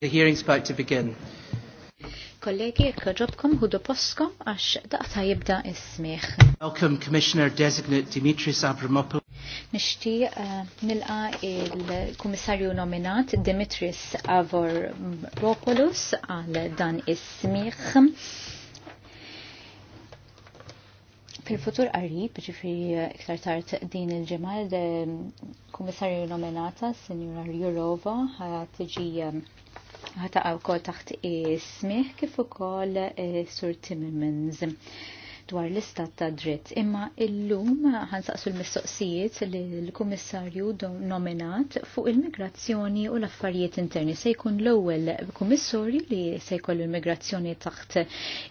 The hearing's about to begin. Kollegi, jekk hudu poskom għax daqta jibda ismiħ. Welcome Commissioner Designate Dimitris Abramopoulos. Nishti eh, nilqa il-Kummissarju nominat Dimitris Avramopoulos għal dan ismiħ fil-futur qarib, ġifiri iktar tard din il-ġemal, eh, kummissarju nominata, Senjura Jurova, tiġi eh, ħataqa wkoll taħt ismih kif ukoll eh, Sur Timmermans dwar l-istat ta' dritt. Imma illum ħansaqsu l-mistoqsijiet li l-Kummissarju nominat fuq il-migrazzjoni u l-affarijiet interni se jkun l-ewwel kummissarju li se jkollu l-migrazzjoni taħt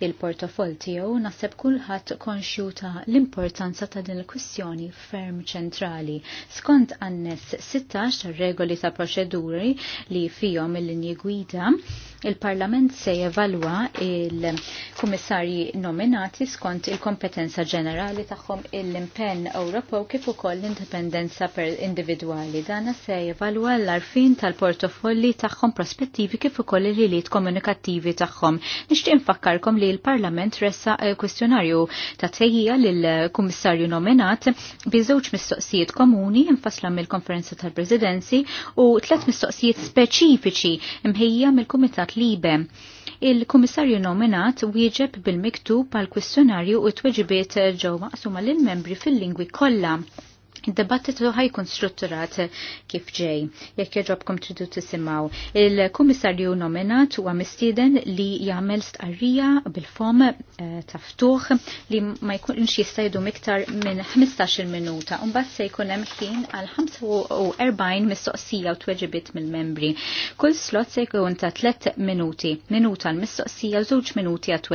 il-portofol tiegħu naħseb kulħadd konxju ta' l-importanza ta' din il-kwistjoni ferm ċentrali. Skont annes 16 tar-regoli ta' proċeduri li fihom il-linji gwida Il-Parlament se jevalwa il-kummissarji nominati skont il-kompetenza ġenerali tagħhom il-impenn Ewropew kif ukoll l-indipendenza per individwali. Dana se jevalwa l-arfin tal-portofolli tagħhom prospettivi kif ukoll il-ħiliet komunikattivi tagħhom. Nixtieq infakkarkom li l-Parlament ressa eh, kwestjonarju ta' tejjija lill-kummissarju nominat bi żewġ mistoqsijiet komuni infasla mill-konferenza tal-Presidenzi u tliet mistoqsijiet speċifiċi imħejja mill-Kumitat Kumitat Libe. Il-Kummissarju nominat wieġeb bil-miktub għal kwistjonarju u t-tweġibiet ġew maqsuma lill membri fil-lingwi kollha. Id-debattitu ħajkun strutturat kif ġej, jekk jġobkom tridu tisimaw. Il-komissarju nominat huwa mistieden li jagħmel stqarrija bil-fom eh, taftuħ li ma jkunx jistajdu miktar minn 15-il minuta. Imbagħad se jkun hemm ħin għal 45 mistoqsija u tweġibiet mill-membri. Kull slot se jkun ta' 3 minuti, minuta l-mistoqsija u żewġ minuti għat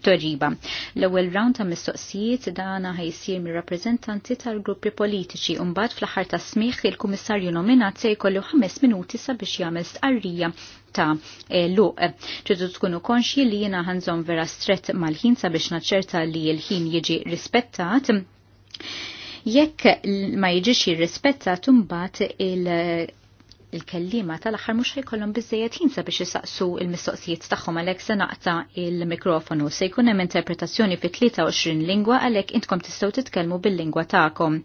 tweġiba. L-ewwel round ta' mistoqsijiet dana ħajsir mir-rappreżentanti tal-gruppi politiċi politiċi umbat fl-ħar ta' smiħ il-Kummissarju nominat se jkollu 5 minuti sabiex jagħmel stqarrija ta' eh, luq. Ġidu tkunu konxji li jiena ħanżom vera strett mal-ħin sabiex naċċerta li l-ħin jiġi rispettat. Jekk ma jiġix jirrispettat imbagħad il- il-kellima tal-axar mux ħajkollhom bizzejet jinsa biex jisaqsu il-mistoqsijiet tagħhom għalhekk se naqta' il-mikrofonu se jkun hemm interpretazzjoni fi 23 lingwa għalhekk intkom tistgħu titkellmu bil-lingwa tagħkom.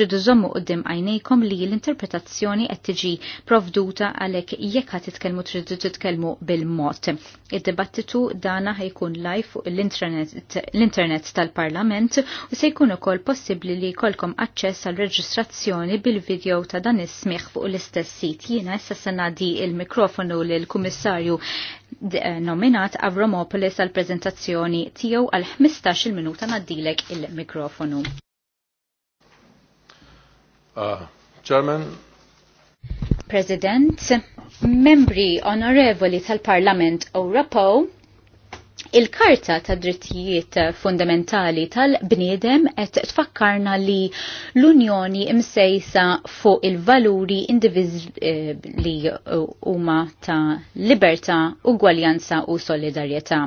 Ġidu żommu qudiem għajnejkom li l-interpretazzjoni qed tiġi provduta għalhekk jekk ħad titkellmu tridu titkellmu bil-mod. Id-dibattitu dana ħajkun live fuq l-internet tal-Parlament u se jkun ukoll possibbli li jkollkom aċċess għal reġistrazzjoni bil-video ta' dan is-smieħ fuq l-istess sit ftit jiena issa se ngħaddi il-mikrofonu lil kummissarju eh, nominat Avromopolis għal prezentazzjoni tiegħu għal 15-il minuta ngħaddilek il-mikrofonu. Uh, Chairman, President, membri onorevoli tal-Parlament Ewropew, Il-karta ta' drittijiet fundamentali tal-bniedem qed tfakkarna li l-Unjoni imsejsa fuq il-valuri indiviżli eh, huma ta' libertà, ugwaljanza u solidarjetà.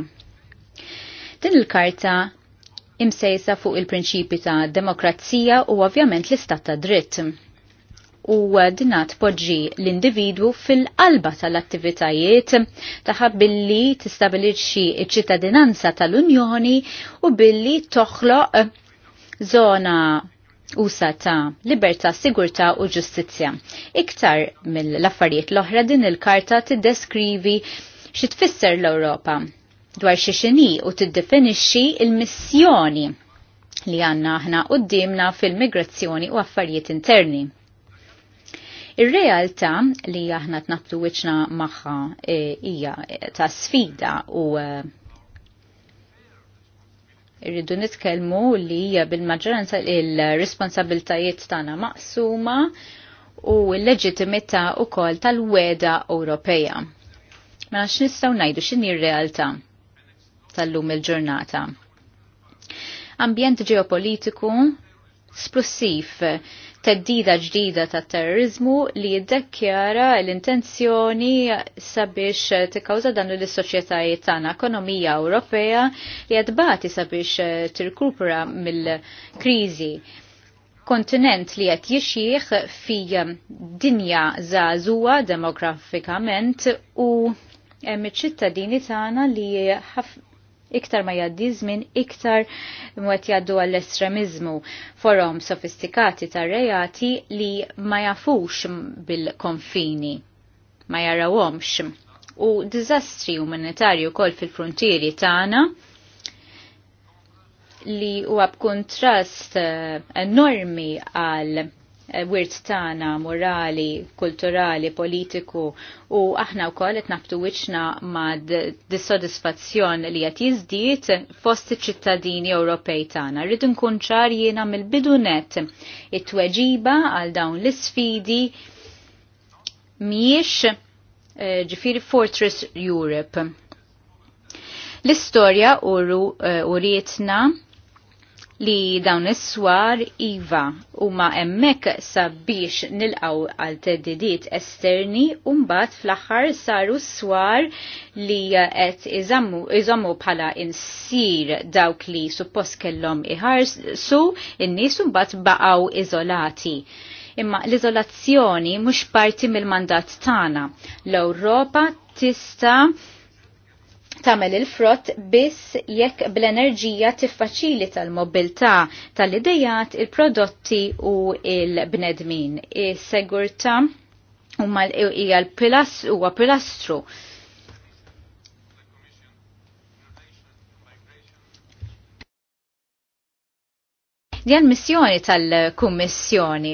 Din il-karta imsejsa fuq il-prinċipi ta' demokrazija u ovvjament l-istat ta' dritt u dinat poġġi l-individwu fil-qalba tal-attivitajiet taħab billi tistabilixxi ċ ċittadinanza tal-Unjoni u billi toħloq zona usa ta' libertà, sigurtà u ġustizzja. Iktar mill-affarijiet l-oħra din il-karta tiddeskrivi xi tfisser l-Ewropa dwar xi xini u tiddefinixxi il-missjoni li għanna aħna qudiemna fil-migrazzjoni u affarijiet interni. Ir-realtà li aħna tnaqblu wiċna magħha e, hija ta' sfida u e, irridu nitkellmu li hija bil-maġġoranza l responsabiltajiet tagħna maqsuma u l-leġitimità wkoll tal-weda Ewropea. Ma nafx nistgħu ngħidu x'inhi r-realtà tal-lum il-ġurnata. Ambjent ġeopolitiku splussiv teddida ġdida ta' terrorizmu li jiddekjara l-intenzjoni sabiex tikkawża dannu l soċjetajiet tagħna ekonomija Ewropea li jadbati sabiex tirkupra mill-kriżi kontinent li qed jixjieħ fi dinja żagħżugħa demografikament u hemm iċ-ċittadini tagħna li Iktar ma jaddi żmien iktar mwet jaddu għall-estremizmu forom sofistikati ta' rejati li ma jafux bil-konfini, ma jarawhomx. U dizastri umanitarju kol fil-frontieri tagħna li huwa kontrast eh, enormi għal Eh, wirt tagħna morali, kulturali, politiku u aħna wkoll qed naftu wiċna ma' dissodisfazzjon li qed jizdiet fost ċittadini Ewropej tagħna. Rridu nkun ċar jiena mill bidunet it-tweġiba għal dawn l-isfidi miex eh, ġifiri Fortress Europe. L-istorja u eh, rietna li dawn is-swar iva huma hemmhekk sabiex nilqaw għal teddidiet esterni u mbagħad fl-aħħar saru s swar li qed iżommu bħala insir dawk li suppost kellhom iħarsu in-nies u mbagħad baqgħu iżolati imma l-izolazzjoni mhux parti mill-mandat tagħna. L-Ewropa tista' tamel il-frott biss jekk bl-enerġija tiffaċilita l-mobilità tal-idejat, il-prodotti u il-bnedmin. Is-segurtà mal hija l-pilastru huwa pilastru Di l missjoni tal-Kummissjoni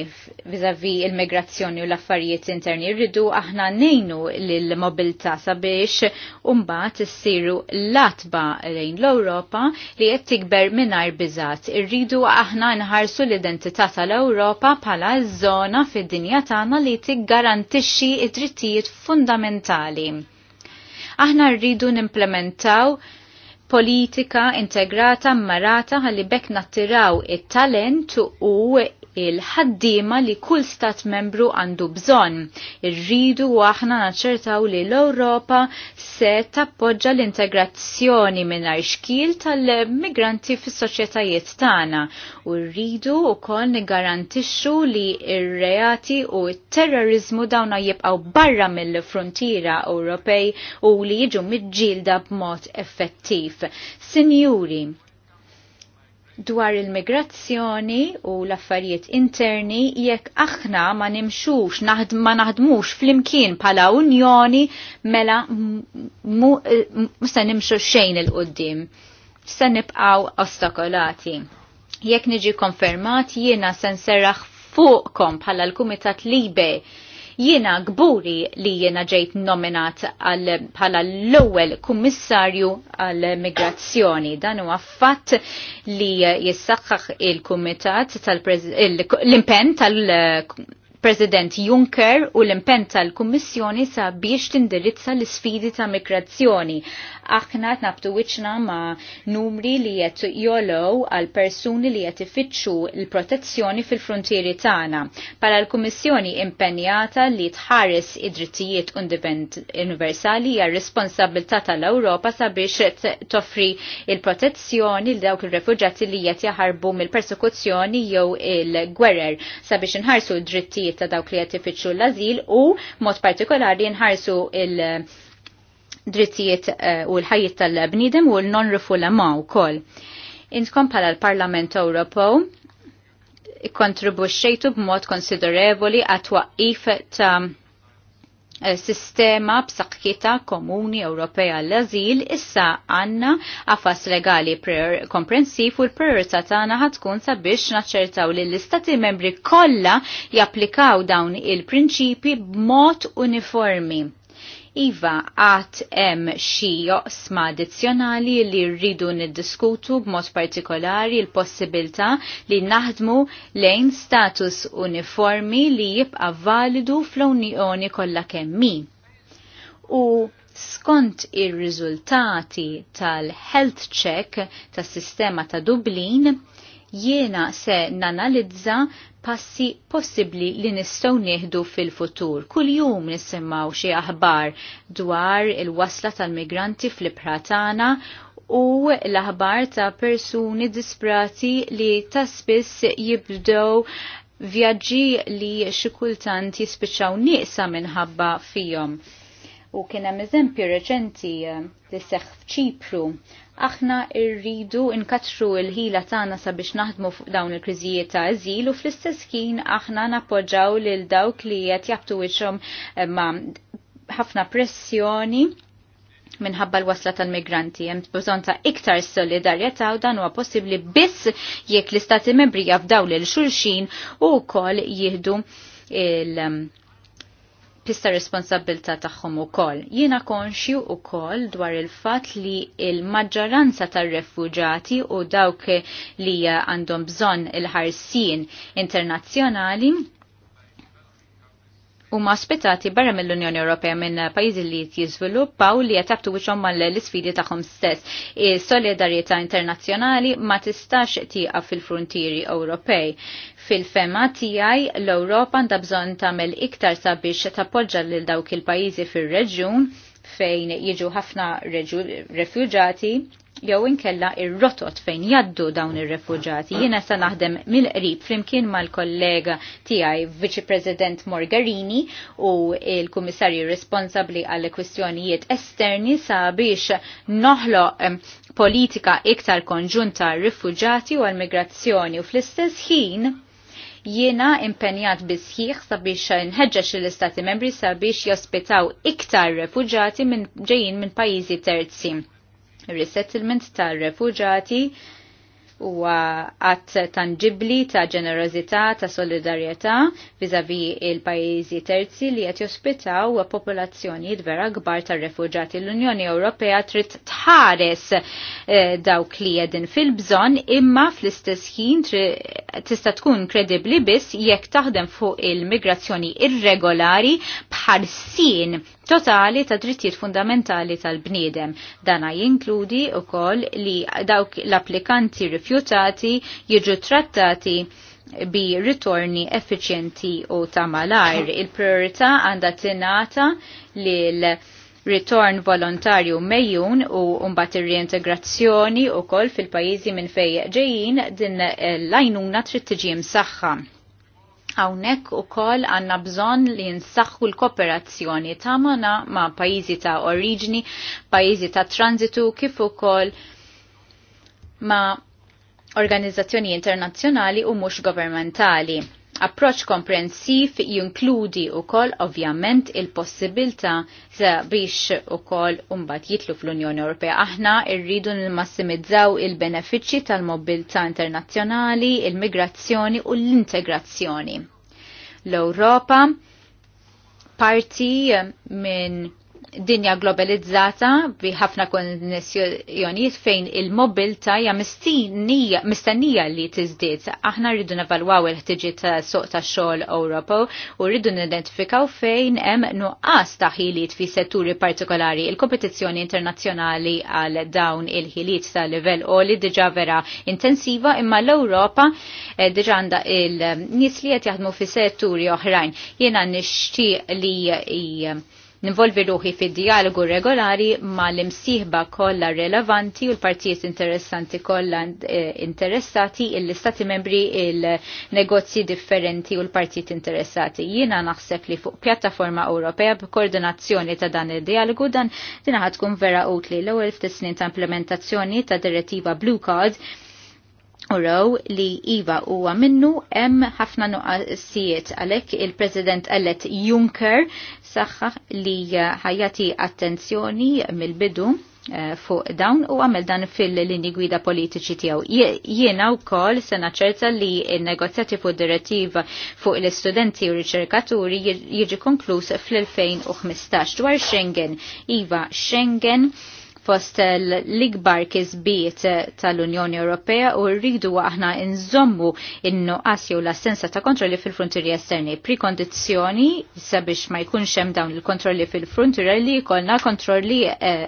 vizavi il-migrazzjoni u l-affarijiet interni rridu aħna nejnu l-mobilta sabiex umbat siru l-atba lejn l-Europa li qed tikber mingħajr biżat. Irridu aħna nħarsu l-identità tal-Europa bħala żona fid-dinja tagħna li tiggarantixxi id-drittijiet fundamentali aħna rridu nimplementaw politika integrata mmarata għalli bekk nattiraw it-talent u il-ħaddima li kull stat membru għandu bżonn. Irridu u aħna naċċertaw li l-Ewropa se tappoġġa l-integrazzjoni mingħajr xkil tal-migranti fis-soċjetajiet tagħna u rridu wkoll nigarantixxu li r-reati u t-terrorizmu dawna jibqgħu barra mill-frontiera Ewropej u li jiġu miġġielda b'mod effettiv. Sinjuri, dwar il-migrazzjoni u l-affarijiet interni jekk aħna ma nimxux, naħd, ma naħdmux fl-imkien pala unjoni mela eh, musta nimxu xejn il-qoddim. Sa nibqaw ostakolati. Jekk niġi konfermat jiena sen serraħ fuqkom bħala l-Kumitat Libe Jiena gburi li jiena ġejt nominat bħala l-ewwel kummissarju għall-migrazzjoni. Dan huwa fatt li jissaħħaħ il-kumitat tal-impenn tal President Juncker u l-impenn tal-Kummissjoni sabiex tindirizza l isfidi ta' migrazzjoni aħna nabtu wiċna ma' numri li jett jolow għal persuni li jett ifittxu l-protezzjoni fil-frontieri tagħna. Pala l-Kummissjoni impenjata li tħares id-drittijiet universali hija responsabilità tal-Ewropa sabiex toffri il-protezzjoni l dawk il refugġati li jett jaħarbu mill-persekuzzjoni jew il-gwerer sabiex nħarsu id drittijiet ta' dawk li jett ifittxu l-azil u mod partikolari nħarsu il- drittijiet eh, u l ħajjiet tal-bnidem u l-non-rifulama u kol. Intkom pala l-Parlament Ewropew kontribuxxejtu b'mod konsiderevoli għat-twaqif ta' eh, sistema b'saqkita komuni Ewropea l-azil issa għanna għafas legali komprensiv u l-priorità tagħna ħatkun sabiex naċċertaw li l-istati membri kollha japplikaw dawn il-prinċipi b'mod uniformi. Iva, għat em xi joqsma addizzjonali li rridu niddiskutu b'mod partikolari l-possibilità li naħdmu lejn status uniformi li jibqa' validu fl-Unjoni kollha kemmi. U skont ir-riżultati tal-health check tas-sistema ta' Dublin, jiena se nanalizza passi possibli li nistgħu nieħdu fil-futur. Kuljum nisimmaw xi aħbar dwar il-wasla tal-migranti fl pratana u l-aħbar ta' persuni disprati li ta' spiss jibdew vjaġġi li xi kultant jispiċċaw nieqsa minħabba fihom. U kien hemm eżempju reċenti eh, li seħħ f'Ċipru aħna irridu nkatru il-ħila tagħna sabiex naħdmu fuq dawn il-kriżijiet ta' eżil u fl-istess kien aħna nappoġġaw lil dawk li qed jaqtu wiċċhom eh, ma' ħafna pressjoni minħabba l-wasla tal-migranti. Hemm bżonn ta' iktar solidarjetà u dan huwa possibbli biss jekk l-istati membri jafdaw lil xulxin u wkoll jieħdu il- tista' responsabilta tagħhom ukoll. Jiena konxju ukoll dwar il-fatt li il-maġġoranza tar-refuġati u dawk li għandhom bżonn il-ħarsien internazzjonali huma ospitati barra mill-Unjoni Ewropea minn pajjiżi li jiżviluppaw li jattabtu wiċċhom mal-isfidi tagħhom stess. Is-solidarjetà internazzjonali ma tistax tieqa fil-frontieri Ewropej. Fil-fema tiegħi l-Ewropa għandha bżonn tagħmel iktar sabiex tappoġġa lil dawk il-pajjiżi fir-reġjun fejn jiġu ħafna refuġati jew inkella ir-rotot fejn jaddu dawn ir-refuġati. Jiena sa naħdem mill-qrib flimkien mal-kollega tiegħi Viċi President Morgarini u il-Kummissarju responsabbli għall kwistjonijiet esterni sabiex noħloq politika iktar konġunta rifuġati u għal-migrazzjoni u fl-istess ħin jiena impenjat bisħiħ sabiex nħeġġeġ l-istati membri sabiex jospitaw iktar refuġati minn ġejjin minn pajjiżi terzi resettlement tar-refuġati huwa għat tangibli ta' ġenerozità ta' solidarjetà vizavi il-pajjiżi terzi li qed jospitaw popolazzjoni vera kbar ta' refugjati L-Unjoni Ewropea trid tħares eh, dawk li jedin fil-bżonn imma fl-istess ħin tista' tkun kredibbli biss jekk taħdem fuq il-migrazzjoni irregolari bħal sin totali ta' drittijiet fundamentali tal-bniedem. Dana jinkludi u koll li dawk l-applikanti rifjutati jiġu trattati bi ritorni effiċjenti u ta' malajr. Il-priorità għandha tingħata lil ritorn volontarju mejjun u mbagħad ir-reintegrazzjoni wkoll fil-pajjiżi minn fejn ġejjin din l-għajnuna trid tiġi msaħħa. Hawnhekk ukoll għandna bżonn li nsaħħu l-kooperazzjoni tagħna ma' pajjiżi ta' oriġini, pajjiżi ta' transitu kif ukoll ma' organizzazzjoni internazzjonali u mhux governmentali. Approċ komprensiv jinkludi u kol ovvjament il-possibilta biex u kol umbat jitlu fl-Unjoni Ewropea. Aħna irridu n-massimizzaw il-benefiċi tal-mobilta internazzjonali, il-migrazzjoni u l-integrazzjoni. L-Europa parti eh, minn dinja globalizzata bi ħafna konnessjonijiet fejn il-mobilta hija mistennija li tizdiet. Aħna rridu nevalwaw il ħtiġi ta' soq ta' xogħol Ewropo u rridu nidentifikaw fejn hemm nuqqas ta' ħiliet fi setturi partikolari. Il-kompetizzjoni internazzjonali għal dawn il-ħiliet ta' livell oli diġa' vera intensiva imma l-Ewropa eh, diġa' għandha il-nies li qed jaħdmu fi setturi oħrajn. Jena nishtiq li Ninvolvi ruħi fid-dialogu regolari ma l-imsiħba kollha relevanti u l-partijiet interessanti kollha eh, interessati il-Stati membri il-negozji differenti u l-partijiet interessati. Jiena naħseb li fuq pjattaforma Ewropea b'koordinazzjoni ta' dan il-dialogu dan dinaħat tkun vera utli l-ewwel ftit snin ta' implementazzjoni ta' direttiva Blue Card uraw li Iva huwa minnu hemm ħafna nuqqasijiet għalhekk il-President elett Juncker saħħa li ħajjati attenzjoni mill-bidu eh, fuq dawn u għamel dan fil-lini gwida politiċi tijaw. Jiena u kol sena ċerta li il-negozjati fuq direttiva fuq l-studenti u riċerkaturi jiġi konklus fl-2015 dwar Schengen. Iva, Schengen fost l-ikbar kisbiet tal-Unjoni Ewropea u rridu aħna nżommu in-nuqqas jew l-assenza ta' kontrolli fil-frontieri esterni. Prikondizzjoni sabiex ma jkunx hemm dawn il-kontrolli fil frontiri li jkollna kontrolli eh,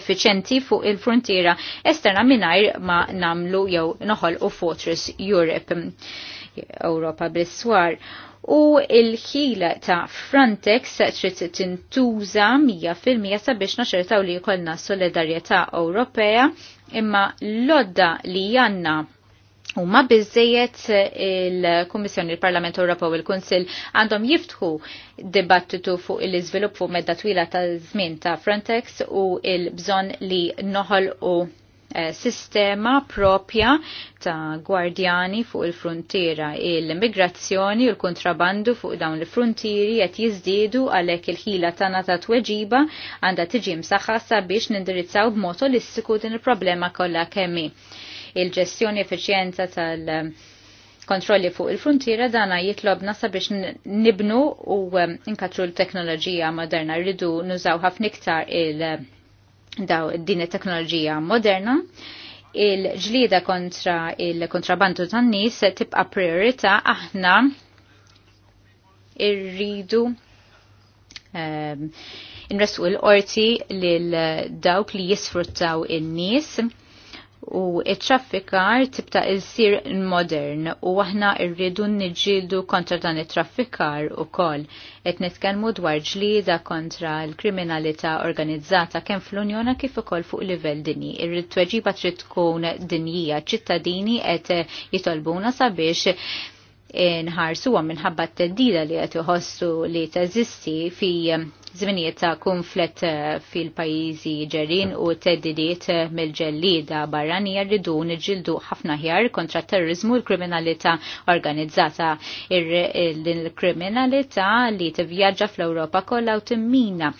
effiċenti fuq il-frontiera esterna mingħajr ma namlu jew noħol u Fortress Europe. Europa bl-iswar u il-ħila ta' Frontex trid tintuża 100% sabiex naċertaw li jkollna solidarjetà Ewropea imma l-odda li janna U ma bizzejiet il-Kommissjoni, il-Parlament Ewropew u il-Kunsill għandhom jiftħu dibattitu fuq il izvilupp fuq medda twila ta' żmien ta' Frontex u il-bżonn li noħol u Eh, sistema propja ta' gwardjani fuq il-frontiera. il immigrazzjoni u l-kontrabandu fuq dawn il-frontieri qed jiżdiedu għalhekk il-ħila tagħna ta' tweġiba għandha tiġi msaħħa sabiex nindirizzaw b'mod holistiku din il-problema kollha kemmi. Il-ġestjoni effiċjenza tal- kontrolli fuq il-frontiera dana jitlobna sabiex nibnu u eh, nkatru l-teknoloġija moderna rridu nużaw ħafna iktar il- daw din it-teknoloġija moderna il-ġlida kontra il-kontrabandu tan-nies tibqa' priorità aħna irridu um, ehm, inresu l-qorti lil dawk li jisfruttaw in-nies u it-traffikar tibta' il-sir modern u aħna rridu niġġieldu kontra dan it-traffikar ukoll qed nitkellmu dwar ġlieda kontra l-kriminalità organizzata kemm fl-Unjona kif ukoll fuq livell dinji. Irrid tweġiba trid tkun dinjija ċittadini qed jitolbuna sabiex nħarsuwa minħabba t-teddida li għet uħossu li teżisti fi zminiet ta' konflet eh, fil-pajizi ġerin u t teddidiet eh, mill-ġellida barrani jarridu nġildu ħafna ħjar kontra terrorizmu l kriminalità organizzata. Il-kriminalità li t-vjaġġa fl-Europa kollha u timmina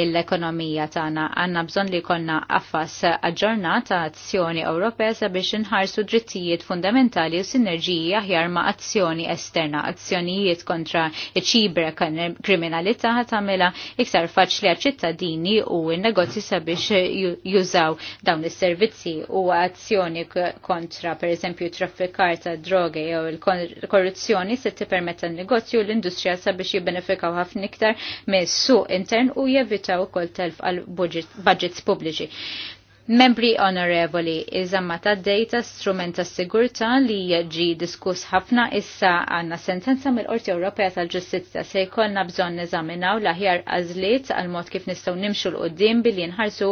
l-ekonomija tagħna. Għandna bżonn li jkollna affas aġġornat ta' azzjoni Ewropea sabiex inħarsu drittijiet fundamentali u sinerġiji aħjar ma' azzjoni esterna, azzjonijiet kontra ċibra kriminalità tagħmilha iktar faċli għaċ-ċittadini u n-negozji sabiex jużaw dawn is-servizzi u azzjoni kontra pereżempju traffikar ta' drogi jew il-korruzzjoni se tippermetta n-negozju l-industrija sabiex jibbenefikaw ħafna iktar minn suq intern u jevit u ukoll telf għal budgets pubbliċi. Membri onorevoli, iżamma ta' data strument ta' sigurta li jieġi diskuss ħafna issa għanna sentenza mill-Qorti Ewropea tal-Ġustizja se jkollna bżonn neżaminaw l-aħjar għażliet għal mod kif nistgħu nimxu l qoddim billi nħarsu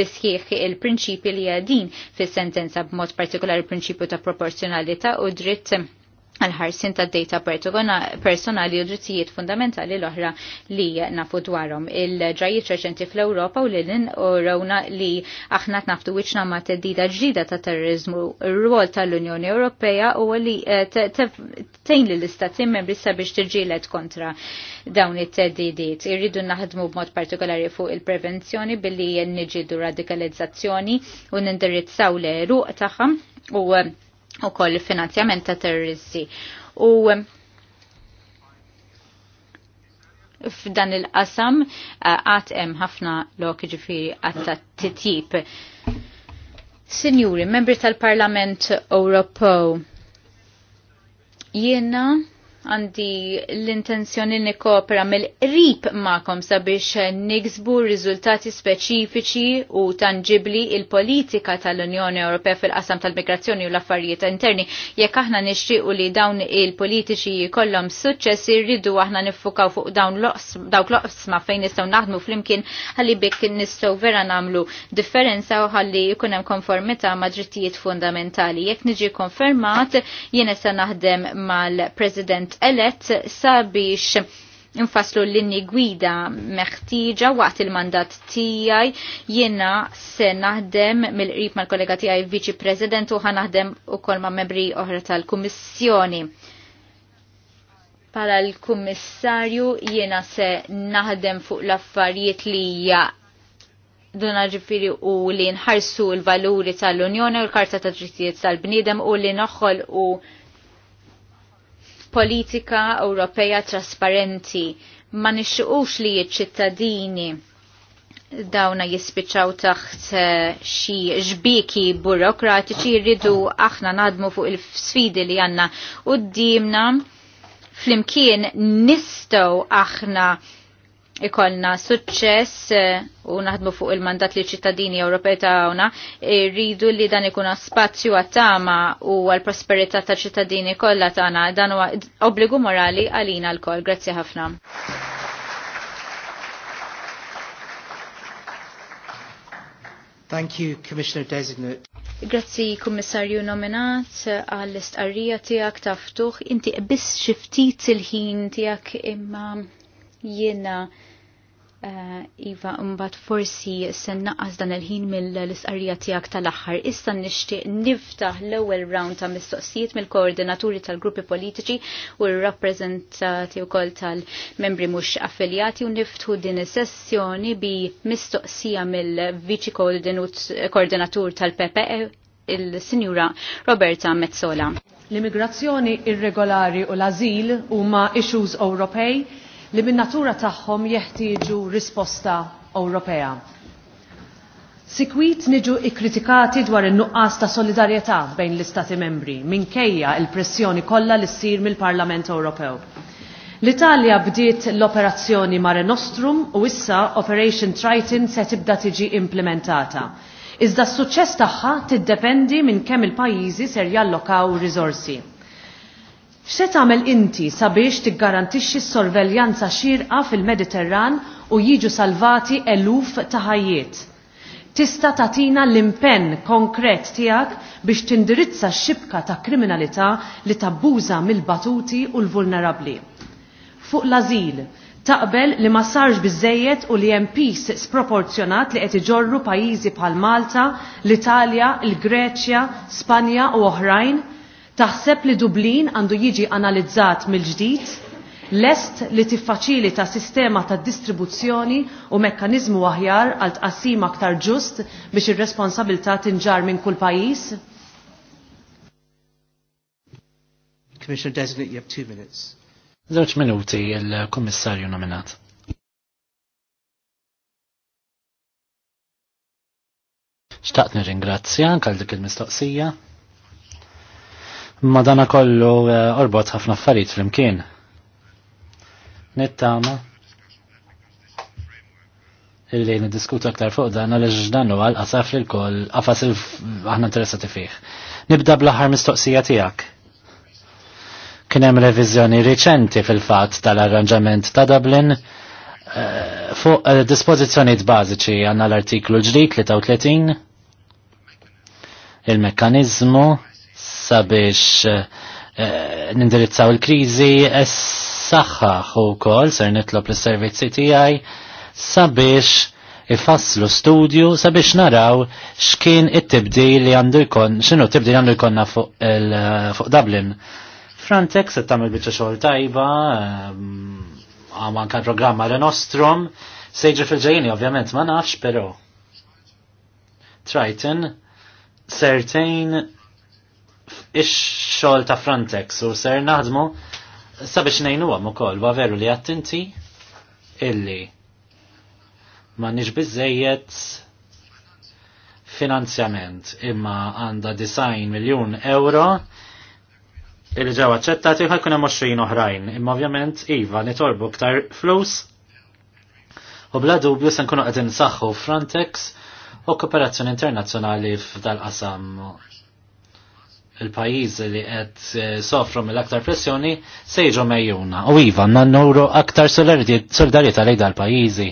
bisħieħ il-prinċipi li għadin fis-sentenza b'mod partikolari il-prinċipju ta' proporzjonalità u dritt għal-ħarsin ta' data personali u drittijiet fundamentali l-oħra li nafu dwarhom. Il-ġajiet reċenti fl-Ewropa u l-lin u rawna li aħna naftu wiċna ma' t-dida ġdida ta' terrorizmu. R-rwol tal-Unjoni Ewropea u li eh, tejn li l-istati membri sabiex t-ġilet kontra dawn it-teddidiet. Irridu naħdmu b'mod partikolari fuq il-prevenzjoni billi nġidu radikalizzazzjoni u nindirizzaw l-eruq taħħam u eh, u koll finanzjament ta' terroristi. U f'dan il-qasam eh, għatem ħafna lok ġifiri għatta titjib. Sinjuri, membri tal-Parlament Ewropew, jiena għandi l-intenzjoni nikopra mill-qrib ma'kom sabiex niksbu riżultati speċifiċi u tangibli il-politika tal-Unjoni Ewropea fil-qasam tal-migrazzjoni u l-affarijiet interni. Jekk aħna nixtiequ li dawn il-politiċi jkollhom suċċess irridu aħna niffukaw fuq dawn dawk oqsma fejn nistgħu naħdmu flimkien ħalli bekk nistgħu vera nagħmlu differenza u ħalli jkun hemm konformità ma' drittijiet fundamentali. Jekk niġi konfermat jiena se naħdem mal-President intqelet sabiex infaslu l-linni gwida meħtieġa waqt il-mandat tijaj jena se naħdem mill-qrib mal-kollega tijaj viċi prezident u ħanaħdem u kol ma' membri oħra tal-kummissjoni. Pala l-kummissarju jena se naħdem fuq l-affarijiet li hija duna ġifiri u li nħarsu l-valuri tal-Unjoni u l-Karta ta' Drittijiet tal-Bniedem u li noħol u politika Ewropea trasparenti ma nixuqux li ċittadini dawna jispiċaw taħt eh, xi ġbiki burokratiċi jridu aħna nadmu fuq il-sfidi li għanna u d-dimna flimkien nistow aħna ikolna suċċess eh, u naħdmu fuq il-mandat li ċittadini Ewropej tagħna rridu li dan ikun spazju għat-tama u għall-prosperità ta' ċittadini kollha tagħna dan huwa obbligu morali għalina l-kol. Grazzi ħafna. Thank you, Commissioner Designate. Grazzi, Kummissarju nominat, għall-istqarrija tiegħek ta' ftuħ. Inti biss xi ftit il-ħin tiegħek imma Jiena eh, Iva, mbagħad forsi se naqqas dan il-ħin mill-isqarrija tiegħek tal-aħħar. Issa nixtieq niftaħ l-ewwel round ta' mistoqsijiet mill-koordinaturi tal-gruppi politiċi u r-rappreżentati wkoll tal-membri mhux affiljati u niftħu din is-sessjoni bi mistoqsija mill-viċi koordinatur tal-PPE il-Sinjura Roberta Mezzola. L-immigrazzjoni irregolari u l-azil huma issues Ewropej li minn natura tagħhom jeħtieġu risposta Ewropea. Sikwit niġu ikkritikati dwar in-nuqqas ta' solidarjetà bejn l-Istati membri minkejja il-pressjoni kollha li ssir mill-Parlament Ewropew. L-Italja bdiet l-operazzjoni Mare Nostrum u issa Operation Triton se tibda tiġi implementata. Iżda s-suċċess tagħha tiddependi minn kemm il-pajjiżi ser jallokaw riżorsi. X'se tagħmel inti sabiex tiggarantixxi s-sorveljanza xirqa fil-Mediterran u jiġu salvati eluf ta' ħajjiet? Tista' tagħtina l-impenn konkret tiegħek biex tindirizza x-xibka ta' kriminalità li tabbuża mill-batuti u l-vulnerabbli. Fuq l-azil, taqbel li ma sarx biżejjed u li hemm pis sproporzjonat li qed iġorru pajjiżi bħal Malta, l-Italja, il-Greċja, Spanja u oħrajn Taħseb li Dublin għandu jiġi analizzat mill-ġdid? Lest li tiffaċilita sistema ta' distribuzzjoni u mekkanizmu aħjar għal tqassim aktar ġust biex ir-responsabilità tinġar minn kull pajjiż? Commissioner Designate, you have two minutes. Żewġ minuti il kummissarju nominat. Xtaqt nirringrazzja għal dik il-mistoqsija madana kollu eh, orbot ħafna affarijiet flimkien. Nittama illi niddiskutu aktar fuq dan għaliex dan huwa l-qasaf li l-koll qafas aħna interessati fih. Nibda bl-aħħar mistoqsija tiegħek. Kien hemm reviżjoni riċenti fil-fatt tal-arranġament ta' Dublin eh, fuq eh, dispożizzjonijiet bażiċi għandna l-artiklu ġdid 33 il-mekkaniżmu sabiex eh, eh, nindirizzaw il-krizi s-saxħax u kol ser nitlob l-servizzi tijaj sabiex ifasslu studju sabiex naraw xkien it tibdi li għandu jkun, xinu t-tibdil għandu jkunna fuq Dublin. Frantex se tagħmel biċċa xogħol tajba, eh, għam anka programma l-nostrum, sejġi fil-ġejjini ovvjament ma nafx, però Triton, certain ix-xogħol ta' Frontex u ser naħdmu sabiex ngħinuhom ukoll wa veru li attenti illi m'għandniex biżejjed finanzjament imma għandha design miljun euro illi ġew aċċettati ħajkun hemm 20 oħrajn. Imma ovvjament iva nitolbu ktar flus u bla dubju se nkunu qegħdin saħħu Frontex u kooperazzjoni internazzjonali f'dal-qasam il pajiz li qed eh, sofru mill-aktar pressjoni se jiġu mejjuna. U iva, nannuru aktar solidarieta li dal-pajizi.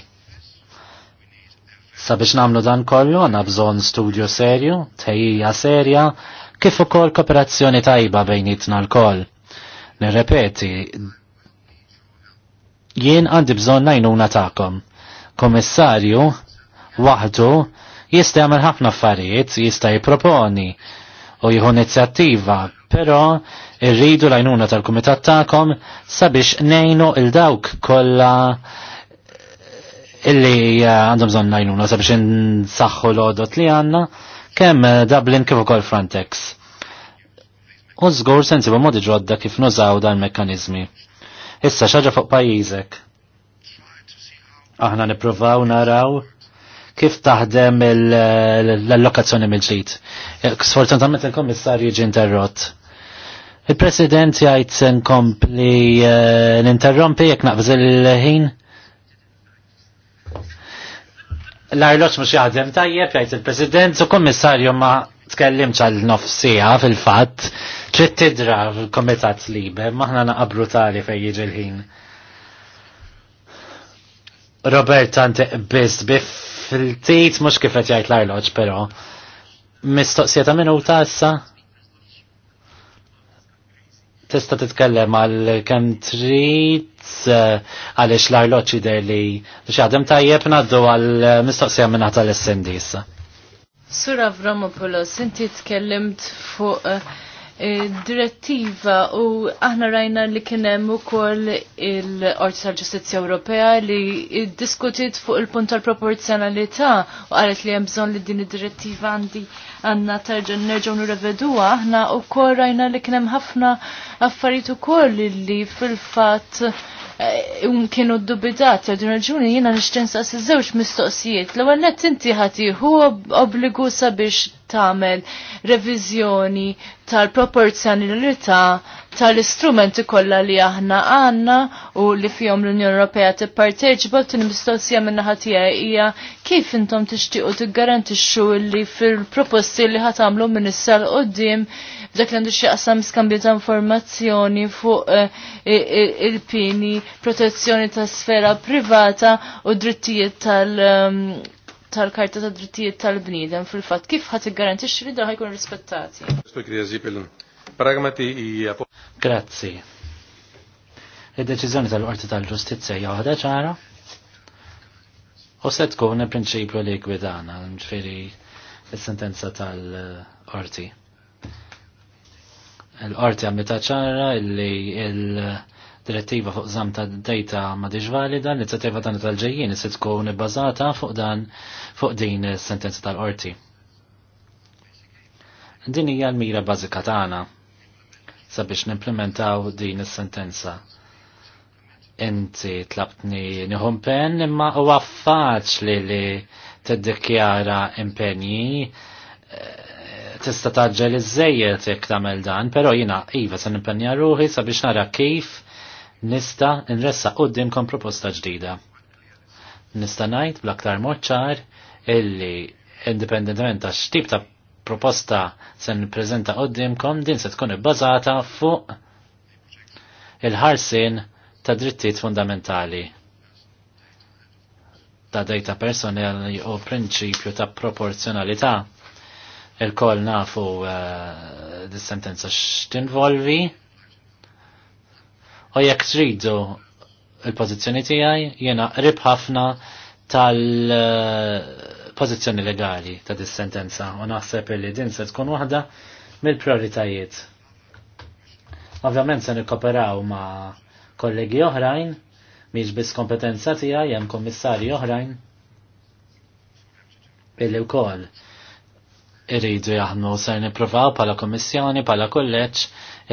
Sabiex namlu dan kollu, għanna bżon studju serju, tejja serja, kif ukoll kooperazzjoni tajba bejnitna l-koll. Nirrepeti, jien għandi bżon najnuna ta'kom. Komissarju, waħdu, jista' jagħmel ħafna affarijiet, jista' jipproponi, u jieħu inizjattiva, però irridu l-għajnuna tal-kumitat tagħkom sabiex nejnu il-dawk kollha illi eh, għandhom bżonn najnuna sabiex nsaħħu l-għodot li għandna kemm eh, Dublin kif ukoll Frontex. U żgur sensibu modi ġodda kif nużaw dal-mekkaniżmi. Issa xaġa fuq pajjiżek. Aħna nippruvaw naraw kif taħdem l-allokazzjoni mill ġid Sfortunatament il-Kommissarju ġi interrott. Il-President jgħid se nkompli eh, ninterrompi jekk naqbż il-ħin. L-arloċ mhux jaħdem tajjeb jgħid il-President u Kommissarju ma tkellimx għal nofsija fil-fatt trid tidra fil-Komitat Libe maħna naqabru tali fejn jiġi l-ħin. Robert Tante biss bif fil-tit mux kif qed jgħid l arloġ però. Mistoqsija ta' minuta issa? Tista' titkellem għal kemm trid eh, għaliex l-arloġġ jidher li x'għadem tajjeb ngħaddu għal mistoqsija minn tal-SND Sura Sur Avramopoulos, inti tkellimt fuq eh, direttiva u aħna rajna li kienem u koll il-Qorti tal-Ġustizja Ewropea li diskutit fuq il-punt tal-proporzjonalità u għalet li hemm bżonn li din id-direttiva għandi għanna terġa nerġaw nirrevedua aħna u koll rajna li kienem ħafna affarijiet ukoll li fil-fatt eh, um kienu d-dubidat, din raġuni jina nishtin s-zewċ mistoqsijiet. L-għal net inti hu obbligu sabiex tagħmel reviżjoni tal-proporzjonalità tal-istrumenti kollha li aħna għandna u li fihom l-Unjoni Ewropea tipparteċipa u mistoqsija min-naħa tiegħi hija kif intom tixtiequ tiggarantixxu li fil-proposti li ħadd tagħmlu minn issa l qudiem dak li għandu xieqsam skambju ta' informazzjoni fuq eh, il-pini, protezzjoni ta' sfera privata u drittijiet tal- ehm, tal-Karta ta' Drittijiet tal-Bniedem fil-fatt kif ħadd garantix li dawn ħajkun rispettati. Grazzi. Id-deċiżjoni tal-Qorti tal-Ġustizzja hija waħda ċara. U se tkun il-prinċipju li gwidana, ġifieri is-sentenza tal-Qorti. Il-Qorti għamita ċara illi il-, -il direttiva fuq zam ta' data ma diġ valida, l-inizjattiva tagħna tal-ġejjien se tkun ibbażata fuq dan fuq din is-sentenza tal-qorti. Din hija l-mira bażika tagħna sabiex nimplementaw din is-sentenza. Inti tlabtni nħum pen imma huwa faċli li tiddikjara impenji tista taġġel iż-żejjed jekk tagħmel dan, però jiena iva se nimpenja ruħi sabiex nara kif nista nressa qoddimkom proposta ġdida. Nista ngħid bl-aktar moċċar illi indipendentement ta' xtib ta' proposta se nippreżenta qoddimkom din se tkun ibbażata fuq il-ħarsin ta' drittijiet fundamentali ta' dejta personali u prinċipju ta' proporzjonalità il-kol nafu uh, dis-sentenza x'tinvolvi U jekk tridu il-pozizjoni tiegħi jiena qrib ħafna tal-pozizjoni legali ta' dis-sentenza u naħseb li din se tkun waħda mill-prioritajiet. Ovvjament se nikkoperaw ma' kollegi oħrajn, miex biss kompetenza tiegħi hemm kommissari oħrajn billi wkoll irridu jaħdmu ser nipprovaw bħala kommissjoni, bħala kolleġġ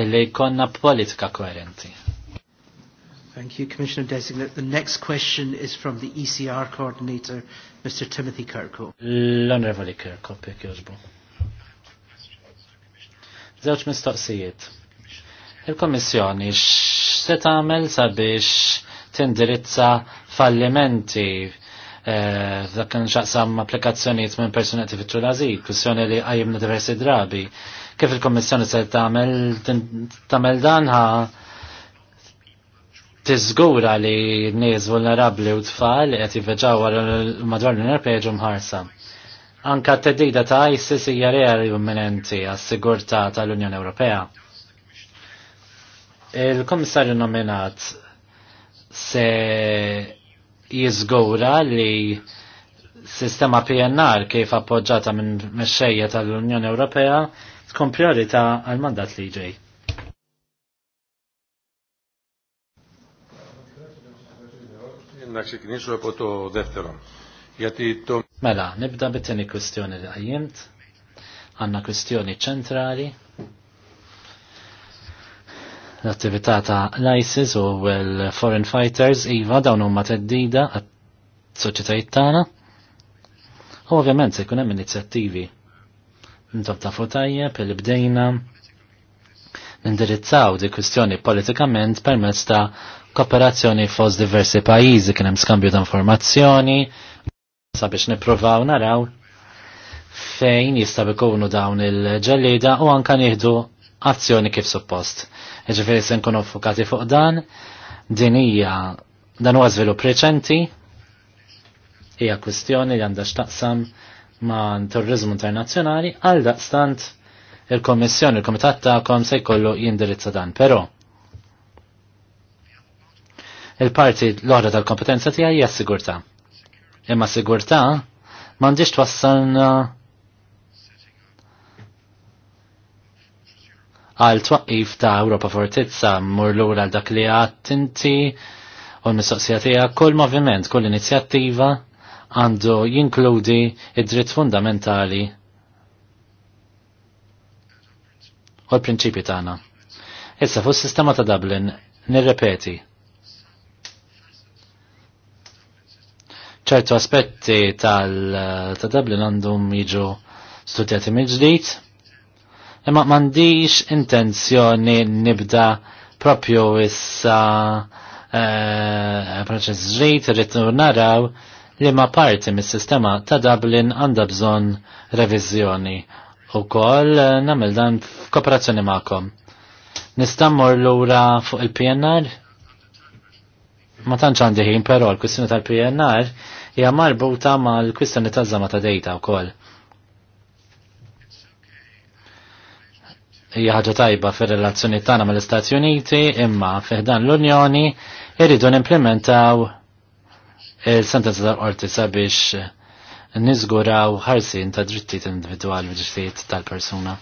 illi jkollna politika koerenti. Thank you, Commissioner Designate. The next question is from the ECR coordinator, Mr. Timothy Kirkhope. L-Honorable Kirkhope, jek jożbu. Zewċ mistoqsijiet. Il-Komissjoni x'se tagħmel sabiex tindirizza fallimenti eh, f'dak x'aqsam applikazzjonijiet minn persuni qed ifittru l-ażil, kwistjoni li qajjimna diversi drabi. Kif il-Kommissjoni se tagħmel tagħmel dan ha' tiżgura li n-nies vulnerabbli u tfal qed jivveġaw madwar l pejġu mħarsa. Anka t-teddida ta' ISIS hija reali imminenti għas-sigurtà tal-Unjoni Ewropea. Il-Komissarju nominat se jiżgura li sistema PNR kif appoġġata minn mexxejja tal-Unjoni Ewropea tkun priorità għal mandat li ġej. να ξεκινήσω από το δεύτερο. Mela, nibda bit-tieni kwestjoni li qajjimt, għandna kwestjoni ċentrali, l-attività ta' l-ISIS u l-Foreign Fighters, iva dawn huma teddida għat-soċjetajiet tagħna. U ovvjament se jkun hemm inizjattivi intom ta' tajjeb li bdejna nindirizzaw di kwestjoni politikament permezz ta' kooperazzjoni fost diversi pajjiżi kien hemm skambju ta' informazzjoni sabiex nippruvaw naraw fejn jista' ikunu dawn il-ġellida u anka nieħdu azzjoni kif suppost. Ġifieri se nkunu fukati fuq dan, din hija dan huwa żvilupp reċenti, hija kwistjoni li għandha x'taqsam ma' turriżmu internazzjonali għal daqstant il-Kommissjoni, il-Komitat kom se jkollu jindirizza dan. Però Il-parti l-oħra tal-kompetenza tiegħi hija s-sigurtà. Imma s-sigurtà m'għandix twassalna għal twaqif ta' Ewropa Fortizza mmur lura għal dak li għat inti u l-mistoqsija tiegħek kull moviment, kull inizjattiva għandu jinkludi id-dritt fundamentali u l-prinċipi tagħna. Issa fuq sistema ta' Dublin, nirrepeti, ċertu aspetti tal-Dublin għandhom jiġu studjati mill-ġdid, imma m'għandix intenzjoni nibda propju issa eh, proċess ġdid irrid naraw li ma parti mis-sistema ta' Dublin għandha bżonn reviżjoni ukoll eh, nagħmel dan f'kooperazzjoni magħkom. Nistammor lura fuq il-PNR? Ma tantx għandi ħin, però l-kwistjoni tal-PNR hija marbuta mal-kwistjoni taż żama ta' dejta wkoll. Hija ħaġa tajba fir-relazzjoni tagħna mal-Istati Uniti imma fiħdan l-Unjoni jridu nimplementaw il-sentenza tal-qorti sabiex niżguraw ħarsin ta' drittijiet individwali u drittijiet tal-persuna.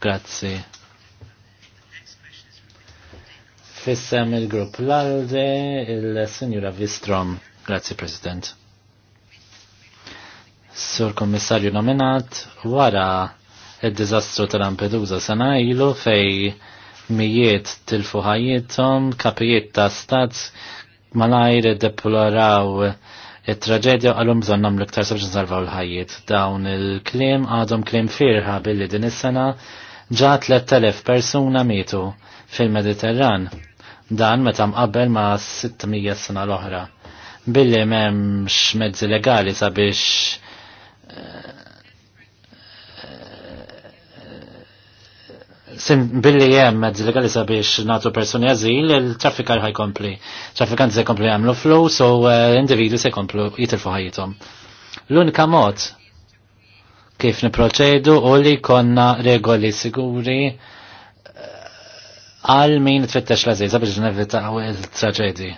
Grazie. Fissem il-grupp l-Alde, il-Senjura Vistrom. Grazie, President. Sur Kommissarju nominat, wara il-dizastru tal-Lampedusa sena ilu fej mijiet tilfu ħajjithom, kapijiet ta' stat malajr deploraw il-traġedja għalum bżon namlu ktar sabġin salvaw l-ħajjiet. Dawn il-klim għadhom klim firħa billi din is-sena ġa 3000 persuna mietu fil-Mediterran. Dan meta mqabbel ma' 600 sena l-oħra. Billi m'hemmx mezzi legali sabiex eh, eh, Sim, billi jem mezz legali sabiex natu personi għazil, il-traffikar ħaj kompli. Traffikant se kompli għamlu flow, so l eh, individu se komplu jitilfu ħajitom. L-unika mod kif niproċedu u li konna regoli siguri għal min tfittex la zejza biex nevitaw il-traġedi.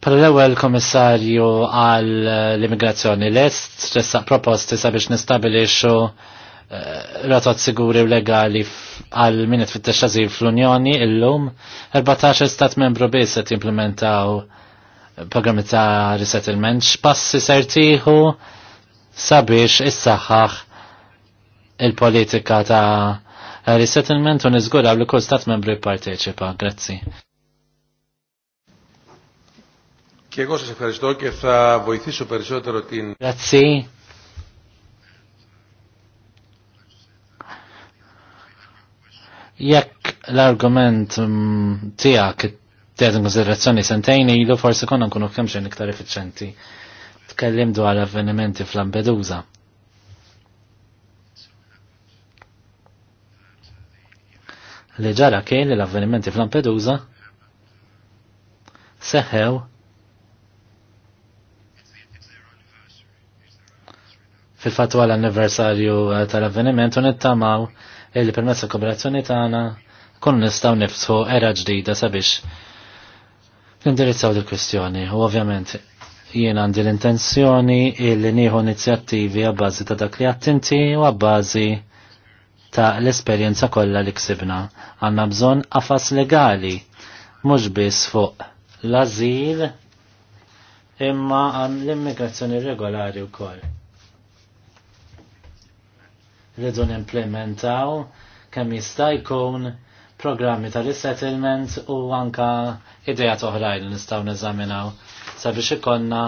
Pal l-ewel komissarju għal l-immigrazzjoni l-est tressaq proposti sabiex nistabilixu eh, ratot siguri u legali għal min tfittex la fl-Unjoni illum 14 stat membru biss qed jimplementaw programmi ta' resettlement x'passi sertiħu sabiex issaħħaħ il-politika ta' resettlement u nizguraw li kull stat membru jipparteċipa. Grazzi. Και εγώ σας ευχαριστώ και θα βοηθήσω περισσότερο την... Grazie. Jekk l-argument mm, tijak t-tiet konsiderazzjoni sentejni, ilu forse konna nkunu kemxen iktar effiċenti. Tkellim dwar avvenimenti fl-Lampedusa. li ġara kien li l-avvenimenti fl-Lampedusa seħew fil-fatwa l-anniversarju eh, tal-avveniment u nittamaw illi permezz il-kooperazzjoni tagħna kun nistgħu nifsu era ġdida sabiex nindirizzaw il kwistjoni u ovvjament jien għandi l-intenzjoni illi nieħu inizjattivi għabbażi ta' dak li attinti u għabbażi ta' l-esperjenza kollha li ksibna. Għandna bżonn qafas legali mhux biss fuq l-azil imma għan l-immigrazzjoni regolari wkoll. Rridu nimplementaw kemm jista' jkun programmi tal-resettlement u anka idejat oħrajn li nistgħu neżaminaw sabiex ikonna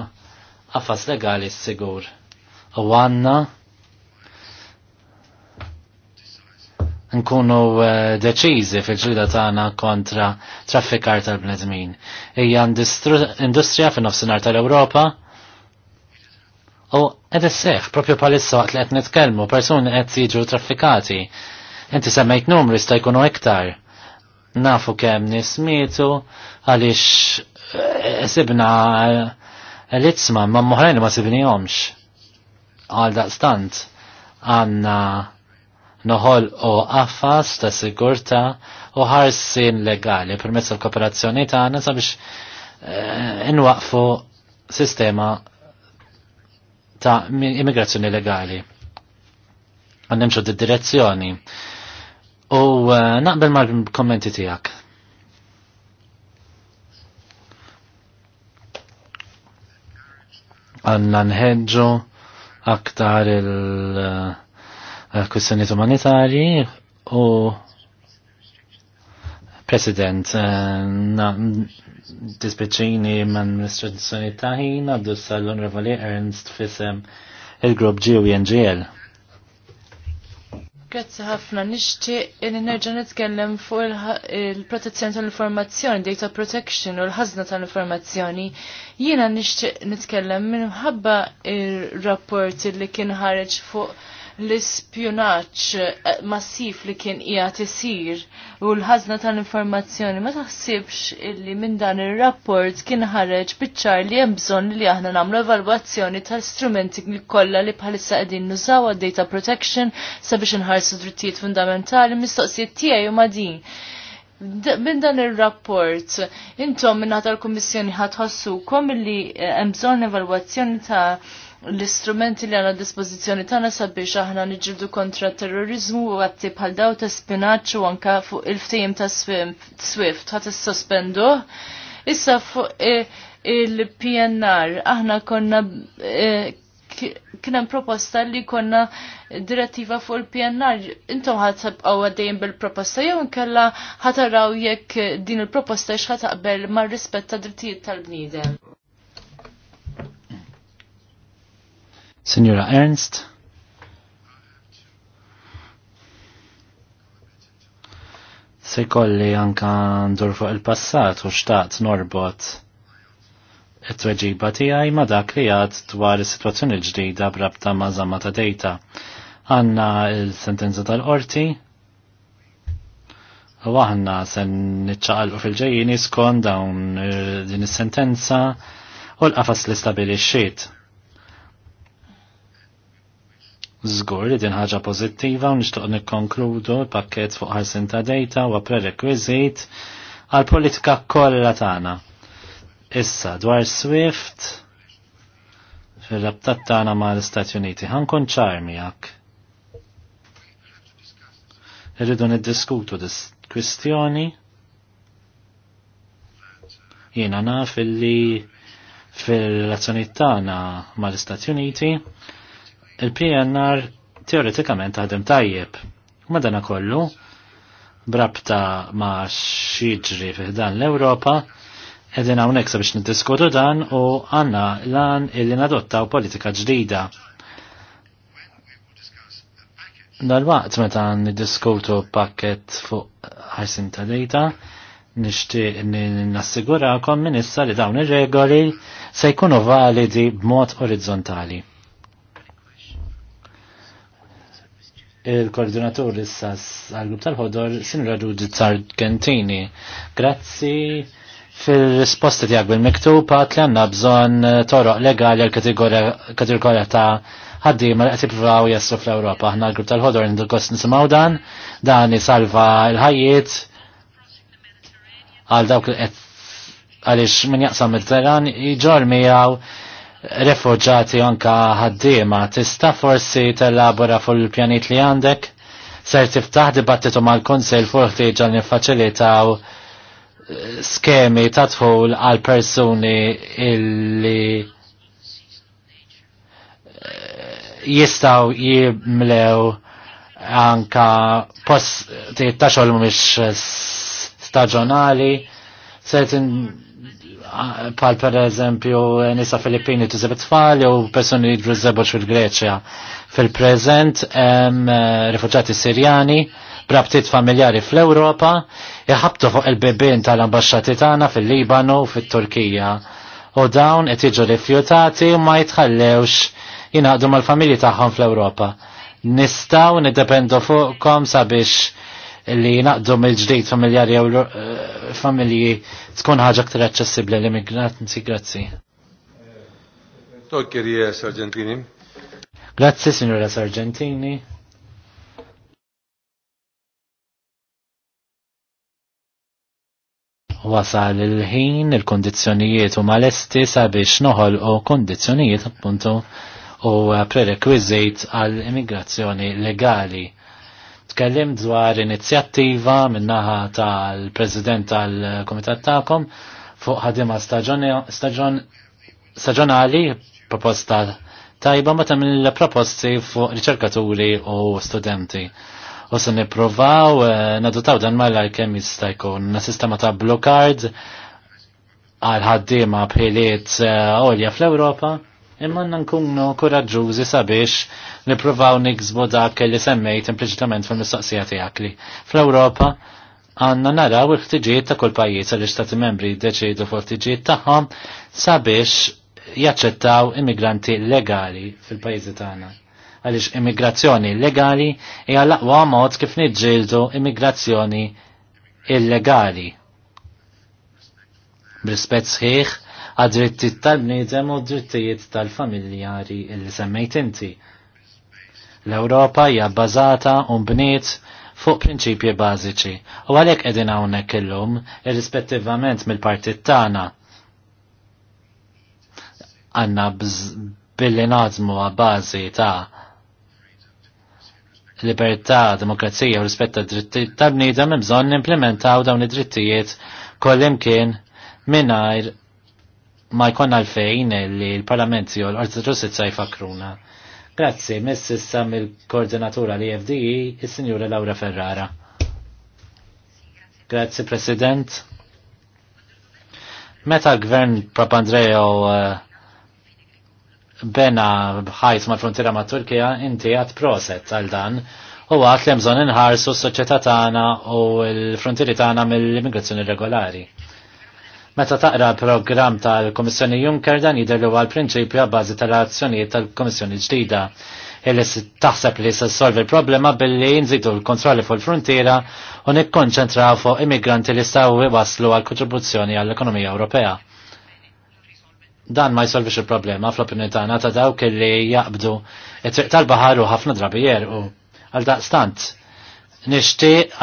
qafas legali sigur. U għanna nkunu eh, deċiżi fil ġlida tagħna kontra traffikar tal-bnedmin. Hija industrija fin-nofsinhar tal-Ewropa u qed isseħħ propju bħalissa waqt li qed nitkellmu persuni qed jiġu traffikati. Inti semmejt numru jista' jkunu iktar. Nafu kemm nismitu għaliex eh, sibna eh, l-itzma ma' moħrajn ma sibnihomx. Għal daqstant għanna noħol u affas ta' sigurta u ħarsin legali permezz l-kooperazzjoni tagħna sabiex eh, inwaqfu sistema ta' immigrazzjoni legali. Għannemxu xod direzzjoni U eh, naqbel mal-kommenti tijak. Għanna nħedġu aktar il- uh, Eh, kwistjoniet umanitarji u President, eh, dispiċini man l-istituzzjoni taħin għaddu sal Revali Ernst fissem il-grupp GUNGL. Grazzi ħafna, nixtieq li nerġa' nitkellem fuq il-protezzjoni tal-informazzjoni, data protection u l ħazna tal-informazzjoni. Jiena nixtieq nitkellem minnħabba il rapport li kien ħareġ fuq l spionaċ eh, massif li kien qiegħed tisir u l ħazna tal-informazzjoni ma taħsibx illi minn dan ir-rapport kien ħareġ biċċar li hemm bżonn li aħna nagħmlu evalwazzjoni tal-strumenti kollha li bħalissa qegħdin nużaw data protection sabiex inħarsu drittijiet fundamentali mistoqsijiet tiegħi ma din. Minn dan il-rapport, intom minna tal kummissjoni ħatħossu kom li eh, bżonn evalwazzjoni ta' l-istrumenti li għanna dispozizjoni tagħna sabiex aħna niġġieldu kontra terrorizmu u għatti bħal daw ta' spinaċ u anka fuq il-ftehim ta' Swift ħadd sospendu Issa fuq il-PNR aħna konna e, kien hemm proposta li konna direttiva fuq il-PNR. Intom ħat tibqgħu għaddejn bil-proposta jew nkella ħataraw jekk din il-proposta x'ħataqbel mar-rispett ta' drittijiet tal bnidem Signora Ernst. Se kolli anka ndur fuq il-passat u xtaqt norbot it-tweġiba tiegħi ma dak li għad dwar is-sitwazzjoni l-ġdida brabta ma' żamma ta' dejta. Għanna il-sentenza tal-qorti u aħna se niċċaqalqu fil ġejjini skont dawn eh, din is-sentenza u l-qafas li stabilixxiet Zgur li din ħaġa pozittiva u nixtieq nikkonkludu l-pakket fuq ħarsin ta' dejta huwa prerekwiżit għal politika kollha tagħna. Issa dwar Swift fir-rabtat tagħna mal-Istati Uniti ħankun ċarmi hekk. Irridu niddiskutu dis kwistjoni. Jiena naf illi fil-relazzjonijiet tagħna mal-Istati Uniti il-PNR teoretikament għadem tajjeb. Madana kollu, brabta ma xieġri fiħdan l-Europa, edin għawnek sabiex niddiskutu dan u għanna lan illi nadottaw politika ġdida. Dal-waqt meta niddiskutu pakket fuq ħarsin ta' data, nishtiq nassigurakom minissa li dawn ir-regoli se jkunu validi b'mod orizzontali. il-koordinatur issas għal-grupp tal-ħodor, Sinra Rudi Sargentini. Grazzi fil-risposta tiegħek bil-miktub għat li għandna bżonn toroq legali għal-kategorija ta' ħaddiema li qed jippruvaw jessu fl-Ewropa. Aħna l-grupp tal-ħodor nidkost nisimgħu dan, dan isalva l-ħajjiet għal dawk li qed għaliex min jaqsam il-teran iġor miegħu refuġati anka ħaddiema, tista' forsi tellabora fuq il-pjanit li għandek? Ser tiftaħ dibattitu mal-Kunsel fuq ħtieġa niffaċilitaw eh, skemi ta' tħul għal persuni illi eh, jistaw jimlew anka post ta' xogħol mhumiex staġjonali se pal per eżempju nisa Filippini tużeb tfal jew persuni jidrużebuġ fil-Greċja. Fil-preżent hemm eh, rifuġati Sirjani brabtit familjari fl-Ewropa iħabtu fuq il-bibien tal-ambasċati tagħna fil-Libanu u fit-Turkija. U dawn qed jiġu rifjutati u ma jitħallewx jingħaqdu mal-familji tagħhom fl-Ewropa. Nistgħu niddependu fuqkom sabiex li naqdu mill-ġdejt familjari u eh, familji tkun ħaġa aktar aċċessibbli l-immigranti. Grazzi. Tokkerija eh, Sargentini. Grazzi, Signora Sargentini. wasal il-ħin, il-kondizjonijiet u malesti sabiex noħol u kondizjonijiet appuntu u prerequisit għall immigrazzjoni legali tkellim dwar inizjattiva minnaħa tal-President tal-Komitat ta'kom fuq ħadima staġjonali proposta tajba ma mill proposti fuq riċerkaturi u studenti. U se niprovaw eh, nadutaw dan malla kemm jista' jkun sistema ta' blue card għal ħaddiema bħiliet eh, għolja fl-Ewropa imma nkunu koraġġużi sabiex nippruvaw niksbu dak li semmejt impliċitament fil-mistoqsija tiegħek li fl-Ewropa għanna naraw il-ħtiġijiet ta' kull pajjiż li stati membri jiddeċidu fuq il-ħtiġijiet tagħhom sabiex jaċċettaw immigranti legali fil-pajjiżi tagħna għaliex immigrazzjoni legali hija l-aqwa mod kif niġġieldu immigrazzjoni illegali. Brispett sħiħ għad tal-bniedem u d-drittijiet tal-familjari li semmejt inti. L-Ewropa hija bbażata u mbniet fuq prinċipji bażiċi u għalhekk qegħdin hawnhekk illum irrispettivament mill-partit tagħna. Għanna billi nażmu għal bażi ta' libertà, demokrazija u rispett ta' drittijiet tal-bniedem bżonn nimplementaw dawn id-drittijiet kollimkien mingħajr ma jkun għalfejn li l-Parlament jew l-Qorti Ġustizza jfakruna. Grazzi, miss Sam mill-koordinatura li FDI, il-Sinjura Laura Ferrara. Grazzi, President. Meta l-Gvern Papandreo eh, bena bħajs ma' frontiera ma' Turkija, inti għat proset għal dan u għat li mżon inħarsu s-soċieta tagħna u l-frontieri tagħna mill-immigrazzjoni regolari. Meta taqra l-programm tal-Komissjoni Juncker dan jidher li għal prinċipju għabbażi tal-azzjonijiet tal-Komissjoni ġdida illi taħseb li se solvi l-problema billi nżidu l-kontrolli fuq il-frontiera u nikkonċentraw fuq immigranti li staw waslu għal kontribuzzjoni għall-ekonomija Ewropea dan ma jsolvix il-problema fl-opinjoni tagħna ta' dawk li jaqbdu it-triq tal-baħar u ħafna drabi u għal daqstant nixtieq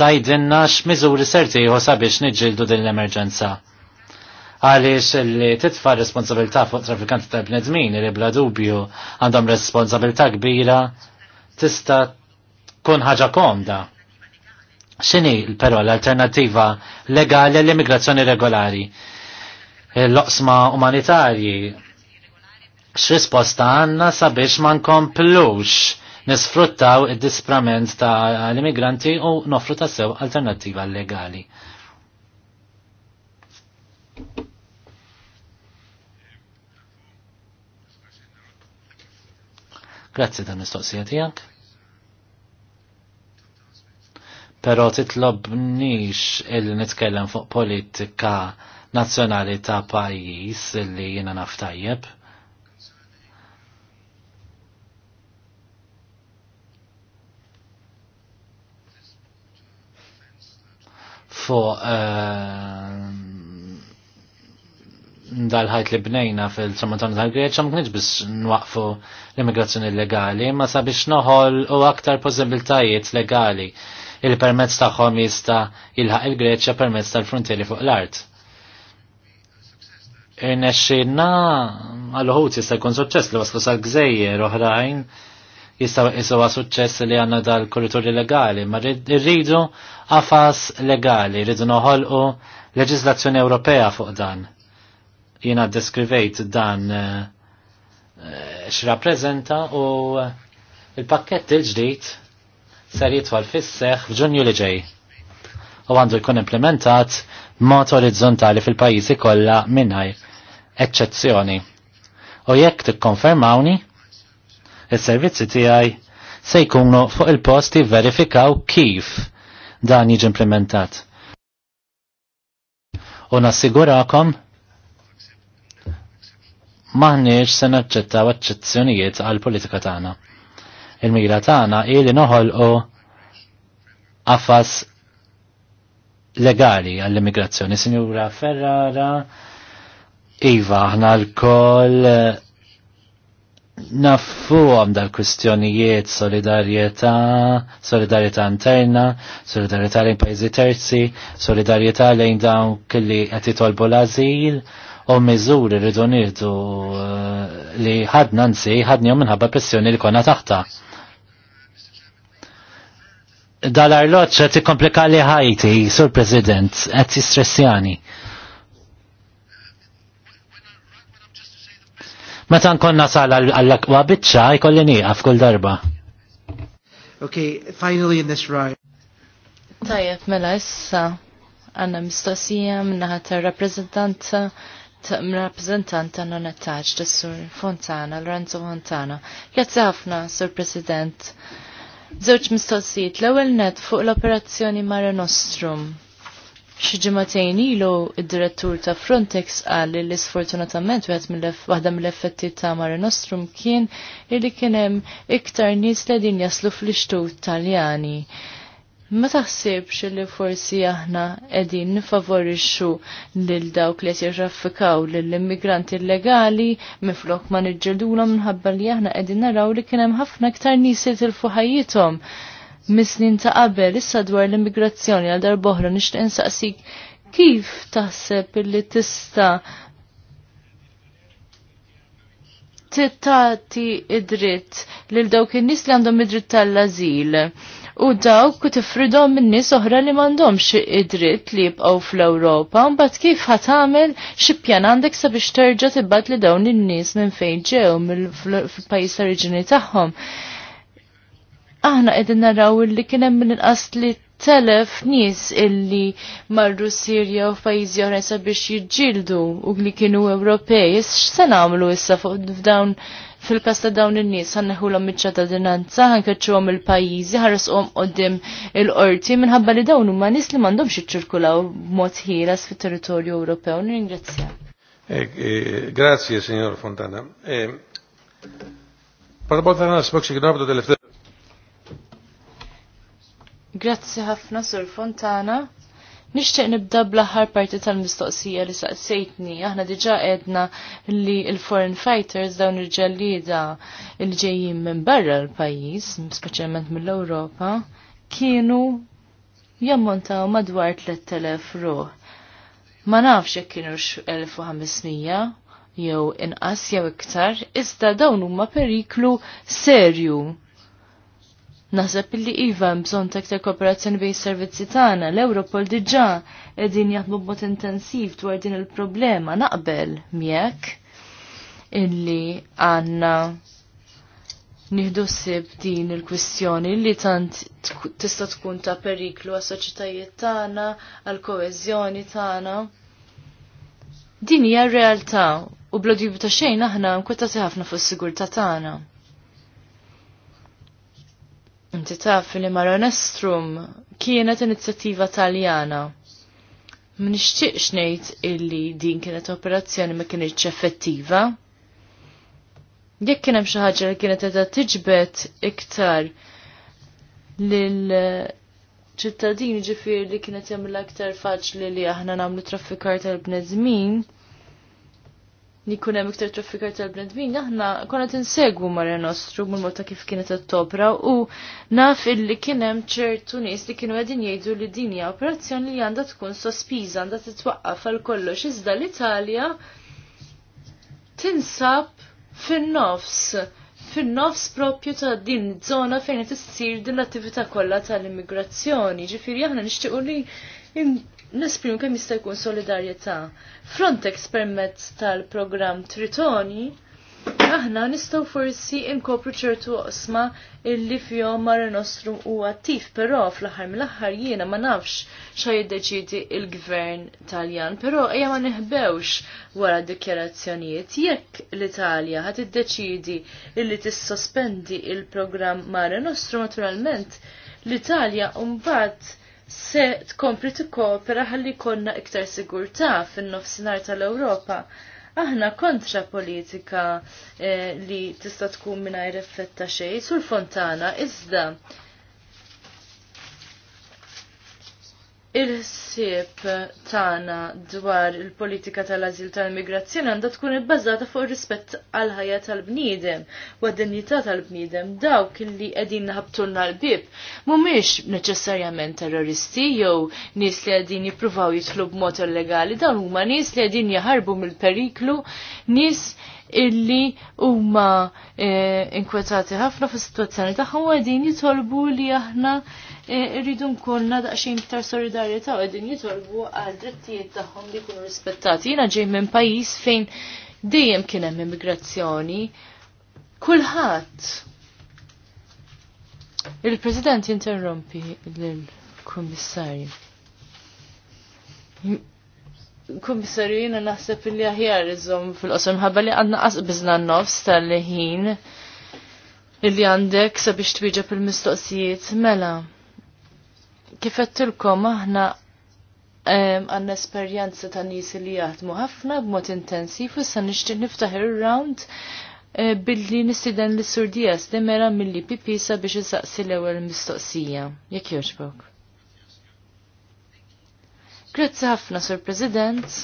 tajdinna x'miżuri serti jieħu sabiex niġġieldu din l-emerġenza. Għaliex li titfa' responsabilità fuq trafikanti ta' bnedmin li bla dubju għandhom responsabilità kbira tista' tkun ħaġa komda. X'inhi però l-alternattiva legali għall-immigrazzjoni regolari? Eh, l-oqsma umanitarji x'risposta għandna sabiex ma nkomplux nisfruttaw id-disprament ta' l-immigranti u nofru ta' sew alternativa legali. Grazzi ta' mistoqsija tijak. Pero titlobnix illi nitkellem fuq politika nazzjonali ta' pajjiż illi jiena naftajjeb. fuq eh, dal-ħajt li bnejna fil-tramuntana tal-Greċa ma kienx biex nwaqfu l-immigrazzjoni illegali, ma sabiex noħol u aktar possibiltajiet legali il-permezz tagħhom jista' jilħaq il-Greċja permezz tal-frontieri fuq l-art. Irnexxinna għal-ħut jista' jkun suċċess li waslu sal-gżejjer oħrajn jisawa suċċess li għanna dal kurituri legali, ma rridu għafas legali, rridu noħolqu leġizlazzjoni Ewropea fuq dan. Jina deskrivejt dan eh, eh, x-rapprezenta u eh, il-pakket il-ġdijt ser jitwal fisseħ f'ġunju li ġej u għandu jkun implementat mod orizzontali fil-pajjiżi kollha mingħajr eċċezzjoni. U jekk tikkonfermawni, il-servizzi tiegħi se jkunu fuq il-post verifikaw kif dan jiġi implementat. U nassigurakom maħniex se naċċettaw eċċezzjonijiet għal politika tagħna. Il-mira tagħna hi li noħolqu affas legali għall-immigrazzjoni. Sinjura Ferrara, Iva, aħna l-koll nafuhom dal-kwistjonijiet solidarjetà, solidarieta interna, solidarieta lejn pajjiżi terzi, solidarjetà lejn dawn kelli qed jitolbu l-ażil u miżuri rridu nieħdu eh, li ħadna nsi ħadnihom minħabba pressjoni li konna taħta. Dal-arloċ qed ikkomplika li ħajti, Sur President, qed jistressjani. Meta nkonna sal għall-akwa bitċa jkolli nieqaf kull darba. Okay, finally in this ride. Tajjeb, mela issa għanna mistoqsija minnaħa tar-rappreżentant rappresentant ta' non-attaċ ta' Sur Fontana, Lorenzo Fontana. Grazie ħafna, Sur President. Żewġ mistoqsijiet l-ewwel net fuq l-operazzjoni Mare Nostrum xieġimatejn ilu id-direttur ta' Frontex għal li sfortunatament waħda mill-effetti ta' Mare Nostrum kien li kienem iktar nis li din jaslu fl ixtu taljani. Ma taħsibx li forsi aħna edin nifavorixxu lil dawk li jirraffikaw lill immigranti illegali miflok ma niġġeldulhom minħabba li aħna qegħdin naraw li kien hemm ħafna iktar nies li tilfu ħajjithom mis-snin ta' qabel issa dwar l-immigrazzjoni għal darboħra nixtieq insaqsik kif taħseb li tista' tittati id-dritt lil dawk in-nies li għandhom id-dritt tal-azil. U dawk tifridhom minn nies oħra li m'għandhomx id-dritt li jibqgħu fl-Ewropa, mbagħad kif ħat tagħmel xi pjan għandek sabiex terġa' tibgħat li dawn in-nies minn fejn ġew mill-pajjiż oriġini tagħhom aħna qegħdin naraw li kien hemm inqas li telef nies illi marru Sirja u f'pajjiżi oħra sabiex jiġġieldu u li kienu Ewropej. X'se nagħmlu issa f'dawn fil kasta ta' dawn in-nies ħanneħu l ta' dinanza ħankaċċuhom il-pajjiżi ħaresquhom qudiem il-qorti minħabba li dawn huma nies li m'għandhomx iċċirkulaw b'mod ħieras fit-territorju Ewropew. Nirringrazzja. Eh, eh, grazie, signor Fontana. Parabota nas bokxi gnabdu tal Grazzi ħafna Sur Fontana. Nixtieq nibda bl-aħħar parti tal-mistoqsija li saqsejtni. Aħna diġà edna li l-foreign fighters dawn il ġallida li ġejjin minn barra l-pajjiż, speċjalment mill-Ewropa, kienu jammontaw madwar 3000 ruħ. Ma nafx jekk kienu 1500 jew inqas jew iktar, iżda dawn huma periklu serju Naħseb illi iva bżon ta' kooperazzjoni bejn servizzi tagħna, l-Europol diġà qegħdin jaħdmu b'mod intensiv dwar din il-problema naqbel miegħek illi għandna nieħdu ssib din il-kwistjoni li tant tista' tkun ta' periklu għas-soċjetajiet tagħna, għall-koeżjoni tagħna. Din hija r-realtà u bla dubju ta' xejn aħna nkwetati ħafna fuq is-sigurtà tagħna. Inti taf li Maronestrum kienet inizjattiva taljana. Nixtieqx ngħid illi din kienet operazzjoni ma kienx effettiva. Jekk kien hemm xi ħaġa li kienet qiegħda tiġbed iktar lil ċittadini ġifier li kienet jagħmilha iktar faċli li aħna nagħmlu traffikar tal-bnedmin, nikun hemm iktar traffikar tal-bnedmin, aħna konna tinsegwu mara nostru mul ta' kif kienet t-topra u naf illi kien hemm ċertu nies li kienu qegħdin jgħidu li din hija operazzjoni li għandha tkun sospiża għandha titwaqqaf għal kollox iżda l-Italja tinsab fin-nofs fin-nofs propju ta' din żona fejn qed issir din l-attività kollha tal-immigrazzjoni. Ġifieri aħna nixtiequ li nesprimu kemm jista' jkun solidarjetà. Frontex permezz tal-programm Tritoni aħna nistgħu forsi inkopru ċertu oqsma illi fihom mara nostru u attiv, però fl-aħħar mill-aħħar jiena ma nafx xa jiddeċidi il-gvern Taljan, però ejja ma neħbewx wara dikjarazzjonijiet jekk l-Italja ħad iddeċidi illi tissospendi il-programm Mare Nostru naturalment l-Italja mbagħad se tkompli tikkopera ħalli konna iktar sigurtà fin-nofsinhar tal-Ewropa. Aħna kontra politika eh, li tista' tkun mingħajr effett ta' xejn sul fontana iżda il-ħsieb tagħna dwar il-politika tal-azil tal-immigrazzjoni għandha tkun ibbażata fuq rispett għal ħajja tal-bniedem u għad-dinjità tal-bniedem dawk li qegħdin naħabtulna l-bib mhumiex neċessarjament terroristi jew nies li qegħdin jippruvaw jidħlu b'mod illegali dawn huma nies li qegħdin jaħarbu mill-periklu nies illi huma eh, inkwetati ħafna fis-sitwazzjoni tagħhom qegħdin jitolbu li aħna eh, rridu nkollna daqsxejn iktar solidarjetà u qegħdin jitolbu għal drittijiet tagħhom li jkunu rispettati. Jiena ġej minn pajjiż fejn dejjem kien hemm immigrazzjoni. Kulħadd il-President jinterrompi lill-Kummissarju. Kummissarju jiena naħseb li aħjar iżom fil qosem ħabba li għandna qasbizna nofs tal-ħin illi għandek sabiex twieġeb il-mistoqsijiet mela. Kif qedtilkom aħna għanna esperjenza ta' nisi li jaħdmu ħafna b'mod intensiv u san nixtieq niftaħ ir-round e, billi nistiden l-surdijas demera mill-li pipisa biex insaqsi l-ewwel mistoqsija. Jekk jogħġbok. Grazzi ħafna, Sur President.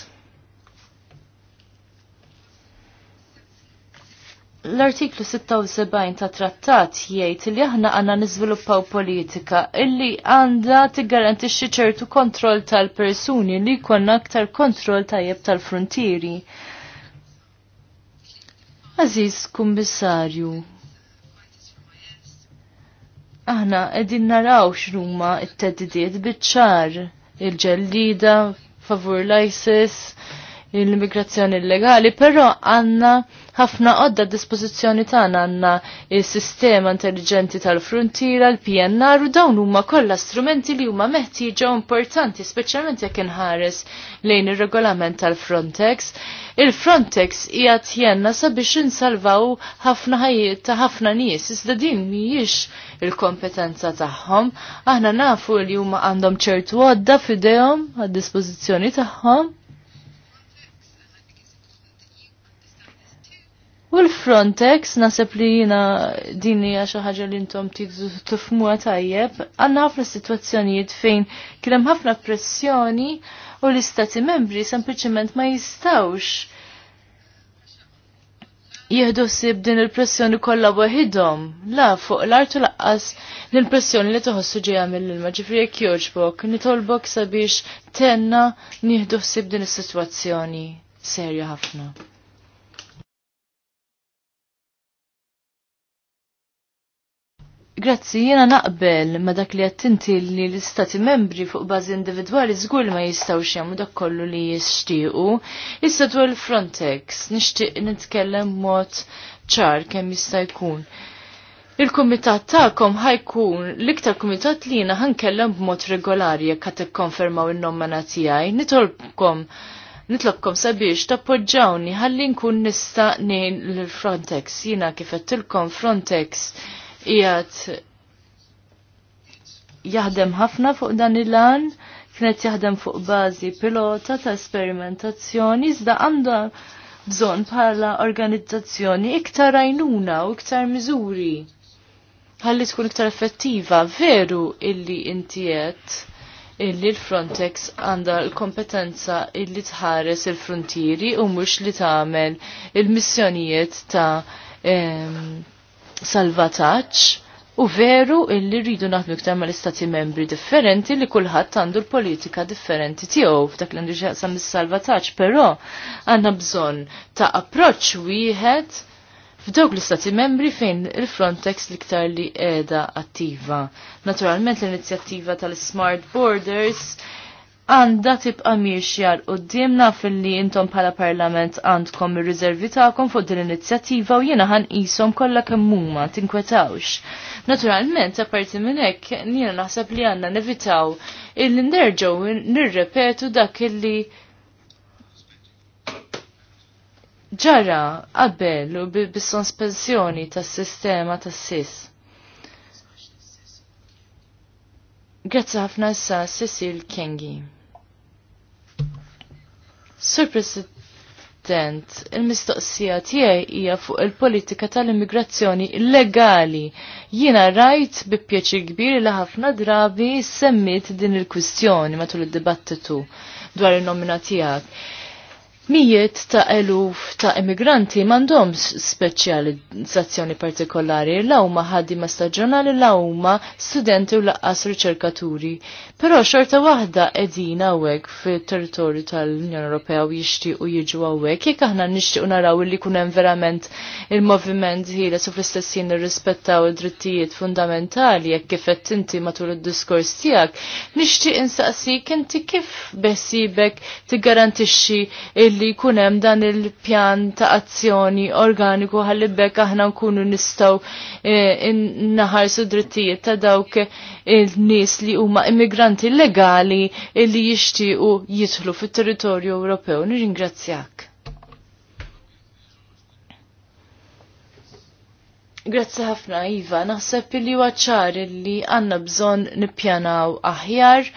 L-artiklu 76 ta' trattat jgħid li aħna għandna niżviluppaw politika illi għandha tiggarantixxi ċertu kontroll tal-persuni li jkollna aktar kontroll tajjeb tal-frontieri. Aziz Kummissarju, aħna qegħdin naraw x'ruma t-teddidiet biċ-ċar il-ġellida favur l-ISIS l-immigrazzjoni illegali, però għanna ħafna għodda dispożizzjoni tagħna għandna il sistema intelligenti tal frontira l-PNR u dawn huma kollha strumenti li huma meħtieġa importanti, speċjalment jekk inħares lejn ir-regolament tal-Frontex. Il-Frontex hija tjenna sabiex insalvaw ħafna ħajjiet ta' ħafna nies, iżda din mhijiex il-kompetenza tagħhom. Aħna nafu li huma għandhom ċertu għodda f'idejhom għad-dispożizzjoni tagħhom U l-Frontex, nasib li jina dini għaxa ħagġa li intom tifmu tajjeb, għanna ħafna situazzjonijiet fejn kienem ħafna pressjoni u l-istati membri sempliciment ma jistawx jihdu sib din il-pressjoni kollha waħidhom. La, fuq l-artu laqqas l-impressjoni li toħossu ġeja mill-ilma ġifri jekk joġbok, nitolbok sabiex tenna nieħdu sib din is-sitwazzjoni serja ħafna. Grazzi, jena naqbel ma dak li għattinti li l-istati membri fuq bazi individuali zgur ma jistaw xem dak kollu li jishtiqu. Issa dwar Frontex, nishtiq nitkellem mod ċar kemm jista' jkun. Il-kumitat ta'kom ħajkun l-iktar kumitat li jena ħankellem b'mod regolari jekk ħadd ikkonfermaw in-nomina tiegħi, nitolbkom nitlobkom sabiex tappoġġawni ħalli nkun nista' nejn l-Frontex. Jiena kif qedtilkom Frontex qiegħed jaħdem ħafna fuq dan il-lan, kienet jaħdem fuq bażi pilota ta' esperimentazzjoni, iżda għandha bżonn bħala organizzazzjoni iktar għajnuna u iktar miżuri. Ħalli tkun iktar effettiva, veru illi inti illi l-Frontex għanda l-kompetenza illi tħares il-frontieri u mux li tagħmel il-missjonijiet ta' salvataġġ u veru illi rridu naħdmu iktar mal-istati membri differenti li kulħadd għandu l-politika differenti tiegħu f'dak li għandu xaqsam is-salvataġġ, però għandna bżonn ta' approċċ wieħed F'dawk l-istati membri fejn il-Frontex iktar li qiegħda attiva. Naturalment l-inizjattiva tal-Smart Borders għanda tibqa miexjar u d-diemna fil-li intom pala parlament għandkom il-rizervi ta'kom fuq din l inizjativa u jena ħan jisom kolla kemmuma, tinkwetawx. Naturalment, apparti minn hekk, jena naħseb li għanna nevitaw illi nerġaw nirrepetu dak illi ġara qabel u bis-sospensjoni tas-sistema tas-sis. Grazzi ħafna issa Cecil Kengi. Sur President, il-mistoqsija tiegħi hija fuq il-politika tal-immigrazzjoni illegali. Jiena rajt bi pjaċir kbir li ħafna drabi semmit din il-kwistjoni matul id-dibattitu dwar il-nomina tiegħek. Mijiet ta' eluf ta' emigranti mandom speċjalizzazzjoni partikolari, l ħaddi ma' staġjonali, l-awma studenti u laqqas riċerkaturi. Però xorta waħda edina għawek fi territorju tal-Unjoni Ewropea u jixtiequ jiġu għawek, jekk aħna u naraw li kunem verament il-moviment ħieles u fl-istessin nirrispettaw id-drittijiet fundamentali jekk kifet inti matul id-diskors tiegħek, nixtieq insaqsik inti kif besibek tiggarantixxi il illi kunem dan il-pjan ta' azzjoni organiku ħallibbek aħna nkunu nistaw e, naħar naħarsu drittijiet ta' dawk il-nis li huma immigranti illegali illi jixtiequ jidħlu fit-territorju Ewropew. Nirringrazzjak. Grazzi ħafna Iva, naħseb li huwa ċar li għandna bżonn nippjanaw aħjar,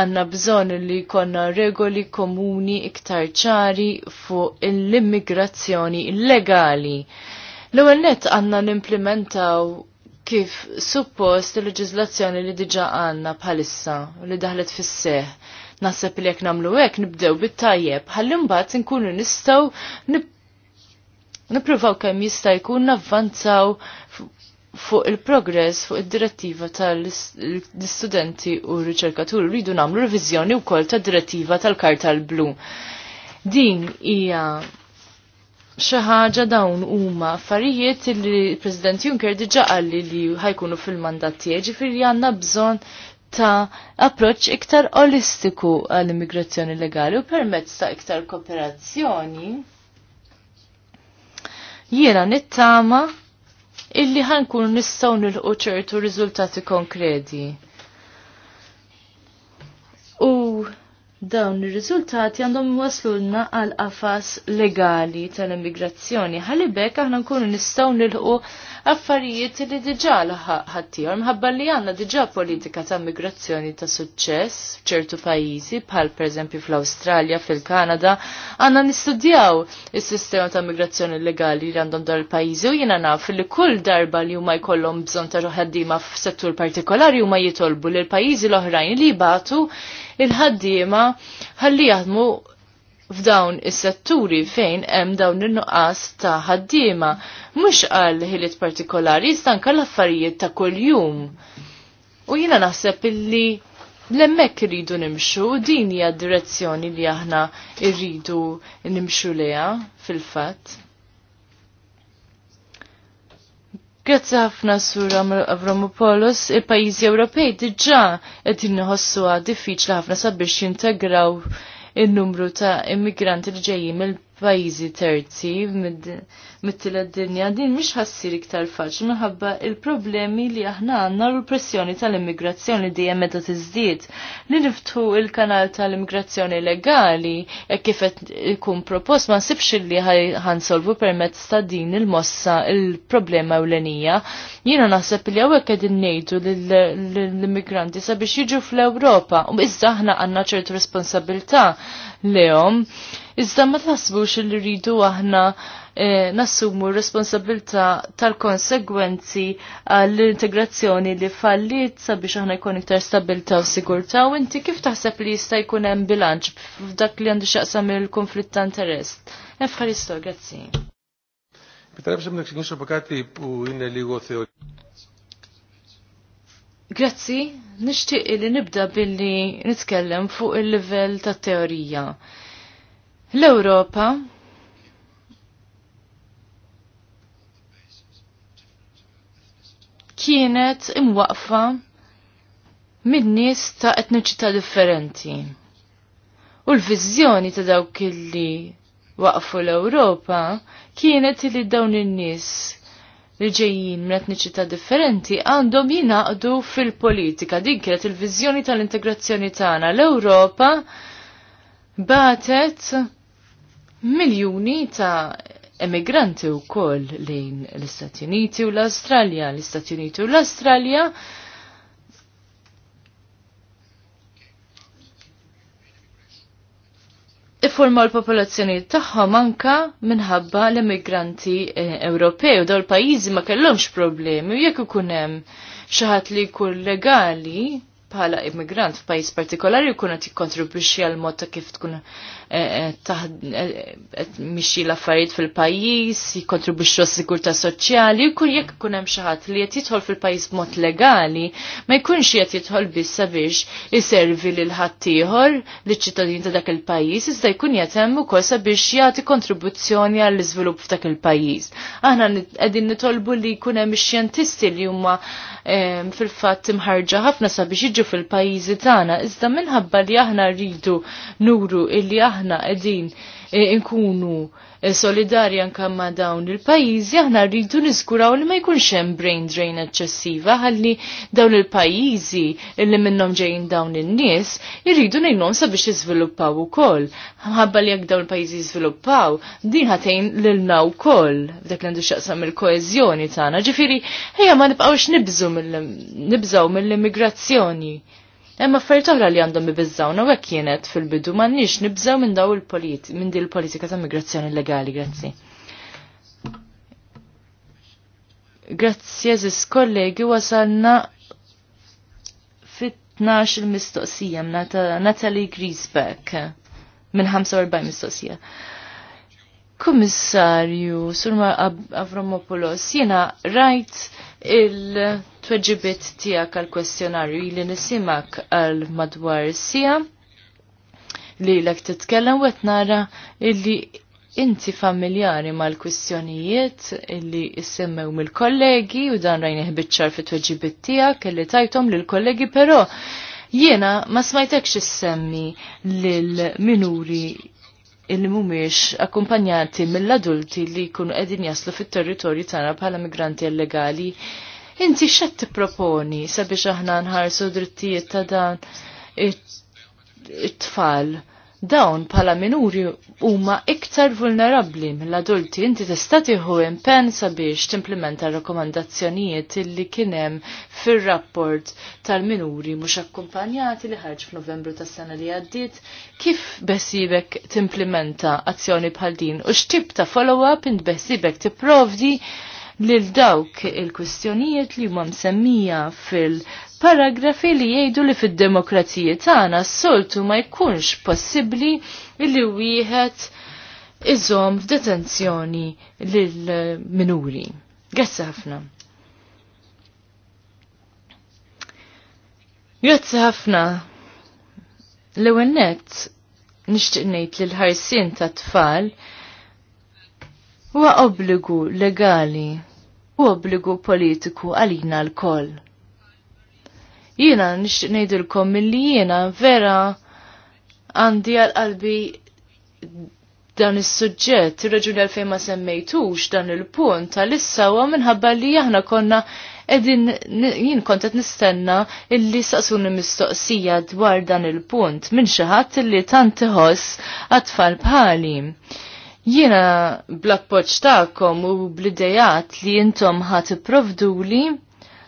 għandna bżonn li konna regoli komuni iktar ċari fuq l-immigrazzjoni illegali. L-ewwel nett għandna nimplementaw kif suppost il-leġiżlazzjoni li diġà għandna bħalissa li daħlet fis-seħ naħseb li jekk nagħmlu hekk nibdew bit-tajjeb ħalli mbagħad inkunu nistgħu nib Nipruvaw kemm jista' jkun navvanzaw fuq il-progress fuq id-direttiva tal-istudenti u r-riċerkaturi namlu nagħmlu u wkoll tad-direttiva tal-karta l-blu. Din hija xi ħaġa dawn huma affarijiet li l-President Juncker diġà qalli li ħajkunu fil-mandat tiegħi ġifieri għandna bżonn ta' approċċ iktar olistiku għall-immigrazzjoni legali u permezz ta' iktar kooperazzjoni jiena nittama illi ħankun nistgħu nilqu ċertu riżultati konkreti. dawn ir-riżultati għandhom waslulna għal qafas legali tal-immigrazzjoni. Ħalibek aħna nkunu nistgħu nilħu affarijiet li diġà ħaddieħor minħabba li għandna diġà politika ta' immigrazzjoni ta' suċċess f'ċertu pajjiżi bħal pereżempju fl-Awstralja, fil-Kanada, għandna nistudjaw is-sistema ta' immigrazzjoni legali li għandhom dar il-pajjiżi u jiena naf li kull darba li huma jkollhom bżonn ta' ħaddiema f'settur partikolari huma jitolbu lill pajjiżi l-oħrajn li jibatu il-ħaddiema ħalli jaħdmu f'dawn is-setturi fejn hemm dawn in-nuqqas ta' ħaddiema mhux għal ħiliet partikolari anke l-affarijiet ta' kuljum. U jiena naħseb illi l-emmek rridu nimxu din hija d direzzjoni li aħna rridu nimxu leha fil-fatt. Grazzi ħafna sur Avramopoulos, il-pajjiżi Ewropej diġà qed inħossuha diffiċli ħafna sabiex jintegraw in-numru ta' immigranti li ġejjin mill pajizi terzi mit-tila dinja din mhix ħassir iktar faċ minħabba il-problemi li aħna għandna u l-pressjoni tal-immigrazzjoni dejjem meta tiżdied li niftu il-kanal tal-immigrazzjoni legali e kif qed ikun propost ma nsibx li ħansolvu permezz ta' din il-mossa il-problema ewlenija. Jiena naħseb li hawnhekk qegħdin ngħidu lill-immigranti sabiex jiġu fl-Ewropa u iżda aħna għandna ċertu responsabilità lehom Iżda ma tasbux li rridu aħna eh, nassumu responsabilta tal-konsegwenzi għall-integrazzjoni eh, li fallit sabiex aħna jkun iktar stabilta u sigurta u inti kif taħseb li jista' jkun hemm bilanċ f'dak li għandu x'jaqsam il-konflitt ta' interess. Efħaristo, grazzi. Grazzi, nishtiq li nibda billi nitkellem fuq il-level ta' teorija. L-Ewropa kienet imwaqfa mid-nies ta' etniċità differenti. U l-viżjoni ta' dawk li waqfu l-Ewropa kienet li dawn in-nies li ġejjin minn etniċità differenti għandhom jinaqdu fil-politika. Din kienet il vizjoni tal-integrazzjoni tagħna. L-Ewropa batet miljuni ta' emigranti u koll lejn l-Istati Uniti u l-Australja. L-Istati Uniti u l-Australja Iforma l-popolazzjoni tagħhom manka minħabba l-immigranti eh, Ewropej u dawl pajjiżi ma kellhomx problemi u jekk ikun hemm xi ħadd li jkun legali bħala immigrant f'pajjiż partikolari jkun qed jikkontribwixxi għal mod ta' kif tkun Eh, eh, mixi l-affarijiet fil-pajjiż, jikontribwixxu s sigurtà soċjali, jkun jekk ikun hemm xi ħadd li qed jidħol fil-pajjiż b'mod legali, ma jkunx qed jidħol biss biex iservi lil l-ħattijħor liċ-ċittadin ta' dak il-pajjiż, iżda jkun qed hemm ukoll sabiex jagħti kontribuzzjoni għall-iżvilupp f'dak il-pajjiż. Aħna qegħdin nitolbu li jkun hemm ix-xjentisti li huma eh, fil-fatt imħarġa ħafna sabiex jiġu fil-pajjiżi tagħna, iżda minħabba li aħna rridu nuru illi aħna aħna qegħdin inkunu e, e, solidari anke ma' dawn il-pajjiżi aħna rridu niżguraw li ma jkunx hemm brain drain eċċessiva ħalli dawn il-pajjiżi li minnhom ġejjin dawn in-nies irridu ngħinhom sabiex jiżviluppaw ukoll. Ħabba li jekk dawn il-pajjiżi jiżviluppaw din ħatejn lilna wkoll f'dak li għandu x'aqsam il-koeżjoni tagħna. Ġifieri ejja ma nibqgħux nibżgħu mill-immigrazzjoni. Hemm affarijiet oħra li għandhom ibiżżawna u hekk kienet fil-bidu m'għandniex nibżgħu minn daw il-politika minn din il-politika ta' migrazzjoni legali, grazzi. Grazzi eżis kollegi wasalna fit-12 il-mistoqsija Natalie Griesbeck minn 45 mistoqsija. Kummissarju, Surma Avramopoulos, jena rajt right, il-tweġibit tijak għal-kwestjonarju li nisimak għal-madwar sija li l-ek titkellem għet nara illi inti familjari mal-kwistjonijiet illi jissemmew mill-kollegi u dan rajn iħbitċar fit tweġibit tijak illi tajtom lill-kollegi pero jiena ma smajtekx issemmi lil minuri illi mumiex akkumpanjati mill-adulti li jkunu qegħdin jaslu fit-territorju tagħna bħala migranti illegali. Inti x'qed tipproponi sabiex aħna nħarsu drittijiet ta' dan it-tfal? it tfal dawn bħala minuri huma iktar vulnerabbli mill-adulti. Inti tista' tieħu impenn sabiex timplementa rakkomandazzjonijiet illi kien hemm fir-rapport tal-minuri mhux akkumpanjati li ħarġ f'Novembru tas-sena li għaddiet. Kif besibek timplementa azzjoni bħal din u x'tib ta' follow-up int besibek tipprovdi lil dawk il-kwistjonijiet li huma msemmija fil- paragrafi li jgħidu li fid-demokrazija tagħna s-soltu ma jkunx possibbli li wieħed iżom f'detenzjoni lil minuri. Grazzi ħafna. Grazzi ħafna. L-ewwel nett nixtieq ngħid li l-ħarsien tat-tfal huwa obbligu legali u obbligu politiku għalina l-koll. Jiena nixtieq ngħidilkom milli jiena vera għandi għal qalbi dan is-suġġett, ir-raġuni għalfejn ma semmejtux dan il-punt għalissa huwa minħabba li aħna konna edin jien kontet nistenna illi saqsuni mistoqsija dwar dan il-punt minn xi ħadd illi tant iħoss għatfal bħali. Jiena blakpoċ tagħkom u bl-idejat li intom ħadd ipprovduli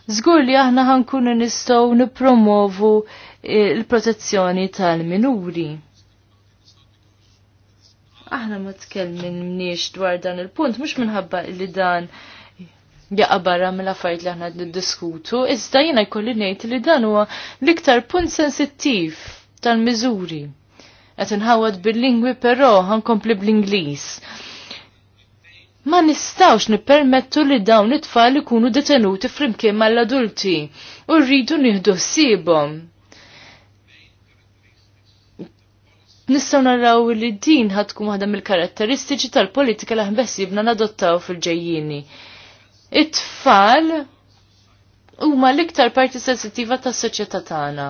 Zgur li aħna ħankunu nistgħu nippromovu eh, il-protezzjoni tal-minuri. Aħna ma mniex dwar dan il-punt, mhux minħabba li dan jaqabara barra mill-affarijiet li aħna niddiskutu, iżda jiena jkolli ngħid li dan huwa l-iktar punt sensittiv tal-miżuri. Qed inħawad bil-lingwi però ħankompli bl-Ingliż ma nistawx nippermettu li dawn it-tfal ikunu detenuti flimkien mal-adulti u rridu nieħdu ħsiebhom. Nistgħu naraw li din tkun waħda mill-karatteristiċi tal-politika li ħbessibna nadottaw fil-ġejjini. It-tfal huma l-iktar parti sensittiva tas-soċjetà tagħna.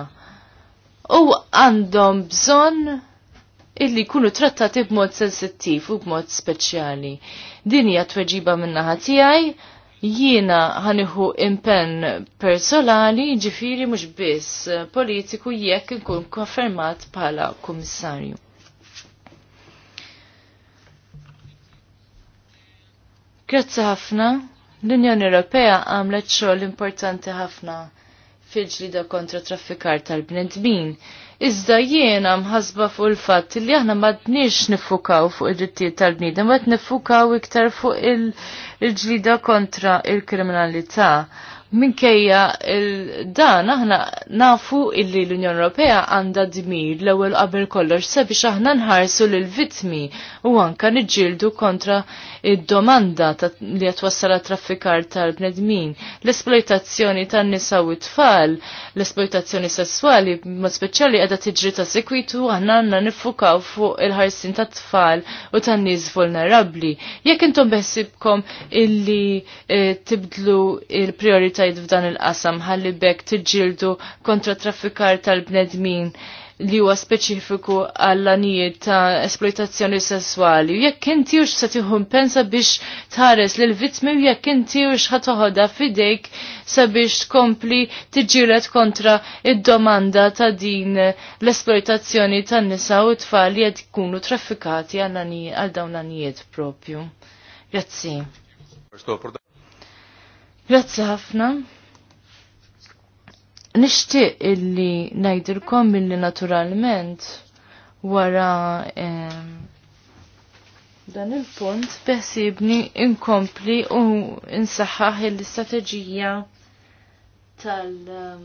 U għandhom bżonn illi jkunu trattati b'mod sensittiv u b'mod speċjali. Din hija tweġiba min-naħa tiegħi jiena ħaniħu impenn personali ġifiri mhux biss politiku jekk nkun konfermat bħala kummissarju. Grazzi ħafna. L-Unjoni Ewropea għamlet xogħol importanti ħafna fil-ġlida kontra traffikar tal-bnedmin. Iżda jiena mħasba fuq il-fatt li aħna madniex nifukaw fuq id-drittijiet tal-bniedem, qed tnifukaw iktar fuq il-ġlida kontra il-kriminalità. il kriminalità minkejja dan aħna nafu illi l-Unjoni Ewropea għandha dmir l-ewwel qabel kollox sabiex aħna nħarsu lil vittmi u anka niġġieldu kontra id-domanda li qed wassal traffikar tal-bnedmin, l-esploitazzjoni tan-nisa u tfal, l-esploitazzjoni sessuali ma speċjali qiegħda tiġri ta' sekwitu aħna għandna niffukaw fuq il-ħarsin tat-tfal u tan-nies vulnerabbli. Jekk intom beħsibkom illi eh, tibdlu il-priorità tajt f'dan il-qasam ħalli bekk tiġġieldu kontra traffikar tal-bnedmin li huwa speċifiku għall-anijiet ta' esploitazzjoni sessuali. Jekk inti hux se tieħu pensa biex tħares lil vittmi u jekk inti ħa ħatoħodha f'idejk sabiex tkompli tiġġieled kontra id-domanda ta' din l-esploitazzjoni tan-nisa u tfal li qed ikunu traffikati għal dawn l-anijiet propju. Grazzi. Grazzi ħafna. Nishtiq illi najdirkom illi naturalment wara dan il-punt beħsibni inkompli u insaħħaħ l-istrateġija tal-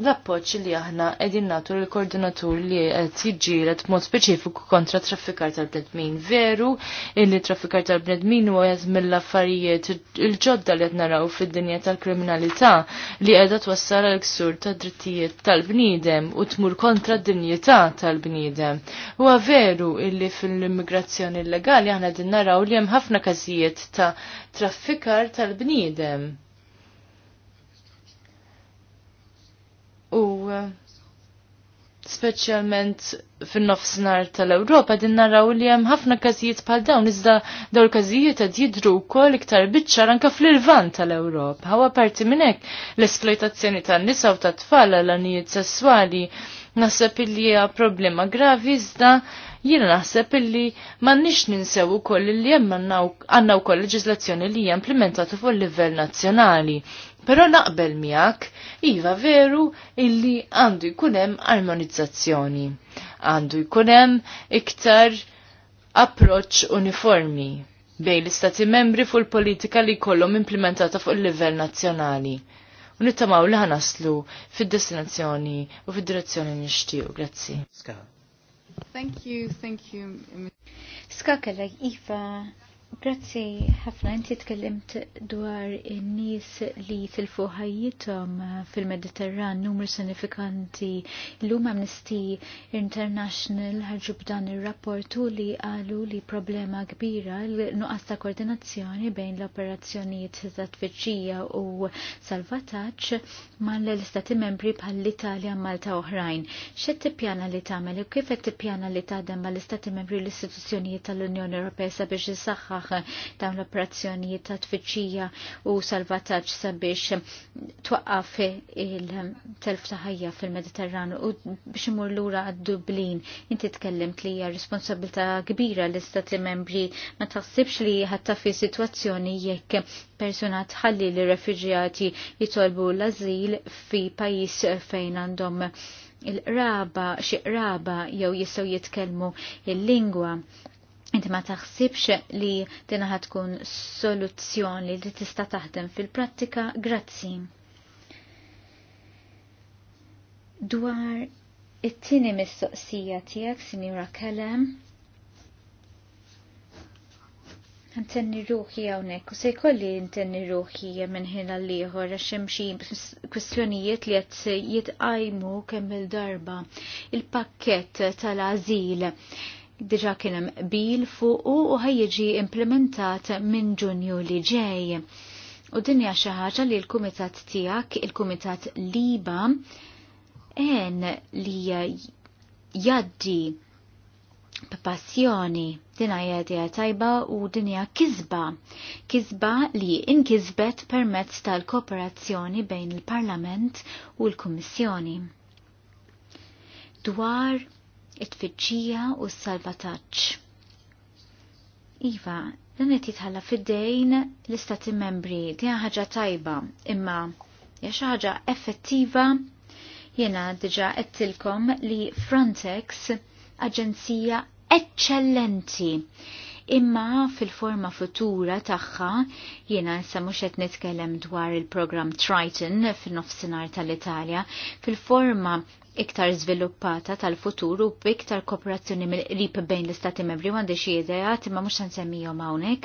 l-appoċ li aħna edin natur l-koordinatur li qed jiġġieled mod speċifiku kontra traffikar tal-bnedmin. Veru illi traffikar tal-bnedmin huwa jeż mill-affarijiet il-ġodda li qed naraw fid-dinja tal-kriminalità li qiegħda twassal għal ksur ta' drittijiet tal-bniedem u tmur kontra d-dinjità tal-bniedem. Huwa veru illi fil-immigrazzjoni illegali aħna din naraw li hemm ħafna każijiet ta' traffikar tal-bniedem. Eh, speċjalment fin-nofsinhar tal-Ewropa din naraw li hemm ħafna każijiet bħal dawn iżda dawn il-każijiet qed jidhru wkoll iktar biċċar anke fl-irvan tal-Ewropa. Ħawa parti minn hekk l-esploitazzjoni tan-nisa u tat-tfal għal anijiet sesswali naħseb illi hija problema gravi iżda Jiena naħseb illi m'għandniex ninsew ukoll li hemm għandna wkoll leġislazzjoni li hija implementata fuq livell nazzjonali. Però naqbel miegħek iva veru illi għandu jkun hemm armonizzazzjoni. Għandu jkun hemm iktar approċċ uniformi bejn l-istati membri fuq il-politika li kollhom implementata fuq il-livell nazzjonali. U nittamaw li ħanaslu fid-destinazzjoni u fid-direzzjoni nixtiequ. Grazzi. Thank you, thank you. Skakarek, Iva, Grazzi, ħafna inti tkellimt dwar in-nies li tilfu ħajjithom fil-Mediterran numru sinifikanti l-lum Amnesty International ħarġu b'dan ir-rapportu li qalu li problema kbira l-nuqqas ta' koordinazzjoni bejn l-operazzjonijiet ta' tfittxija u salvataġġ mal l-istati membri bħal l-Italja Malta oħrajn. X'qed tippjana li tagħmel u kif qed tippjana li tgħaddem mal-istati membri l-istituzzjonijiet tal-Unjoni Ewropea sabiex isaħħa nifaħ dawn l-operazzjonijiet ta' tfittxija u salvataġġ sabiex twaqqaf il-telf ta' ħajja fil mediterranu u biex imur lura għad-Dublin. Inti tkellimt li hija responsabilità kbira l istati membri ma taħsibx li ħatta fi situazzjoni jekk persuna tħalli li refuġjati jitolbu l-azil fi pajis fejn għandhom il raba xi raba jew jistgħu jitkellmu il-lingwa Inti ma taħsibx li dinaħa tkun soluzzjoni li tista' taħdem fil-prattika? Grazzi. Dwar it-tieni mistoqsija tiegħek, Sinjura Kellem, Ntenni ruħi għawnek, u se kolli ntenni ruħi minn ħina liħor, xemxi kwestjonijiet li għet jitqajmu kemm il-darba il-pakket tal-azil diġa kienem bil fuq u ħajġi implementat minn ġunju li ġej. U dinja xaħġa li l-kumitat tijak, il-kumitat liba, en li jaddi b'passjoni dinja hija tajba u dinja kizba. Kizba li inkizbet permezz tal-kooperazzjoni bejn il-Parlament u l-Kummissjoni. Dwar it-tfittxija u s-salvataġġ. Iva, dan qed jitħalla fid-dejn l-istati membri di ħaġa tajba, imma hija xi ħaġa effettiva jiena diġà qedtilkom li Frontex aġenzija eccellenti imma fil-forma futura tagħha jiena issa mhux qed nitkellem dwar il-programm Triton fin-nofsinhar tal-Italja, fil-forma iktar żviluppata tal-futur u b'iktar kooperazzjoni mill-qrib bejn l-istati membri u għandi xi idea imma mhux nsemmihom hawnhekk.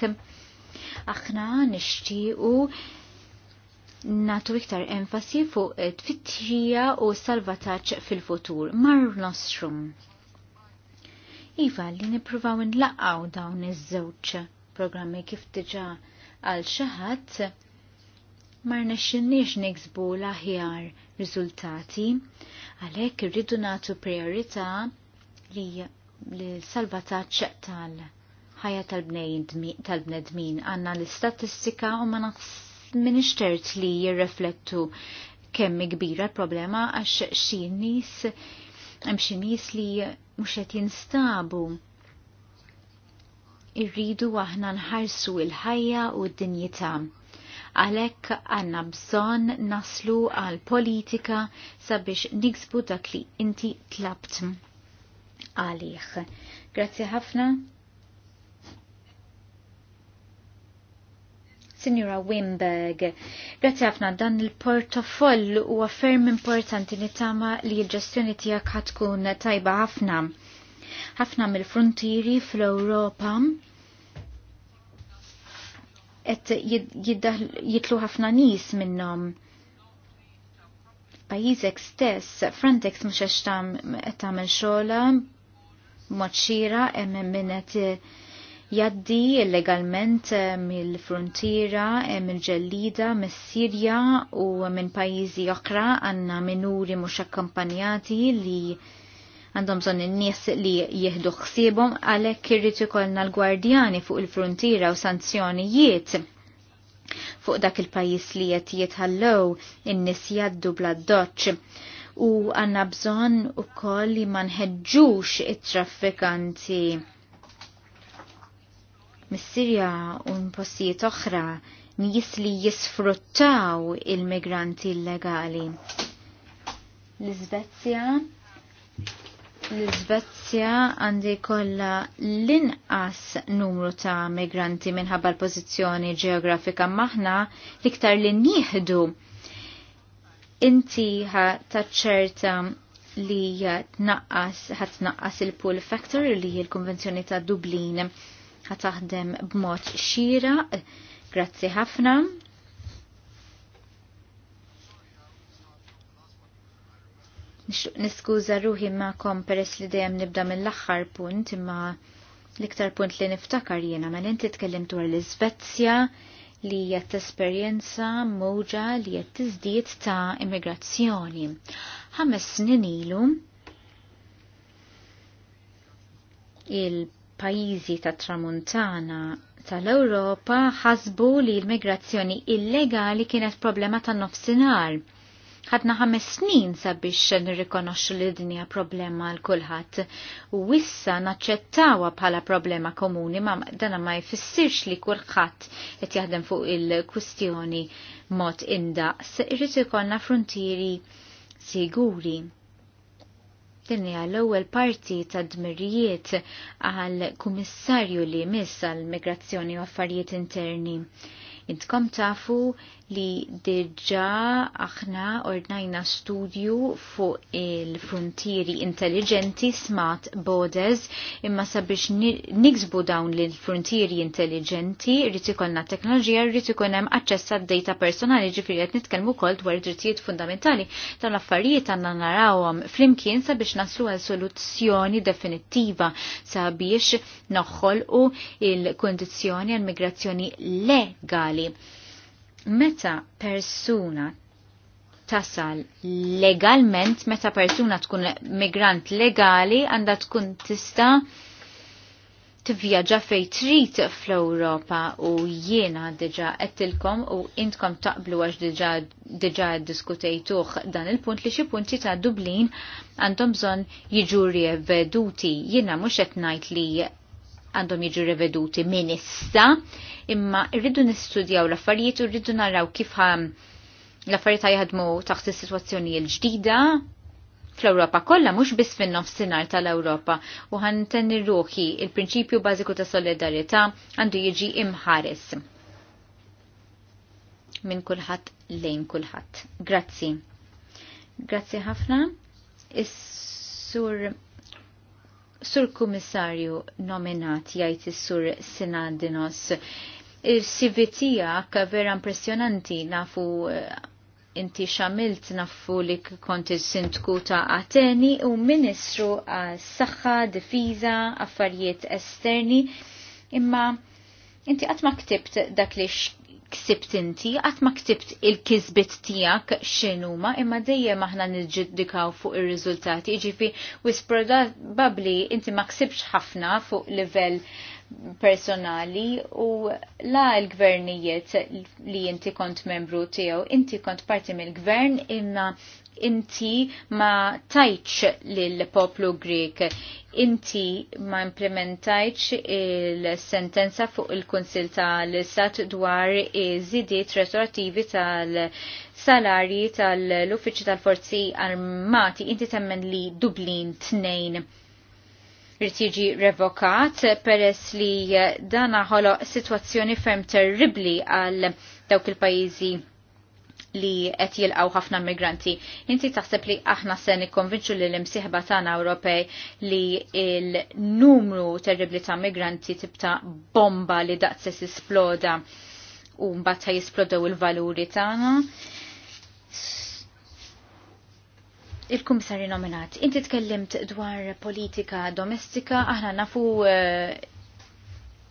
Aħna nixtiequ natu iktar enfasi fuq tfittxija u salvataġġ fil-futur. Mar Nostrum. Iva li nippruvaw nlaqgħu dawn iż-żewġ programmi kif diġà għal xi ħadd ma rnexxinniex niksbu l-aħjar riżultati. Għalhekk irridu nagħtu priorità li l-salvataċ tal-ħajja tal-bnedmin għanna l-istatistika u ma minix li jirreflettu kemm kbira l-problema għax xi nies hemm xi nies li mhux qed jinstabu irridu aħna nħarsu l ħajja u d-dinjità Għalek għanna bżon naslu għal politika sabiex niksbu dak li inti tlabt għalih. Grazzi ħafna. Signora Wimberg, grazzi ħafna dan il-portofoll u għaffirm importanti nittama li l-ġestjoni tijak ħatkun tajba ħafna. ħafna mill-frontieri fl-Europa et jitlu ħafna nies minnhom. Pajjiżek stess, Frontex mhux qed tagħmel xogħla mod xira hemm min qed jaddi illegalment eh, mill-frontiera hemm eh, il-ġellida mis-Sirja u minn pajjiżi oħra għandna minuri mhux akkampanjati li għandhom bżonn in-nies li jieħdu ħsiebhom għalhekk irrid ikollna l-gwardjani fuq il-fruntiera u sanzjonijiet fuq dak il-pajjiż li qed jitħallew in-nies jaddu bla doċċ u għanna bżon u koll li manħedġux it-traffikanti mis-Sirja u postijiet oħra nies li jisfruttaw il-migranti illegali. L-Svezja l-Svezja għandi kolla l-inqas numru ta' migranti minħabba l-pozizjoni ġeografika maħna liktar li nieħdu. Inti taċċerta li tnaqqas ħatnaqqas il-pull factor li l-Konvenzjoni ta' Dublin ħataħdem b'mod xira. Grazzi ħafna. Niskuża ruħi ma kompress li dejjem nibda mill-aħħar punt imma l-iktar punt li niftakar jiena ma inti tkellim dwar l iżvezja li hija tesperjenza mowġa li qed tiżdied ta' immigrazzjoni. Ħames snin ilu il-pajjiżi tat tramuntana tal-Ewropa ħasbu li l-migrazzjoni illegali kienet problema tan nofsinhar ħadna ħames snin sabiex nirrikonoxxu li dinja problema għal kulħadd u issa naċċettawha bħala problema komuni ma dana ma jfissirx li kulħadd qed jaħdem fuq il-kwistjoni mod indaqs irrid ikollna frontieri siguri. Din hija l-ewwel parti ta' dmirijiet għal kummissarju li jmiss għall migrazzjoni u affarijiet interni. Intkom tafu li diġa aħna ordnajna studju fuq il-frontieri intelligenti smart borders imma sabiex niksbu dawn l frontieri intelligenti rrit ikollna teknoloġija rrit ikun hemm aċċess data personali ġifieri qed nitkellmu wkoll dwar drittijiet fundamentali tal affarijiet għandna narawhom flimkien sabiex naslu għal soluzzjoni definittiva sabiex noħolqu il-kondizzjoni għal migrazzjoni legali meta persuna tasal legalment, meta persuna tkun migrant legali, għanda tkun tista tivvjaġġa fej trit fl-Europa u jiena diġa għettilkom u intkom taqblu għax diġa, diġa diskutejtuħ dan il-punt li xie punti ta' Dublin għandhom bżon jiġu rieveduti. Jiena mux etnajt li għandhom jiġu reveduti minn issa, imma rridu nistudjaw l-affarijiet u rridu naraw kif l-affarijiet għajħadmu taħt is situazzjoni l-ġdida fl-Europa kollha mhux biss fin-nofsinhar tal-Ewropa u ħantenni ruħi il-prinċipju bażiku ta' solidarjetà għandu jiġi imħares minn kulħadd lejn kulħadd. Grazzi. Grazzi ħafna. Is-sur Sur Kummissarju nominat jgħid is-Sur Sinadinos. Il-CV tiegħek vera impressjonanti nafu eh, inti xamilt nafu li konti sintku ta' Ateni u Ministru għas saħħa Difiża, Affarijiet Esterni, imma inti qatt ma ktibt dak li ksibt inti, għat ma ksibt il-kizbit tijak xenuma, imma dejjem aħna nġiddikaw fuq il-rizultati, ġifi, wis babli inti ma ksibx ħafna fuq livell personali u la l-gvernijiet li inti kont membru tiegħu, inti kont parti mill-gvern imma inti ma tajċ lill-poplu Grek, inti ma implementajċ il-sentenza fuq il-Konsil tal-Istat dwar iż-żidiet tal-salari tal-Uffiċċju tal-Forzi Armati, inti temmen li Dublin 2 rrit jiġi revokat peress li dana aħoloq situazzjoni ferm terribli għal dawk il-pajjiżi li qed jilqgħu ħafna migranti. Inti taħseb li aħna se nikkonvinċu li l-imsieħba tagħna Ewropej li l-numru terribli ta' migranti tibta bomba li daqs se isploda u mbagħad ta jisplodew il-valuri tagħna. Il-kumissarju nominat, inti tkellimt dwar politika domestika, aħna nafu eh,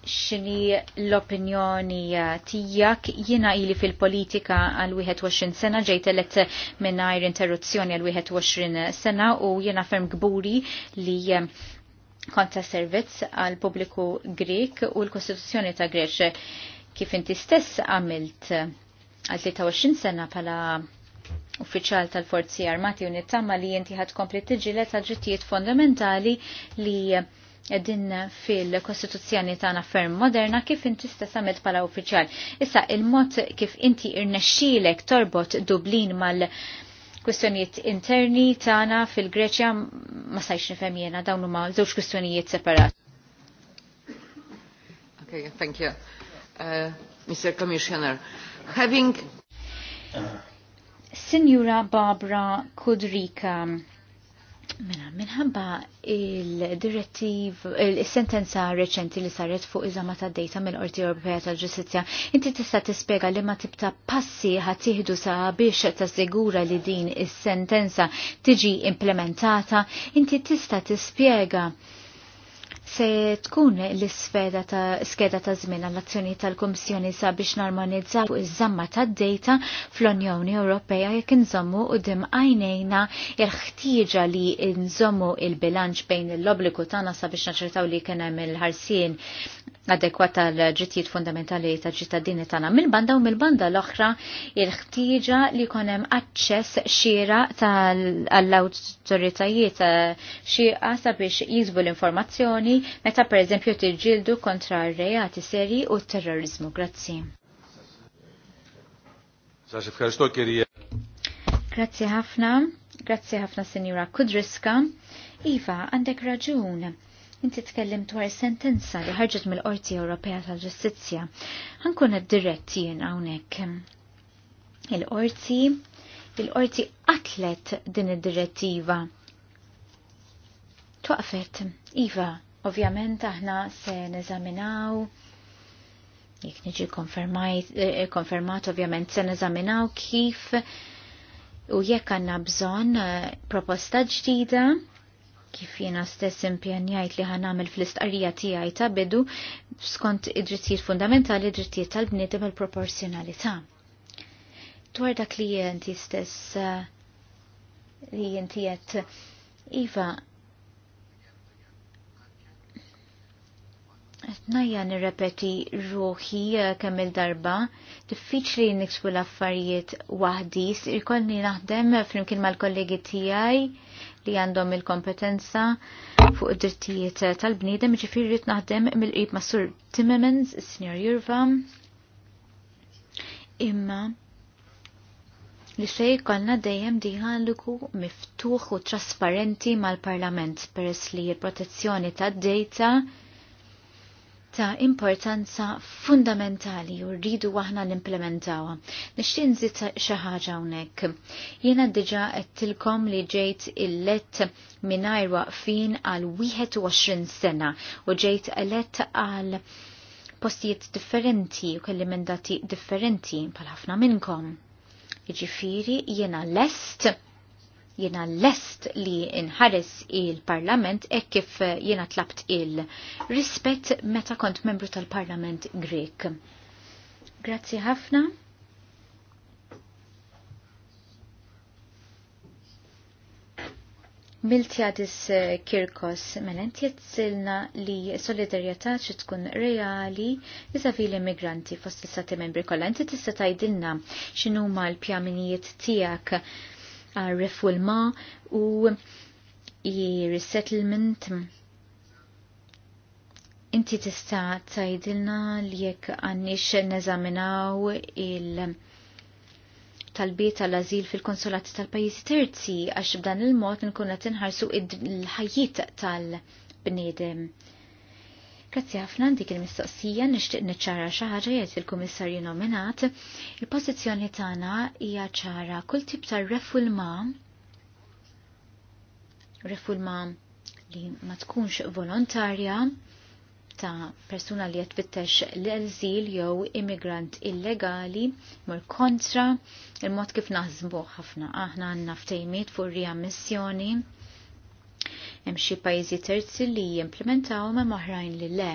xini l-opinjoni eh, tijak jina ili fil-politika għal 21 sena ġejt elett minnajr interruzzjoni għal 21 sena u jina ferm gburi li eh, konta servizz għal publiku Grek u l-Kostituzzjoni ta' Greċ kif inti stess għamilt għal 23 sena pala uffiċjal tal-Forzi Armati Unittama li jinti ħad kompli tiġilet għal ġittijiet fondamentali li din fil-Kostituzzjoni tagħna ferm moderna kif inti samet pala uffiċjal. Issa il-mod kif inti irnexxielek torbot Dublin mal- kwistjonijiet interni tagħna fil-Greċja ma sajx nifhem jiena dawn huma żewġ kwistjonijiet separati. Okay, thank you. Uh, Mr. Commissioner, having Signora Barbara Kudrika Mela, minħabba il-direttiv, il-sentenza reċenti li saret fuq iżama ta' dejta mill-Qorti Ewropea tal-Ġustizzja, inti tista' tispjega li ma tibta passi ħatiħdu sa' biex ta sigura li din is-sentenza tiġi implementata, inti tista' tispjega se tkun l-sfeda ta' skeda ta' żmien għall-azzjoni tal-Kummissjoni sabiex narmonizzaw fuq iż-żamma tad-dejta fl-Unjoni Ewropea jekk inżommu dim għajnejna il-ħtieġa li nżommu il-bilanċ bejn l-obbligu tagħna sabiex naċertaw li kien hemm il-ħarsien adekwata l ġittijiet fundamentali ta' ċittadini tagħna mill-banda u mill-banda l-oħra il-ħtieġa li jkun hemm aċċess xira tal-awtoritajiet eh, xieqa sabiex jiżbu l-informazzjoni meta pereżempju tiġġieldu kontra r-reati seri u t-terrorizmu. Grazzi. Grazzi ħafna, grazzi ħafna Sinjura Kudriska. Iva, għandek raġun Inti tkellim dwar sentenza li ħarġet mill-Qorti Ewropea tal-Ġustizzja. Ħankun id-dirett jien hawnhekk. Il-qorti, il-qorti qatlet din id-direttiva. Twaqfet, Iva, ovvjament aħna se neżaminaw jek niġi eh, konfermat ovvjament se neżaminaw kif u jekk għanna bżon eh, proposta ġdida kif jiena stess impjanjajt li ħan għamil fl-istqarrija tiegħi ta' bidu skont id-drittijiet fundamentali id-drittijiet tal-bniedem il-proporzjonalità. Dwar dak li inti stess eh, li inti qed iva Najja nirrepeti ruħi eh, kemm il-darba, diffiċli niksbu l-affarijiet waħdi, irkolni naħdem flimkien mal-kollegi tiegħi li għandhom il-kompetenza fuq id-drittijiet tal-bniedem, ġifiri rrit naħdem mill-qib ma' Sur Timmermans, Sr. Jurva, imma li se jkollna dejjem dialogu miftuħ u trasparenti mal-Parlament peress li l-protezzjoni tad-data ta' importanza fundamentali u rridu waħna l-implementawa. Nixtien nżid xi ħaġa hawnhekk. Jiena diġà qedtilkom li ġejt il-let mingħajr waqfin għal 21 sena u ġejt elett għal postijiet differenti u kelli mendati differenti bħal ħafna minnkom. Jiġifieri jiena lest jena lest li inħares il-parlament e kif jena tlabt il-rispet meta kont membru tal-parlament Grek. Grazzi ħafna. Miltiadis eh, Kirkos, melent jitzilna li solidarjetà xi tkun reali vizavi l-immigranti fost sati membri kollha. Inti tista' tgħidilna x'inhuma l-pjaminijiet tiegħek l refulma u resettlement inti tista tgħidilna li jekk għannix neżaminaw il talbiet tal-azil fil-konsolati tal pajis terzi għax b'dan il-mod nkun qed inħarsu l ħajjit tal-bniedem Grazzi ħafna dik il-mistoqsija nixtieq niċċara xi ħaġa jgħid il-Kummissarju nominat. Il-pożizzjoni tagħna hija ċara kull tip ta' refulma refulma li ma tkunx volontarja ta' persuna li jatfittex l eżil jew immigrant illegali mur kontra il-mod kif naħsbu ħafna aħna għandna ftejmiet fuq riammissjoni missjoni Hemm xi pajjiżi terzi li jimplementaw ma oħrajn li le.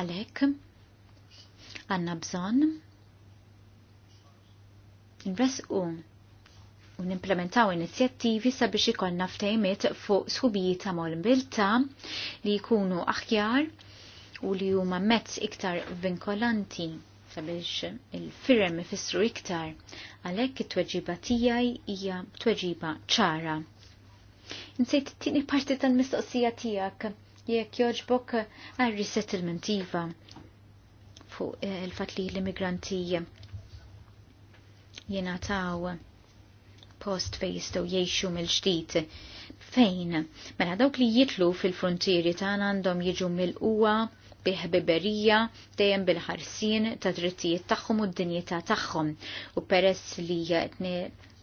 Għalhekk għandna bżonn Inresqu u nimplementaw inizjattivi sabiex ikollna ftejmiet fuq sħubijiet ta' mobilta li jkunu aħjar u li huma mezz iktar vinkolanti sabiex il-firem ifissru iktar għalhekk it-tweġiba tiegħi hija tweġiba ċara. Nsejt t-tini parti tan mistoqsija tijak, jek joġbok għal resettlement iva fuq eh, il-fat li l-immigranti jena taw post fej jistaw jiexu mill-ġdid. Fejn? Mela dawk li jitlu fil-frontieri ta' għandhom jiġu mill-uwa biħbiberija dejjem bil-ħarsien ta' drittijiet tagħhom u d-dinjità tagħhom. U peress li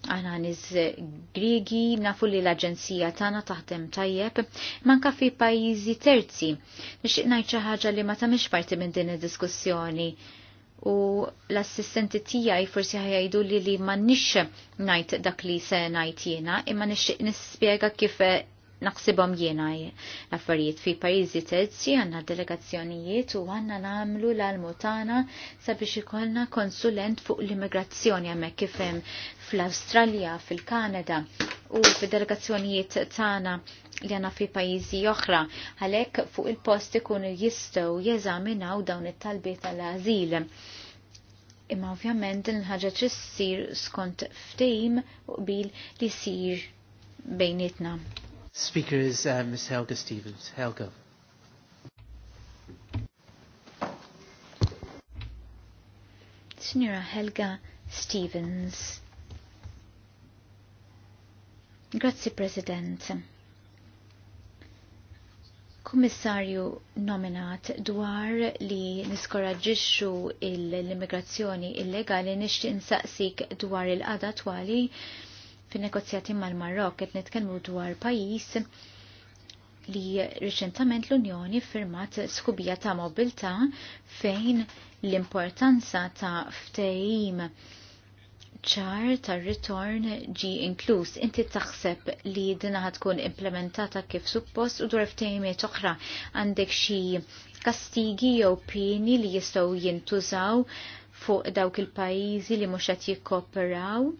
Aħna niz Grigi nafu li l-Aġenzija tagħna taħdem tajjeb manka fi pajjiżi terzi. Nixtieq ngħid xi ħaġa li ma tagħmilx parti minn din id-diskussjoni u l-assistenti tiegħi forsi ħajdu li li ma nix ngħid dak li se ngħid jiena imma nixtieq nispjega kif naqsibom jiena l-affarijiet fi pajjiżi terzi għandna delegazzjonijiet u għandna nagħmlu l-almutana sabiex ikollna konsulent fuq l-immigrazzjoni hemmhekk kif hemm fl-Awstralja, fil-Kanada u fid-delegazzjonijiet tagħna li għanna fi pajizi oħra, għalek fuq il-post ikunu jistow jeżaminaw dawn it-talbiet tal-azil. Imma ovvjament il-ħagġa ċissir skont ftejm u bil li sir bejnietna. Speaker is uh, Ms. Helga Stevens. Helga. Signora Helga Stevens. Grazzi President. Kummissarju nominat dwar li niskoraġġixxu l-immigrazzjoni illegali nixtieq insaqsik dwar il-qada twali fin-negozjati mal marrok qed nitkellmu dwar pajjiż li riċentament l-Unjoni firmat skubija ta' mobilta fejn l-importanza ta' ftehim ċar tar ritorn ġi inkluż. Inti taħseb li dinaħa tkun implementata kif suppost u dwar ftehimiet oħra għandek xi kastigi jew pieni li jistgħu jintużaw fuq dawk il-pajjiżi li mhux qed jikkooperaw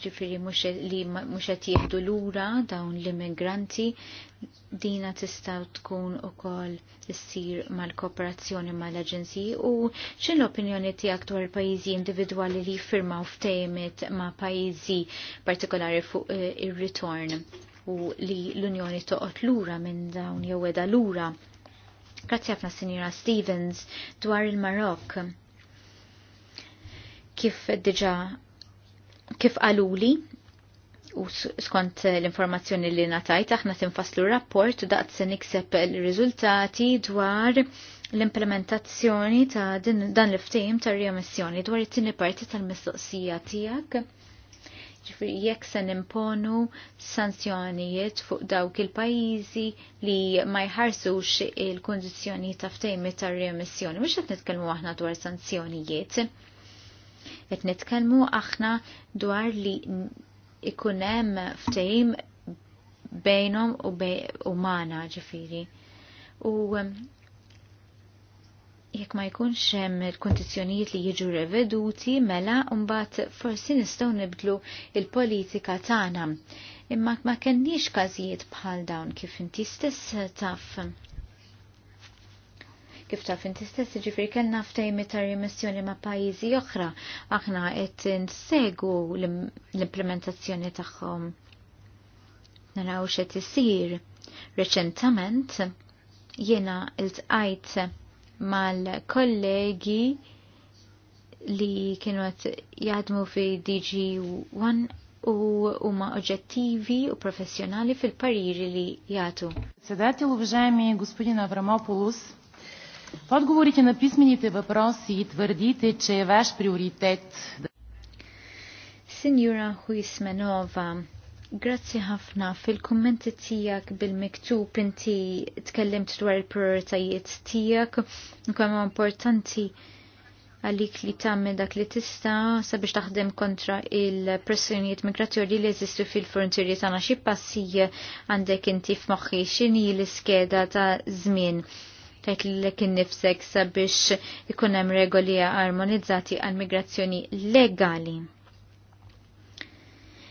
ġifiri e- li mux qed l lura dawn l-immigranti dina tista' tkun ukoll issir mal-kooperazzjoni mal-aġenziji u x'in l-opinjoni tiegħek dwar pajjiżi individwali li jiffirmaw ftehimiet ma' pajjiżi partikolari fuq e, ir-ritorn u li l-Unjoni toqgħod lura minn dawn jew weda lura. Grazzi ħafna Sinjora Stevens dwar il-Marok kif diġa kif qaluli u skont l-informazzjoni li natajt aħna tinfaslu rapport daqt se nikseb l-riżultati dwar l-implementazzjoni ta' dan l ftim ta' riemissjoni dwar it-tieni parti tal-mistoqsija tiegħek. Ġifri jekk se nimponu sanzjonijiet fuq dawk il-pajjiżi li ma jħarsux il kondizjoni ta' ftejmi ta' riemissjoni, mhux qed nitkellmu aħna dwar sanzjonijiet Et nitkelmu aħna dwar li ikunem ftejim bejnom u bej umana ġifiri. U jekk ma jkunx hemm il-kondizzjonijiet li jiġu reveduti mela mbagħad forsi nistgħu nibdlu il-politika tagħna. Imma ma kenniex każijiet bħal dawn kif inti stess taf. Kif taf inti stess ġifri kellna ftejmi ta' rimissjoni ma' pajjiżi oħra, aħna qed insegu l-implementazzjoni tagħhom. Naraw x'qed isir. Reċentament jiena iltqajt mal-kollegi li kienu qed jadmu fi DG1 u huma oġġettivi u professjonali fil-pariri li jagħtu. Sedati il-użajmi Gospodin Avramopoulos В отговорите на писмените въпроси твърдите, че е ваш приоритет. Сеньора Хуисменова, Grazzi ħafna fil-kommenti tijak bil-miktub inti tkellimt dwar il-prioritajiet tijak, nkemmu importanti għalik li tamme dak li tista sabiex taħdem kontra il-pressjonijiet migratorji li jesistu fil-frontieri tana xie passi għandek inti f'moħħi xini l-iskeda ta' zmin tajt l-lek nifsek sabiex ikunem regoli armonizzati għal migrazzjoni legali.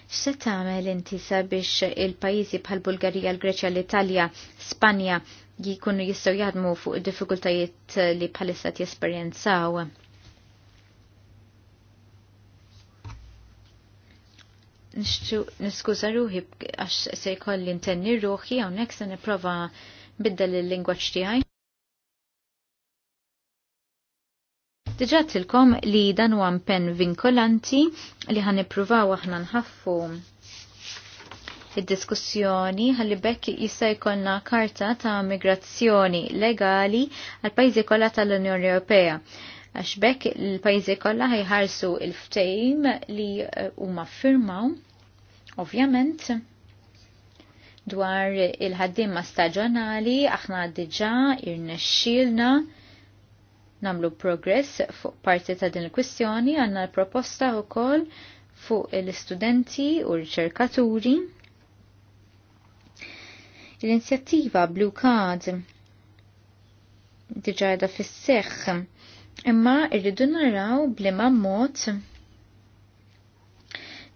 X'se tagħmel inti sabiex il-pajjiżi bħal Bulgarija, l-Greċja, l-Italja, Spanja jikunu jistgħu jaħdmu fuq id-diffikultajiet li bħalissa jesperjenzaw? niskuza ruħi għax se jkolli intenni ruħi għonek se niprofa biddel il-lingwaċ tiegħi. Diġa tilkom li dan huwa pen vinkolanti li ħan ipruvaw aħna nħaffu id-diskussjoni ħalli bekk jista' jkollna karta ta' migrazzjoni legali għal pajzi kollha tal-Unjoni Ewropea. Għax bekk il pajzi kollha ħajħarsu il-ftejm li uh, huma firmaw, ovvjament, dwar il-ħaddim staġjonali aħna diġà irnexxielna namlu progress fuq parti ta' din il-kwistjoni għanna proposta u koll fuq l-istudenti u l ċerkaturi l inizjattiva Blue Card diġada fis-seħħ imma irridu naraw blima mod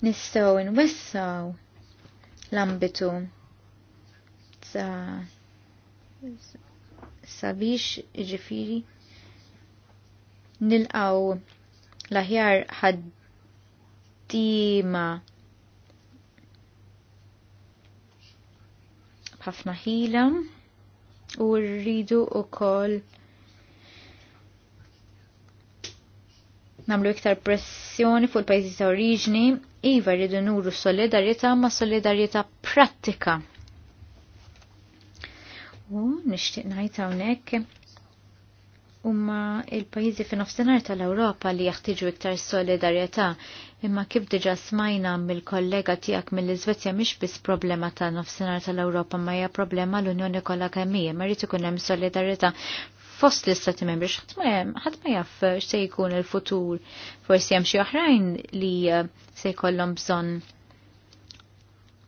nistgħu nwessaw l-ambitu ta' sabiex iġifiri nilqaw l-aħjar ħaddima ħafna ħila u rridu u kol namlu iktar pressjoni fuq il-pajjiżi ta' oriġni, iva rridu nuru solidarjetà ma' solidarjetà prattika. U nixtieq ngħid hawnhekk huma il-pajjiżi fin nofsinhar tal-Ewropa li jaħtiġu iktar solidarieta imma kif diġà smajna mill-kollega tiegħek mill-Iżvezja mhix biss problema ta' nofsinhar tal-Ewropa ma hija problema l-Unjoni kollha kemm hija, merit ikun hemm solidarjetà fost l-istati membri, ħadd ma jaf x'se jkun il-futur, forsi hemm xi oħrajn li eh, se jkollhom bżonn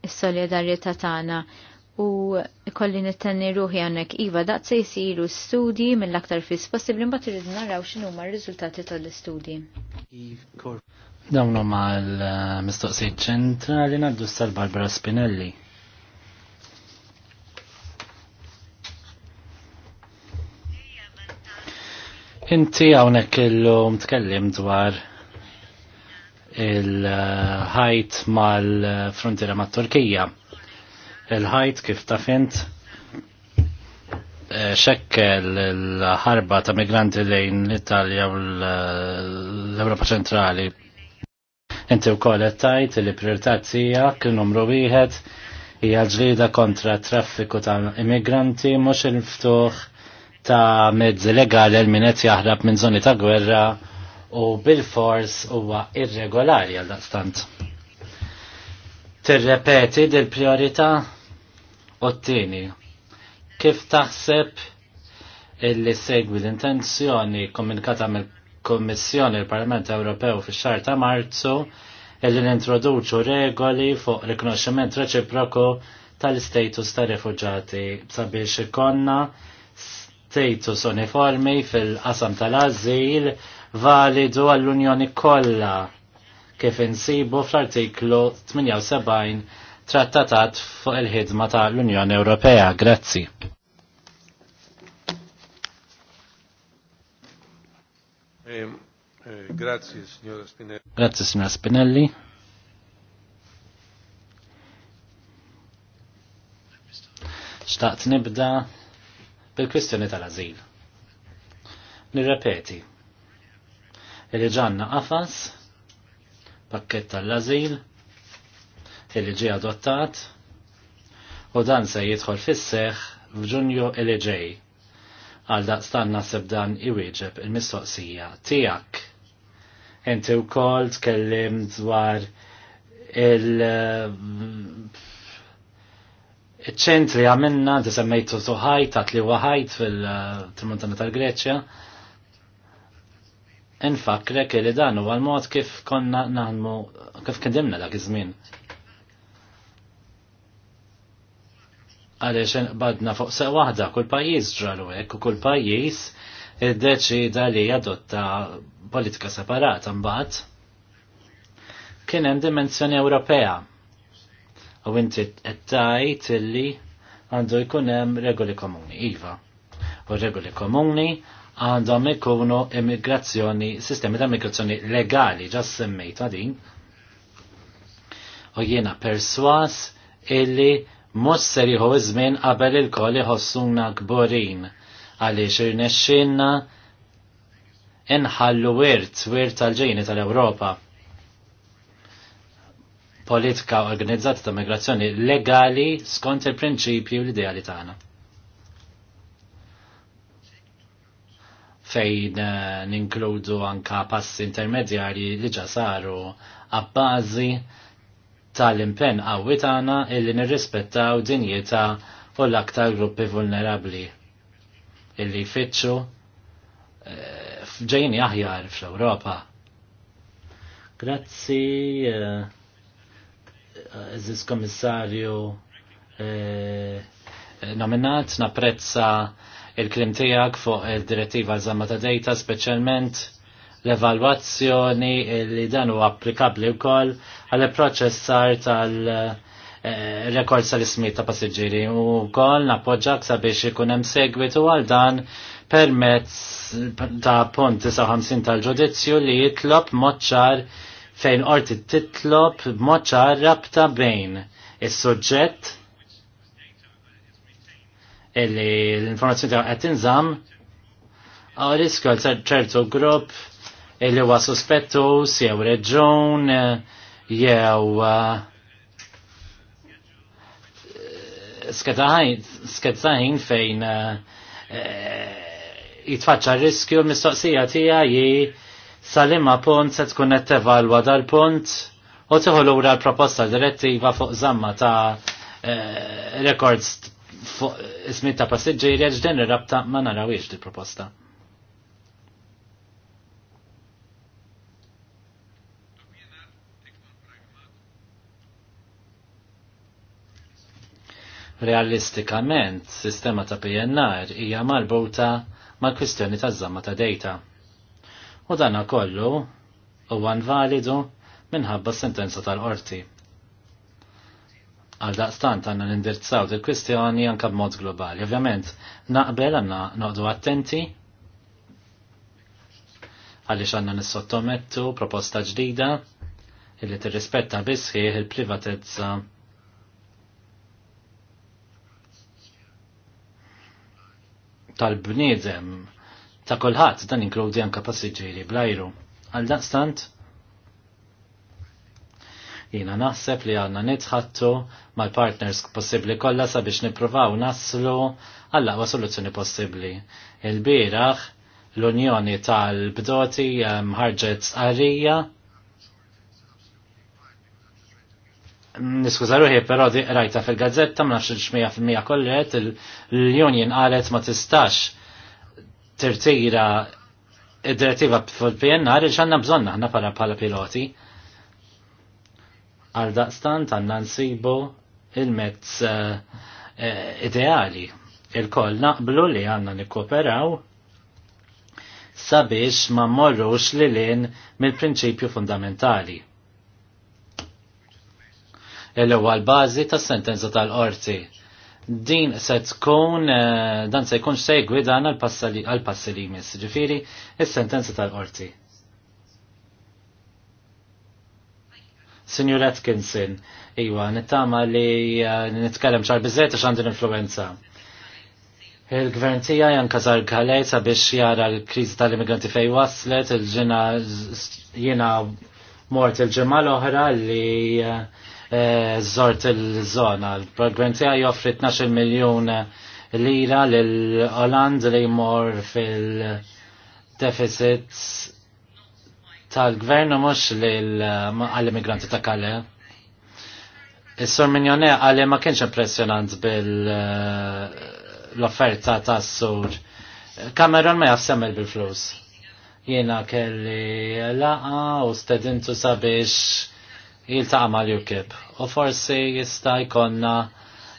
is-solidarjetà tagħna. Ta u kolli nittenni ruħi għannek Iva daqt se jisiru studi mill-aktar fis possibli mbagħad irridu naraw xinu ma r-riżultati tal-istudji. Dawn huma l-mistoqsijiet ċentrali ngħaddu sal Barbara Spinelli. Inti hawnhekk illum tkellim dwar il-ħajt mal-frontiera mat-Turkija il-ħajt kif ta' fint eh, xekkel l-ħarba ta' migranti lejn l-Italja u l-Europa ċentrali. Inti u kolet tajt li prioritazzija kien numru wieħed hija ġlida kontra traffiku ta' immigranti mhux il-ftuħ ta' mezzi legali l min qed jaħrab minn żoni ta' gwerra u bil-fors huwa irregolari għal dastant Tirrepeti dil priorita U t kif taħseb illi segwi l-intenzjoni komunikata mill kommissjoni l-Parlament Ewropew fi xar ta' Marzu illi nintroduċu regoli fuq rikonoxximent reċiproku tal-status ta' rifugġati sabiex ikonna status uniformi fil-qasam tal-azil validu għall-Unjoni kollha kif insibu fl-artiklu 78 trattatat fuq il-ħidma tal-Unjoni Ewropea. Grazzi. Grazzi, eh, grazie, signora Spinelli. Grazie, signora Spinelli. Xtaqt nibda bil-kwistjoni tal-azil. Nirrepeti. Il-ġanna qafas, pakket tal-azil, illi ġie adottat u dan se jidħol fis-seħ f'Ġunju illi ġej. Għal daqstan nasib dan iwieġeb il-mistoqsija tiegħek. Inti wkoll tkellim dwar il- eh, ċentri għamilna, ti semmejtu tuħajt, għatli waħajt fil-Tramontana tal-Greċja. Infakrek li dan huwa l-mod kif konna naħmu, kif kendimna dak iż-żmien. għaliex badna fuq se waħda kull pajjiż ġralu hekk u kull pajjiż iddeċida li jadotta politika separata mbagħad. Kien hemm dimensjoni Ewropea. U inti qed tajt illi għandu jkun hemm regoli komuni, iva. U regoli komuni għandhom ikunu immigrazzjoni, sistemi ta' immigrazzjoni legali, ġas semmejta din. U jiena perswas illi mhux ser jieħu iż-żmien qabel il koli iħossuna kborin għaliex irnexxinna inħallu wirt, wirt tal-ġejni tal-Ewropa. Politika organizzata ta' migrazzjoni legali skont il-prinċipju l-ideali tagħna. fejn eh, ninkludu anka passi intermedjari li ġasaru għabbażi tal-impenn qawwi tagħna illi nirrispettaw dinjeta u l-aktar gruppi vulnerabbli illi jfittxu eh, ġejjin aħjar fl-Ewropa. Grazzi, Aziz eh, Komissarju, eh, nominat, naprezza il klimtijak fuq il-direttiva zamma ta' data, specialment l-evalwazzjoni li dan huwa applikabli wkoll għal proċessar tal-rekord tal eh, ismi ta' passiġġieri u wkoll napoġġak sabiex ikun hemm segwitu għal dan permezz ta' punt 59 tal-ġudizzju li jitlob moċċar fejn qorti titlob moċċar rabta bejn is-suġġett illi l-informazzjoni ta' qed tinżamm għaw riskju għal ċertu grupp illi huwa suspettu sew reġun jew eh, sketaħin fejn eh, jitfaċċa riskju l-mistoqsija tiegħi salima punt se tkun qed tevalwa dal-punt u tieħu lura l-proposta direttiva fuq żamma ta' eh, records fuq ismi ta' passiġġieri għax din ir-rabta ma narawiex di proposta. Realistikament, sistema ta' PNR hija marbuta mal-kwistjoni ta' żamma ta' data. U dana kollu huwa validu minħabba sentenza tal-qorti. Għal daqstant għanna nindirizzaw il kwistjoni anka b'mod globali. Ovvjament, naqbel għanna noqdu attenti għaliex xanna nissottomettu proposta ġdida illi tirrispetta bisħi il-privatezza tal-bniedem ta' kolħat dan inkludi anka passiġġieri blajru. Għal daqstant, jina naħseb li għanna nitħattu mal-partners possibli kollha sabiex nippruvaw naslu għall-aqwa soluzzjoni possibbli. il bieraħ l-Unjoni tal-Bdoti ehm, ħarġet għarija niskuza ruħi, pero di rajta fil-gazzetta, ma nafx il fil-mija kollet, l-Union qalet ma tistax tirtira id-direttiva fil-PNR, ġanna bżonna ħna para pala piloti. Għal daqstan tanna nsibu il-mezz eh, eh, ideali. Il-koll naqblu li għanna nikkooperaw sabiex ma morrux li l-in mill-prinċipju fundamentali l-ewwel bażi tas-sentenza tal-qorti. Din se tkun eh, dan se jkun segwi dan għal-passi li jmiss, ġifieri is-sentenza tal-qorti. Signor Atkinson, iwa, nittama li eh, nitkellem ċar bizzet għax għandin influenza. Il-gvern tija jankazar għalej sabiex jara l-krizi tal-immigranti fej waslet, il-ġina jina mort il ġemal l-oħra li eh, Eh, zort il-zona. Il-programmija joffri 12 miljon lira l-Oland li jmor fil deficit tal-gvern mux l immigranti ta' Kale. Is-sur Minjone għalli ma kienx impressjonant bil-offerta ta' s-sur. Cameron ma jafsemmel bil-flus. Jiena kelli laqa u stedintu sabiex jiltaqa' mal-UKIP e u forsi jista' jkollna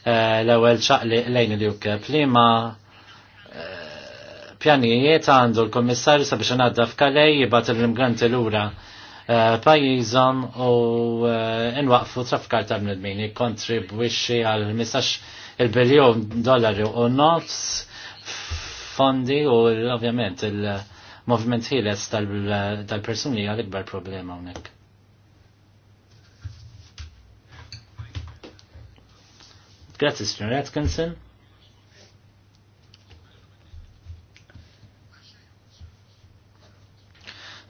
eh, l-ewwel ċaqli lejn il jukib e li ma eh, pjanijiet għandu l-Kommissarju sabiex għadda f'Kalej jibgħat l-immigranti lura eh, pajjiżhom u nwaqfu traffikar tal-mnedmin jikkontribwixxi għal misax il-biljon dollari u nofs fondi u ovvjament il-movement ħieles tal-persuni għal ikbar problema hawnhekk. Grazie signor Atkinson.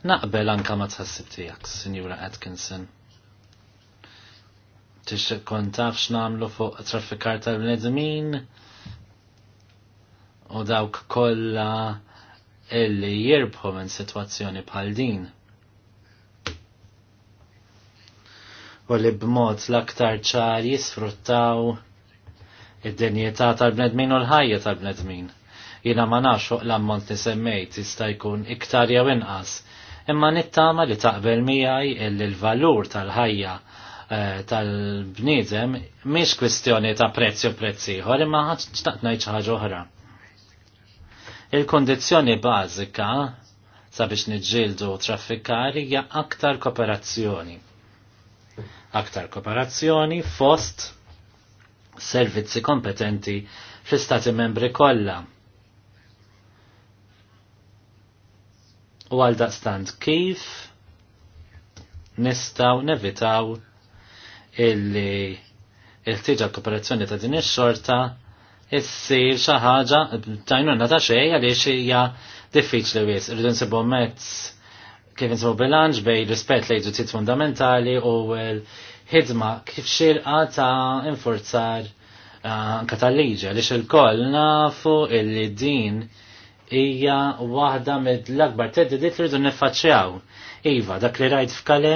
Naqbel anka ma tħassib tiegħek, Sinjura Atkinson. Tix kon tafx namlu fuq traffikar tal-bnedmin u dawk kollha illi jirbħu minn situazzjoni bħal din. U li b'mod l-aktar ċar jisfruttaw id-denjeta tal-bnedmin u l-ħajja tal-bnedmin. Jina ma naxuq l-ammont li semmejt jista' jkun iktar jew inqas, imma nittama li taqbel miegħi illi l-valur tal-ħajja eh, tal-bniedem mhix kwistjoni ta' prezz u prezz ieħor imma ħadd ngħid xi ħaġa oħra. il kundizzjoni bażika sabiex niġġieldu traffikar hija aktar kooperazzjoni. Aktar kooperazzjoni fost servizzi kompetenti fl-istati membri kollha. U għal daqstant kif nistaw nevitaw illi il-tiġa kooperazzjoni ta' din ix-xorta issir xi ħaġa tajnuna ta' xejn għaliex hija diffiċli wies. Irridu nsibu mezz kif insibu bilanċ bej rispett lejn drittijiet fundamentali u l ħidma kif xilqa ta' infurzar eh, anka tal-liġa li xil-koll nafu illi din hija waħda mill-akbar teddi li rridu niffaċċjaw. Iva, dak li rajt f'kale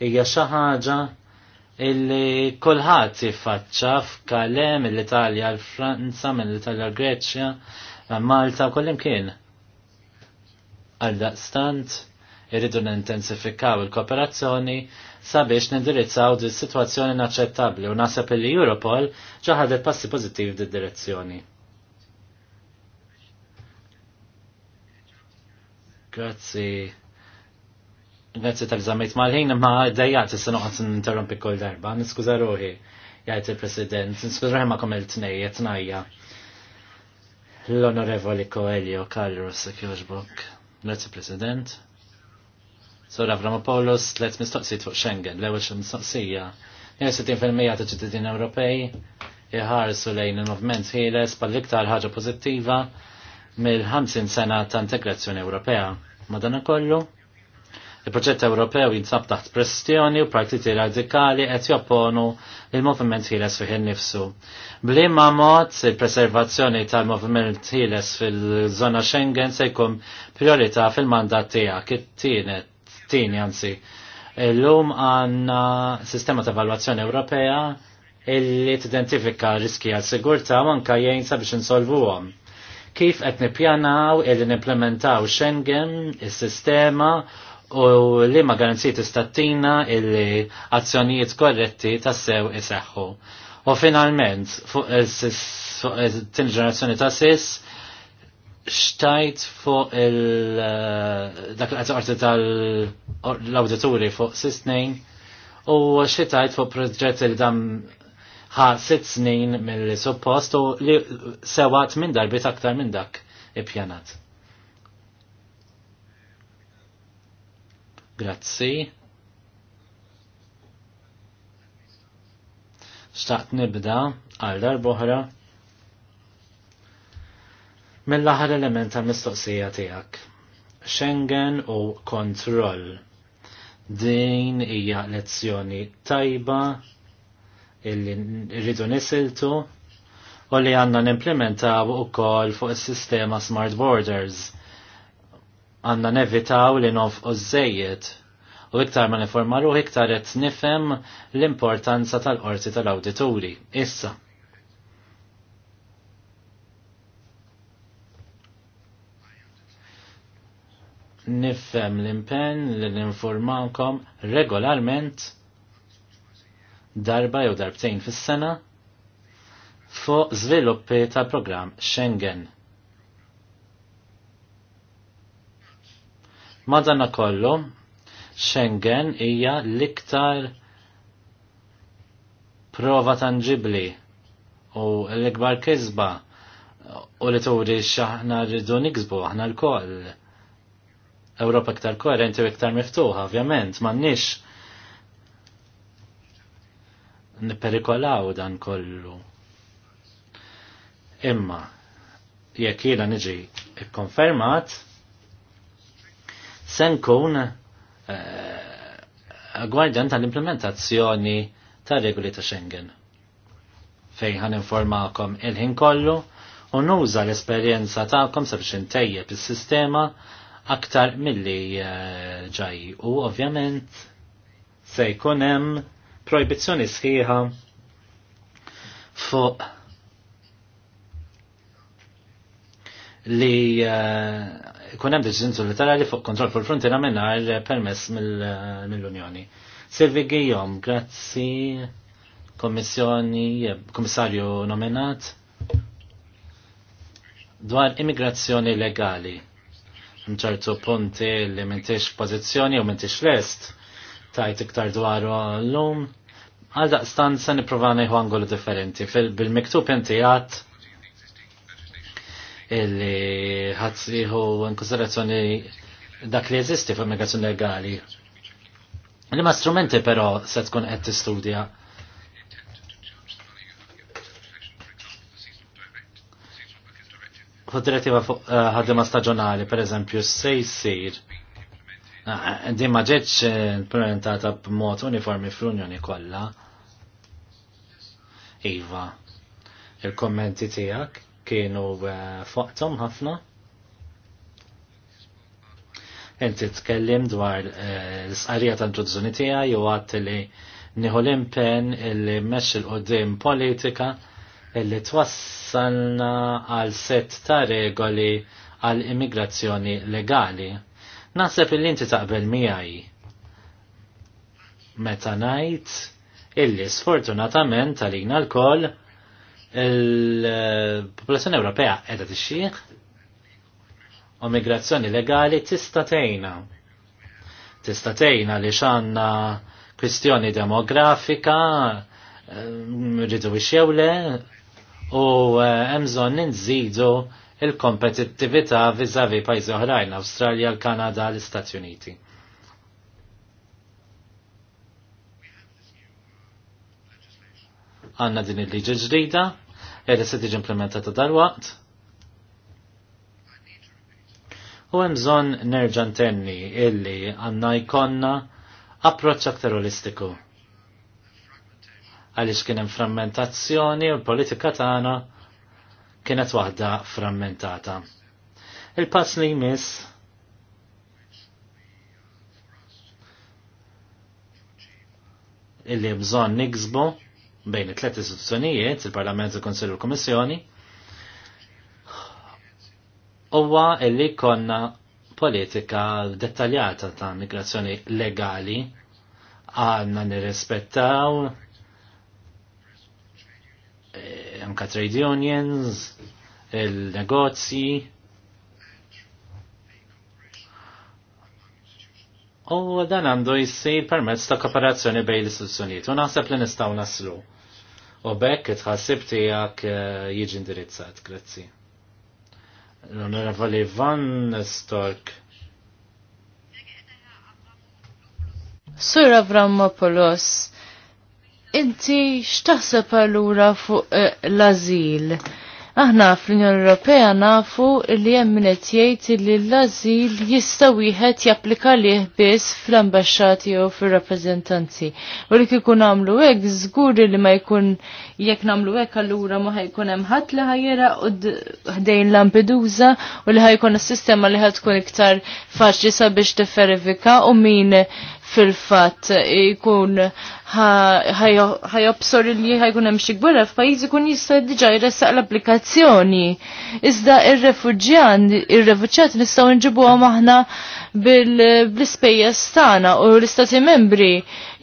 hija xi ħaġa illi kulħadd jiffaċċa f'kale mill-Italja l-Franza, mill-Italja l-Greċja, Malta, kollim kien. Għal daqstant, irridu nintensifikaw il-kooperazzjoni sabiex nindirizzaw di situazzjoni inaċċettabbli u nasab li Europol ġaħadet passi pozittiv di direzzjoni. Grazzi. Grazzi tal-żammejt mal-ħin, ma dejjaqt s noqgħod ninterrompi kull darba, niskuża ruħi, jgħid il-President, Niskuza ruħi ma komil tnej, jtnajja. L-Onorevoli Coelho Carlos Kjoġbok. Grazie President. Sur Avramopoulos, let's mistoqsit fuq Schengen, l-ewwel xi mistoqsija. 60% ta' ċittadini Ewropej iħarsu lejn il-movement ħieles pal-iktar ħaġa pożittiva mill-50 sena ta' integrazzjoni Ewropea. Madanakollu, il-proġett Ewropew jinsab taħt pressjoni u partiti radikali qed jopponu il-movement ħieles fih innifsu. Blimma mod il-preservazzjoni tal-movement ħieles fil-żona Schengen se jkun priorità fil-mandat tiegħek it-tienet tini għanzi. L-lum għanna sistema ta' valwazzjoni Ewropea illi t-identifika riski għal sigurta u anka jgħin sabiex insolvu għom. Kif qed nippjanaw illi n-implementaw Schengen, is-sistema u li ma t istattina illi azzjonijiet korretti tassew iseħħu. U finalment, fuq il-tin ġenerazzjoni ta' sis, xtajt fuq il eh, dak l-qazzarti tal-auditori fuq sisnejn u xitajt fuq proġett li dam ħa sitt snin mill-suppost u li sewat minn darbit aktar minn dak i pjanat? Grazzi. Xtaqt nibda għal darbohra? mill-aħħar element ta' mistoqsija tiegħek. Schengen u kontroll. Din hija lezzjoni tajba illi rridu nisiltu u li għandna nimplementaw ukoll fuq is sistema Smart Borders. Għandna nevitaw li nof żejjed u iktar ma niformaru iktar qed nifhem l-importanza tal-qorti tal-awdituri. Issa, nifhem l-impenn li ninformawkom regolarment darba jew darbtejn fis-sena fuq żviluppi tal-programm Schengen. Madana kollu, Schengen hija l-iktar prova tangibli u l-ikbar kisba u li turi xaħna rridu nikzbu aħna l-koll Ewropa iktar koerenti u iktar miftuħa, ovvjament, m'għandniex Niperikolaw dan kollu. Imma, jekk jiena niġi ikkonfermat, se nkun eh, gwardjan tal-implementazzjoni ta' regoli ta' Schengen. Fejn ħan informakom il-ħin kollu u nuża l-esperjenza ta'kom sabiex intejjeb is-sistema aktar milli eh, ġaj. U ovvjament se jkun hemm projbizzjoni sħiħa fuq li eh, kun hemm deċiżjoni li fuq kontroll fuq frontiera mingħajr permess eh, mill-Unjoni. Silvi Gijom, grazzi, kommissjoni, komissarju nominat dwar immigrazzjoni legali mċertu punti li mintix pozizjoni u mintix lest tajt iktar dwaru l-lum. Għal daqstan se niprofa neħu angolu differenti. Bil-miktub inti għat illi ħat siħu konsiderazzjoni dak li jeżisti fil immigrazzjoni legali. Li ma strumenti però se tkun qed tistudja. studja fuq direttiva fuq eh, ħadliema staġjonali, pereżempju, se jsir ah, din ma ġietx eh, implementata b'mod uniformi fl-Unjoni kollha. Iva, il-kommenti tiegħek kienu eh, foqtom ħafna. Inti tkellim dwar l-sqarija tal-ġuzzuni tiegħi u għadt li nieħu l-impenn li mexxi l-qudiem politika illi twassalna għal set ta' regoli għal immigrazzjoni legali. Naħseb illi inti taqbel miegħi. Meta ngħid illi sfortunatament jina l-koll il-popolazzjoni Ewropea qiegħda xieħ u migrazzjoni legali tista' istatejna Tista' istatejna li x'għandna kwistjoni demografika, eh, rridu biex jewle, u eh, hemm bżonn il-kompetittività viżavi pajjiżi oħrajn Awstralja, l-Kanada, l-Istati Uniti. Għanna din il-liġi ġdida, li se tiġi implementata dal-waqt. U hemm bżonn nerġa' ntenni illi għandna jkollna approċċ aktar għaliex kien hemm frammentazzjoni u l-politika tagħna kienet waħda frammentata. Il-pass li jmiss illi bżon niksbu bejn it-tlet istituzzjonijiet, il-Parlament, il-Konsil u l-Kommissjoni, huwa illi konna politika dettaljata ta' migrazzjoni legali għanna nirrispettaw Eh, anka trade unions, il-negozji. U dan għandu jissir permezz ta' kooperazzjoni bej l-istituzzjonijiet. U naħseb li nistgħu naslu. U bekk tħassib tiegħek eh, jiġi indirizzat, grazzi. L-Onorevoli Van Stork. Sur Avramopoulos, inti x'taħseb allura fuq eh, l-azil? Aħna fl-Unjoni Ewropea nafu li hemm min qed jgħid li l-ażil jista' wieħed japplika lih biss fl-ambaxxati jew fir-rappreżentanzi. U li kieku nagħmlu hekk żguri li ma jkun jekk nagħmlu hekk allura ma ħajkun hemm ħadd li ħajjera ħdejn Lampedusa u li ħajkun is-sistema li ħad tkun iktar faċli sabiex tifferifika u min fil-fat ikun ħajobsor li ħajkun hemm xi gwerra f'pajjiż ikun jista' diġà jressaq l-applikazzjoni. Iżda ir-refuġjan, ir-refuġjat nistgħu nġibuhom aħna bl-ispejjeż tagħna u l-istati membri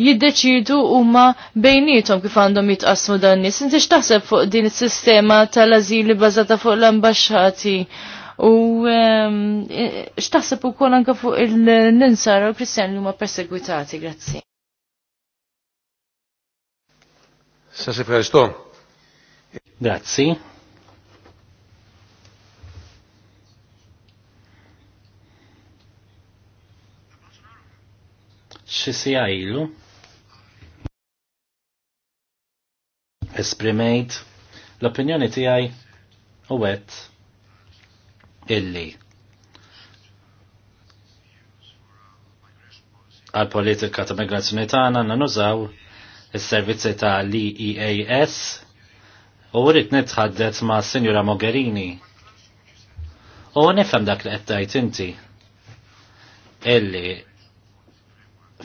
jiddeċidu huma bejnietom kif għandhom jitqasmu dan nies. Inti x'taħseb fuq din is-sistema tal-ażili bażata fuq l-ambaxxati? U ehm, e, x'taħseb ukoll anke fuq il-ninsara u kristjani li huma persegwitati, grazzi. Sassi se Grazzi. xisija ilu esprimejt l-opinjoni tijaj u għet illi għal politika ta' migrazzjoni tagħna nużaw is-servizzi ta' l-EAS e u rrid nitħaddet ma' Sinjura Mogherini. U nifhem dak li qed tgħid inti illi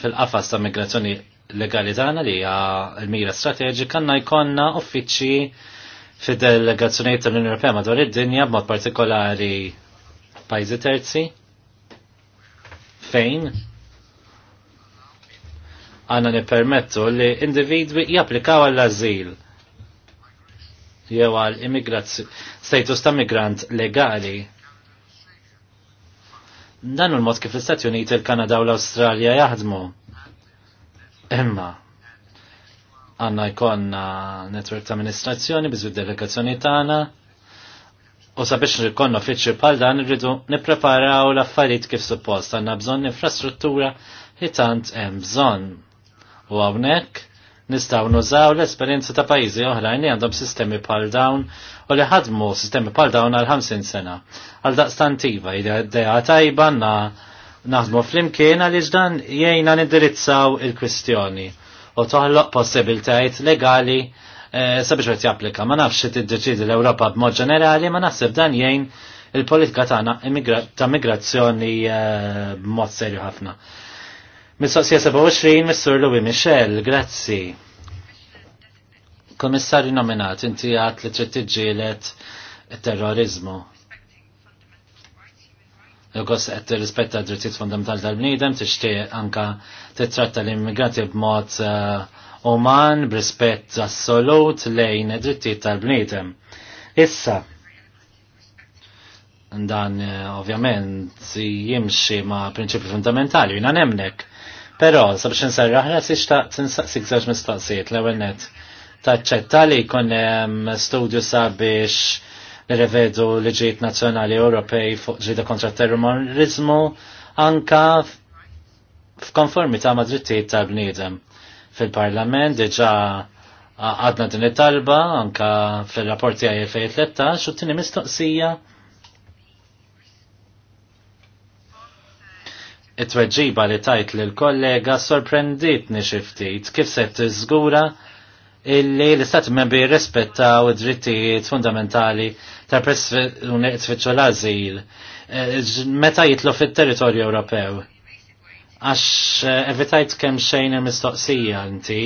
fil-qafas ta' migrazzjoni legali tagħna li hija l-mira strateġika għandna jkollna uffiċċji fid delegazzjoniet tal-Unjoni Ewropea madwar id-dinja b'mod partikolari pajjiżi terzi fejn għanna nipermettu li individwi japplikaw għall-azil jew għal status ta' migrant legali. Dan il l-mod kif l-Istati Uniti, il-Kanada u l-Australja jaħdmu. Imma, għanna jkonna netwerk ta' amministrazzjoni biżu delegazzjoni tagħna u sabiex jkonna uffiċċju bħal dan irridu nippreparaw l-affarijiet kif suppost għandna bżonn infrastruttura li tant hemm bżonn. U hawnhekk nistgħu nużaw l-esperjenza ta' pajjiżi oħrajn li għandhom sistemi bħal dawn u li ħadmu sistemi bħal dawn għal 50 sena. Għal daqstantiva, idea tajba na naħdmu flimkien għaliex għal dan jgħinna nindirizzaw il-kwistjoni. il kwistjoni u toħloq possibiltajiet legali eh, sabiex qed japplika. Ma nafx t-deċidi l-Ewropa b'mod ġenerali, ma naħseb dan jgħin il-politika tagħna ta' migrazzjoni eh, b'mod serju ħafna. Mis-soqsija 27, Mr. Louis Michel, grazzi. Komissari nominat, inti għat li trid tiġġielet terrorizmu Jogos qed tirrispetta d-drittijiet fundamentali tal-bniedem tixtieq anka titratta l-immigrati b'mod eh, uman b'rispett assolut lejn id-drittijiet tal-bniedem. Issa, dan eh, ovvjament jimxi ma' prinċipi fundamentali, jina nemnek. Pero, sabiex nserraħ, s-iċtaq t-insaqsik mistaqsijiet l-ewel net taċċetta li jkun studju sabiex nirrevedu liġijiet nazzjonali Ewropej fuq ġida kontra terrorizmu anka f'konformità ma' drittijiet ta' bniedem. Fil-Parlament diġa għadna din it-talba anka fil-rapporti għaj 2013 u t-tini mistoqsija it-tweġiba li tajt li l-kollega sorprenditni xiftit kif se tiżgura illi l-istat membri rispettaw id-drittijiet fundamentali ta' unet tfittxu l-azil eh, meta jitlu fit-territorju Ewropew. Għax eh, evitajt kemm xejn il mistoqsija inti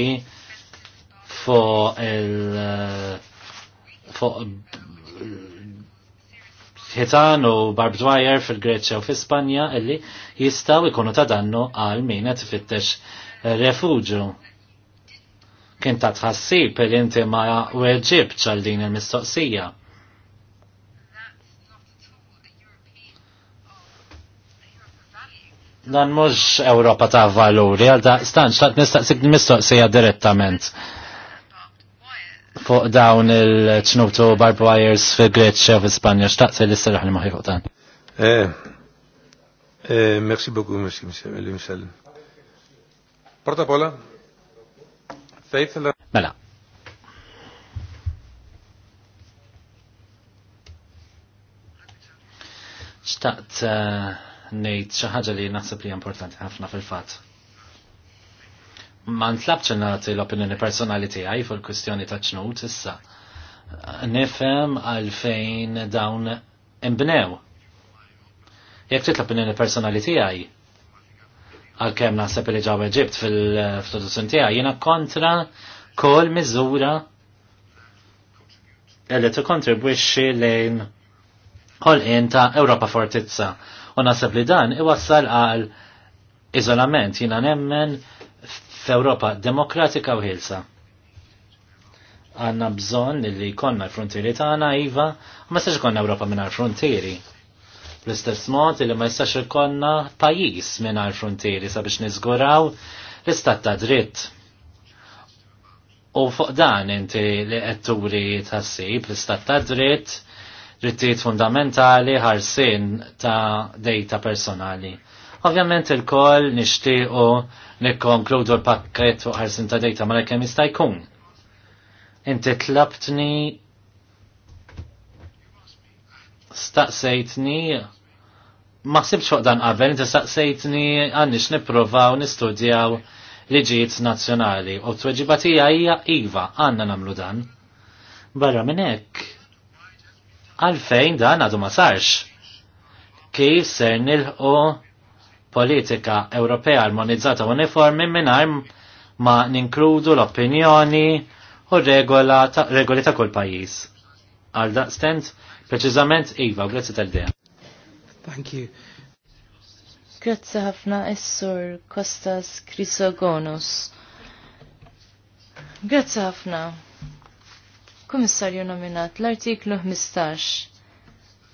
fuq il eh, fu ħitan u barbed wire fil-Greċja u fil-Spanja illi jistaw ikunu ta' dannu għal min qed ifittex refugju. Kien ta' tħassib li inti ma weġibx għal din il-mistoqsija. Dan mhux Ewropa ta' valuri, għal da' stanċ, ta' nistaqsik mistoqsija direttament fuq dawn il-ċnubtu barbed wires fi greċja u fi spanja xtaqsi li s-serraħ li maħi fuq dan. Eh, eh, merci beaucoup, merci, Michel. Porta Pola, fejt Mela. Xtaqt eh, ngħid xi ħaġa li naħseb li importanti ħafna fil-fatt. Ma ntlabx nagħti l-opinjoni personali tiegħi fuq kwistjoni ta' ċnut issa. Nifhem għalfejn dawn imbnew. Jekk l opinjoni personali tiegħi, għal-kem naħseb li ġaw Eġibt fil-produzzjon tiegħi, jiena kontra kol miżura li tikkontribwixxi lejn ħolqien ta' Ewropa Fortizza U nasab li dan iwassal għal iżolament jina nemmen f'Ewropa demokratika u ħilsa. Għanna bżon li konna l-frontieri tagħna iva, ma sex konna Ewropa mingħajr frontieri. Bl-istess mod li ma jistax ikonna pajjiż mingħajr frontieri sabiex niżguraw l-istat ta' dritt. U fuq dan inti li qed turi tassib l-istat ta' dritt, rittijiet fundamentali ħarsin ta' data personali. Ovvjament il-koll nishtiqo nikkonkludu l-pakket fuq ħarsin ta' data ma' l jista' jkun. Inti tlabtni staqsejtni ma sibx fuq dan qabel, inti staqsejtni għandix nipprovaw nistudjaw liġijiet nazzjonali u t-tweġibatija hija iva għandna nagħmlu dan. Barra minn hekk Għalfejn dan għadu ma sarx. Kif ser nilħu politika Ewropea armonizzata uniformi minn ma ninkludu l-opinjoni u regola ta, regoli ta' kull pajjiż. Għal stent, preċiżament Iva, grazzi tal-dea. Thank you. Grazzi ħafna Essur Kostas Krisogonus. Grazzi ħafna. Kummissarju nominat l-artiklu 15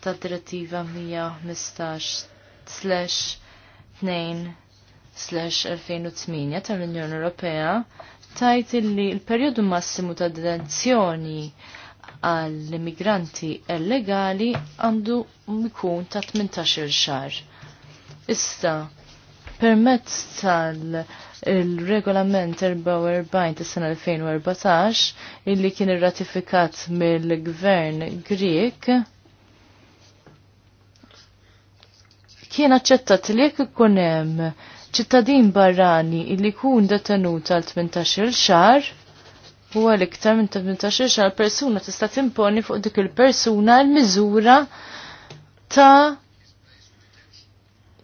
ta' direttiva 115/2/2008 tal-Unjoni Ewropea tajt li l-perjodu massimu ta' detenzjoni għall-immigranti illegali għandu mikun ta' 18 xar. Issa, permezz tal- il-regolament 44 tas sena 2014 illi kien irratifikat mill-gvern Grek kien aċċettat li jekk ikun hemm ċittadin barrani illi kun detenut għal 18 il xar u għal iktar minn 18 il xar persuna tista' timponi fuq dik il-persuna l-miżura ta'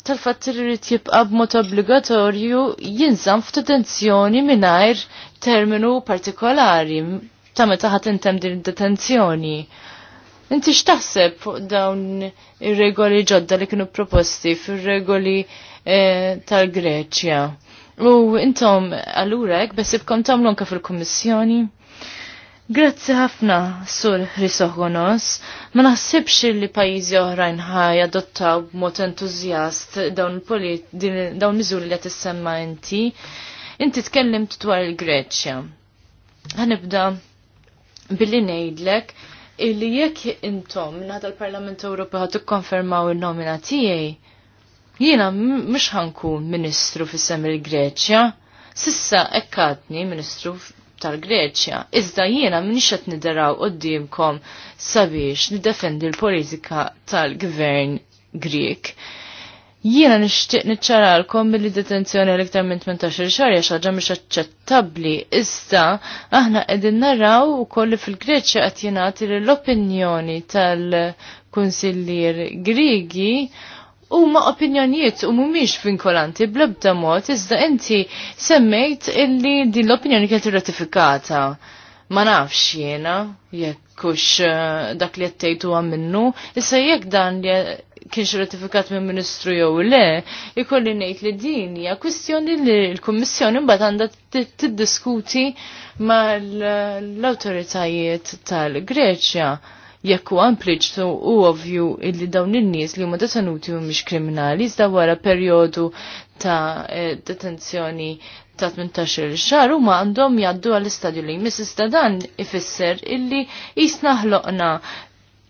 tal-fatt li rrid jibqa' b'mod obbligatorju jinżamm f'detenzjoni mingħajr terminu partikolari ta' meta ħadd intem din id-detenzjoni. Inti x'taħseb fuq dawn ir-regoli ġodda li kienu proposti fir-regoli eh, tal-Greċja? U intom allura hekk besibkom tagħmlu anke fil-Kummissjoni? Grazzi ħafna, Sur Hrisogonos. Ma naħsibx li pajjiżi oħrajn ħaj adottaw b'mod entużjast dawn dawn miżuri li qed issemma inti. Inti tkellimt dwar il-Greċja. Ħanibda billi ngħidlek illi jekk intom minħata l-Parlament Ewropew ħad tikkonfermaw in-nomina tiegħi, jiena mhux ħankun Ministru fis-sem il-Greċja. Sissa ekkatni Ministru tal-Greċja. Iżda jiena minix qed nidaraw qudiemkom sabiex niddefendi l-politika tal-Gvern Grieg. Jiena nixtieq niċċaralkom billi detenzjoni l-iktar minn 18 xahar hija xaġa mhix aċċettabbli, iżda aħna qegħdin naraw ukoll fil-Greċja qed jingħati l-opinjoni tal-Kunsillier Grigi huma opinjonijiet u mhumiex vinkolanti bl-ebda mod iżda inti semmejt illi din l-opinjoni kienet irratifikata. Ma nafx jiena jekkux eh, dak li qed huwa minnu, issa jekk dan li kienx ratifikat minn ministru jew le, ikolli ngħid li din hija kwistjoni li l-Kummissjoni mbagħad għandha tiddiskuti mal l-awtoritajiet tal-Greċja jekk huwa ampliċ u ovju illi dawn in-nies li huma detenuti mhumiex kriminali iżda wara perjodu ta' eh, detenzjoni ta' 18 xar huma għandhom jaddu għall-istadju li jmiss iżda dan ifisser illi jisnaħloqna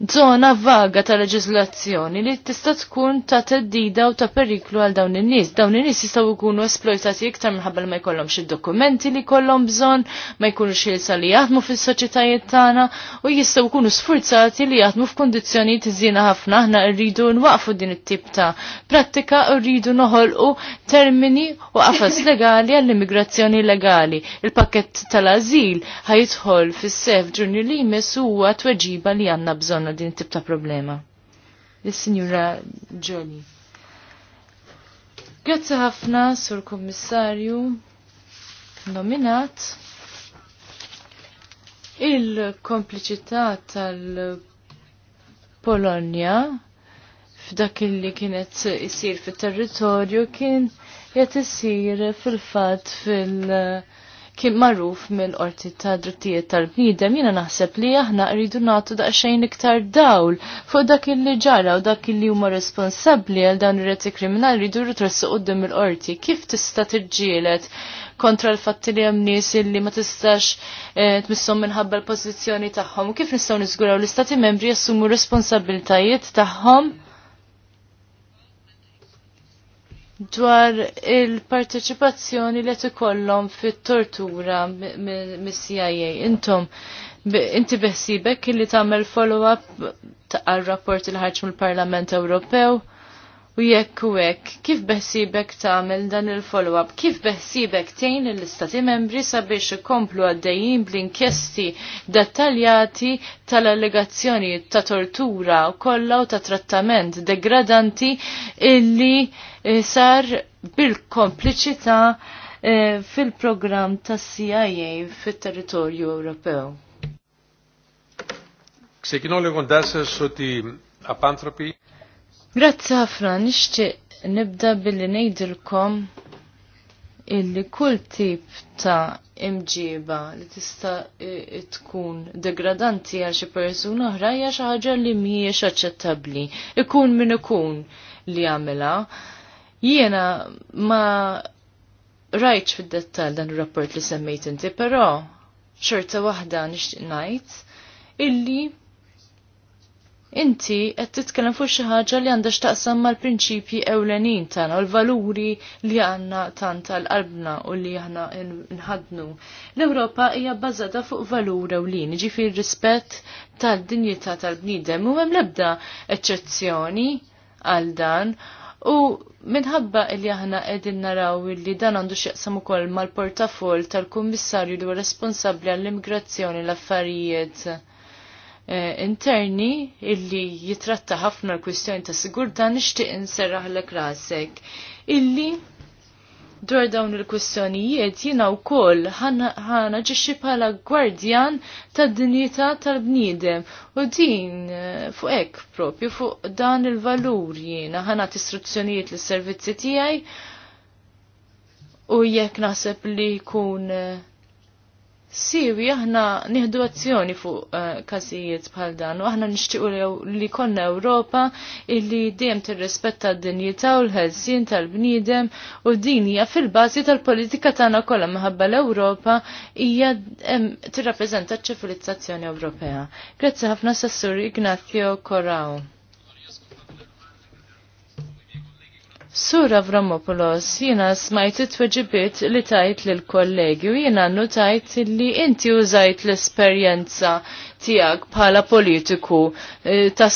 zona vaga ta' leġislazzjoni li tista' tkun ta' teddida u ta' periklu għal dawn in-nies. Dawn in-nies jistgħu jkunu esploitati iktar minħabba li ma jkollhomx id-dokumenti li jkollhom bżonn, ma jkunux jilsa li jaħdmu fis-soċjetajiet tagħna u jistgħu jkunu sfurzati li jaħdmu f'kundizzjonijiet iżjina ħafna aħna rridu nwaqfu din it-tip ta' prattika u rridu noħolqu termini u qafas legali għall-immigrazzjoni legali. Il-pakket tal-azil ħajtħol fis-sef ġurnju li jmiss huwa tweġiba li għandna bżonn għal din tip ta' problema. il sinjura Jolly. Grazzi ħafna, Sur Kommissarju, nominat il-kompliċità tal-Polonja f'dak li kienet isir fit-territorju kien qed isir fil-fatt fil-, -fat fil kien marruf mill-qorti ta' drittijiet tal-bniedem jiena naħseb li aħna rridu nagħtu daqsxejn iktar dawl fuq dak illi ġara u dak illi huma responsabbli għal dan ir-reti kriminali rridu jitressu quddiem il-qorti. Kif tista' tiġġieled kontra l-fatti li hemm nies illi ma tistax eh, tmissom minħabba l-pożizzjoni tagħhom. Kif nistgħu niżguraw l-istati membri jassumu responsabiltajiet tagħhom? dwar il-parteċipazzjoni li qed ikollhom fit-tortura mis-CIA. Intom inti beħsibek li tagħmel follow-up għal rapport il ħarġ mill-Parlament Ewropew u jekk u hekk kif beħsibek tagħmel dan il-follow-up? Kif beħsibek tgħin lill-Istati Membri sabiex ikomplu għaddejjin bl-inkjesti dettaljati tal-allegazzjoni ta' tortura u kollha u ta' trattament degradanti illi Eh, sar bil-kompliċità eh, fil-programm tas CIA fit-territorju Ewropew. Ξεκινώ li σας suti apantropi. Grazzi ħafna, nixtieq nibda billi ngħidilkom illi kull tip ta' imġiba li tista' tkun degradanti għal xi persuna oħra hija xi ħaġa li mhijiex aċċettabbli. Ikun min ikun li għamilha. Jiena ma rajtx fid-dettall dan ir-rapport li semmejt inti, però xorta waħda nixtieq ngħid illi inti qed titkellem fuq xi ħaġa li għandha x'taqsam mal-prinċipji ewlenin tagħna u l-valuri li għandna tant tal-qalbna u li aħna nħadnu. L-Ewropa hija bbażata fuq valur ewlien, jiġifier rispett tad-dinjità tal-bniedem u hemm l-ebda eċċezzjoni għal dan U minħabba il aħna qegħdin naraw li dan għandu x'jaqsam ukoll mal-portafol tal-Kummissarju li huwa responsabbli għall-immigrazzjoni l-affarijiet eh, interni illi jitratta ħafna l-kwistjoni ta' sigurtà nixtieq l klasek illi dwar dawn il-kwistjonijiet jiena wkoll ħana ġixxi bħala gwardjan tad-dinjità tal-bniedem u din eh, fuq hekk propju fuq dan il-valur jina ħana istruzzjonijiet lis servizzi tiegħi u jekk naħseb li jkun uh, siwi aħna nieħdu azzjoni fuq eh, każijiet bħal dan u aħna nixtiequ li konna Ewropa illi dejjem tirrispetta d-dinjità u l-ħelsien tal-bniedem u din hija fil-bażi tal-politika tagħna kollha minħabba l-Ewropa hija tirrappreżenta ċ-ċivilizzazzjoni Ewropea. Grazzi ħafna Sessur Ignazio Korao. Sur Avramopoulos, jina smajt it-tweġibiet li tajt l-kollegi u jina notajt li inti użajt l-esperienza tijak bħala politiku eh, ta'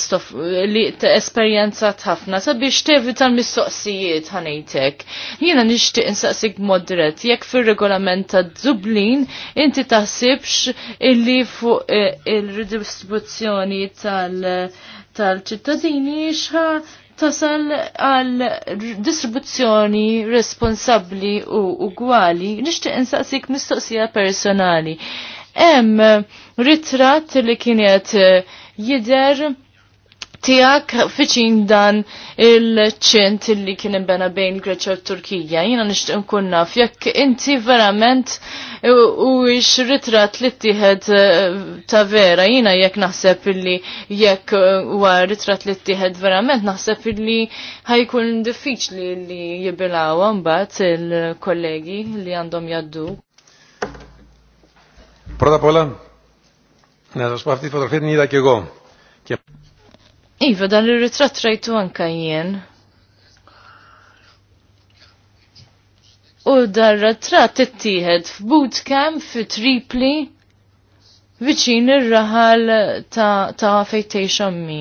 li ta' esperienza tħafna sabiex tevita l-mistoqsijiet ħanejtek. Jina nishtiq insaqsik modret, jekk fil-regolament ta' Dublin inti taħsibx illi fuq eh, il-redistribuzzjoni tal- tal-ċittadini xa tasal għal distribuzzjoni responsabli u ugwali. Nishtiq insaqsik mistoqsija personali. Hemm ritrat li kienet jider tijak fiċin dan il-ċent li kien imbena bejn Greċja u Turkija. Jiena nixtieq nkun naf jekk inti verament u ix ritrat li tiħed eh, ta' vera Jina jekk naħseb li jekk huwa eh, ritrat li tiħed verament naħseb illi ħajkun diffiċli li jibilaw għambat il-kollegi li għandhom jaddu. Πρώτα απ' όλα, να σας πω αυτή τη φωτογραφία την είδα και εγώ. Iva, dan il-ritratt rajtu anka jien. U dan ritratt ittieħed f'bootcamp fi tripli viċin ir-raħal ta', ta fejtej xammi.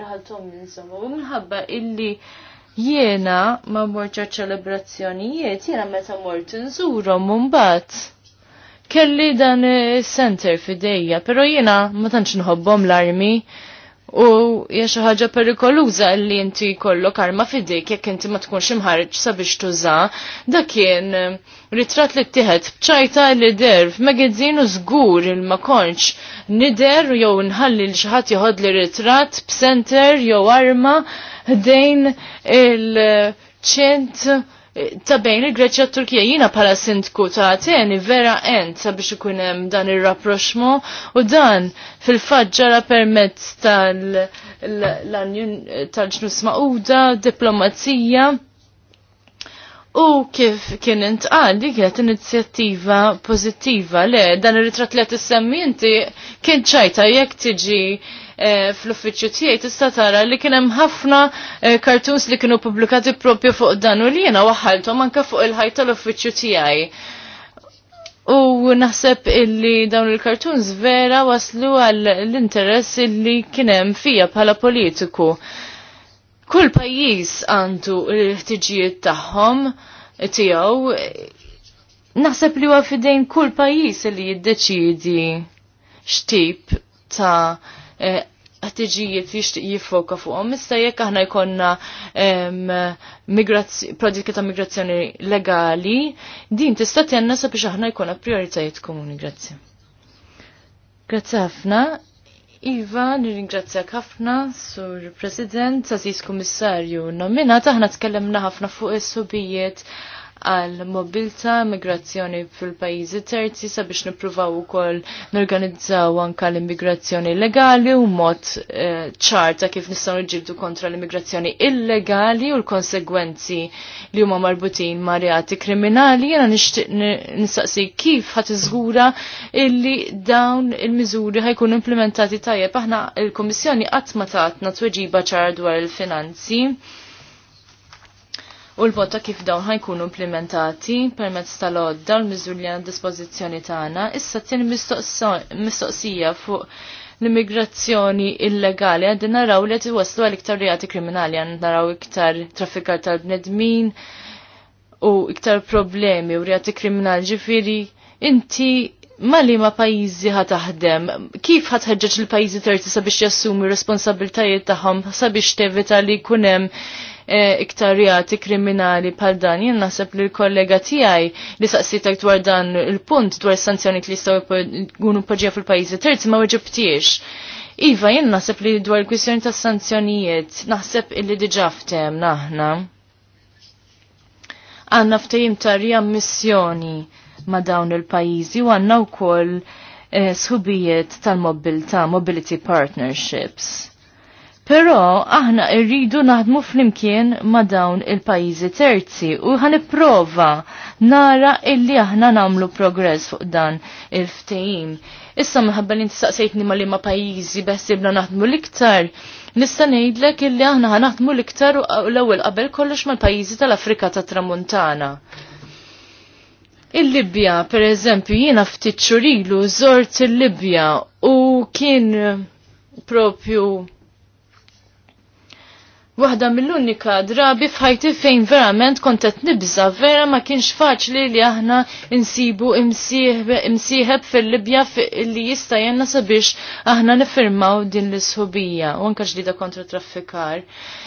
raħal tom ninsomma, u minħabba illi Jiena ma morġa ċelebrazzjonijiet, jiena meta mort nżurhom mbagħad. Kelli dan center fidejja, però jiena ma tantx nħobbhom l-armi u hija xi ħaġa perikoluża li inti jkollok arma fidejk jekk inti ma tkunx imħarġ sabiex tuża. Da kien ritratt li ttieħed bċajta li der f'magazzin u żgur il ma kontx nider jew nħalli l xi ħadd joħodli ritratt b'center jew arma ħdejn il-ċent eh, ta' bejn il-Greċja Turkija jina pala sindku ta' Ateni vera ent sabiex ikun hemm dan ir-rapproxmo u dan fil fagġara permezz tal-ġnus maquda, diplomazija. U kif kien intqal li kienet inizjattiva pożittiva le dan ir-ritratt li qed issemmi inti kien ċajta jekk tiġi Eh, fl-uffiċċju tiegħi tista' tara li kien hemm ħafna eh, cartoons li kienu pubblikati propju fuq dan u li jiena waħħalthom anke fuq il-ħajt tal-uffiċċju tiegħi. U naħseb illi dawn il-kartuns vera waslu għall l-interess illi kienem fija bħala politiku. Kull pajjiż għandu l-ħtiġijiet tagħhom tiegħu. Naħseb li huwa fidejn kull pajjiż li jiddeċiedi x'tip ta' eh, ħtiġijiet jixtieq jiffoka fuqhom. Issa jekk aħna jkollna proġetti ta' migrazzjoni legali, din tista' tenna sabiex aħna jkollna prioritajiet komuni. Grazzi. Grazzi ħafna. Iva, nirringrazzjak ħafna, Sur President, Aziz Kummissarju nominat, aħna tkellemna ħafna fuq is-subijiet għal mobilta, migrazzjoni fil-pajizi terzi sabiex nipruvaw ukoll norganizzaw anka l-immigrazzjoni legali u mod eh, ċarta kif nistgħu niġġieldu kontra l-immigrazzjoni illegali u l-konsegwenzi li huma marbutin ma' reati kriminali. Jena nistaqsi kif ħat iżgura illi dawn il-miżuri ħajkun implementati tajjeb aħna il-Kummissjoni qatt ma tatna tweġiba ċar dwar il-finanzi u l-vota kif dawn ħajkunu implementati permezz tal-odda l-miżur li għand dispożizzjoni tagħna, issa tien mistoqsija fuq l-immigrazzjoni illegali għandi naraw li qed għal iktar reati kriminali għandi naraw iktar traffikar tal-bnedmin u iktar problemi u reati kriminali ġifiri inti ma li ma pajizi ħataħdem, kif ħatħġġ il-pajizi terzi sabiex jassumi responsabiltajiet taħħom sabiex tevita li kunem E, iktar reati kriminali bħal dan. Jien naħseb li l-kollega tiegħi li saqsitek dwar dan il-punt dwar sanzjoni li jistgħu jkunu poġġija fil-pajjiżi terzi ma weġibtiex. Iva, jien naħseb li dwar il-kwistjoni tas sanzjonijiet, naħseb illi diġà ftem naħna. Għanna ftejim ta' missjoni ma' dawn il-pajjiżi u għanna wkoll e, subijiet tal-mobilta, mobility partnerships. Però aħna rridu naħdmu flimkien ma' dawn il-pajjiżi terzi u ħaniprova nara illi aħna nagħmlu progress fuq dan il-ftehim. Issa minħabba li intistaqsejtni ma' liema pajjiżi beħsibna naħdmu l-iktar. Nista' ngħidlek illi aħna ħanaħdmu l-iktar l-ewwel qabel kollox mal-pajjiżi tal-Afrika tat-Tramuntana. Il-Libja, per eżempju, jiena ftit xurilu żort il-Libja u kien propju waħda mill-unika drabi fħajti fejn verament kont qed vera ma kienx faċli li aħna insibu imsieħeb fil-Libja li jista' jenna sabiex aħna nifirmaw din l-isħubija u anke ġdida kontra traffikar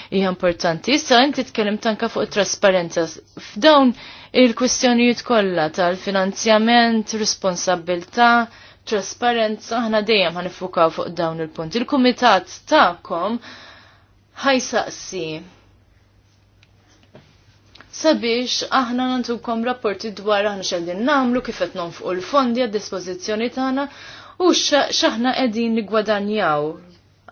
hija importanti. Issa inti tkellem tanka fuq trasparenza f'dawn il-kwistjonijiet kollha tal-finanzjament, responsabilità, trasparenza, aħna dejjem ħanifukaw fuq dawn il punt Il-kumitat ta'kom ta ħajsaqsi sabiex aħna nantukom rapporti dwar aħna xeddin namlu kifet nonfuq il-fondi għad dispozizjoni tagħna u xaħna qegħdin gwadanjaw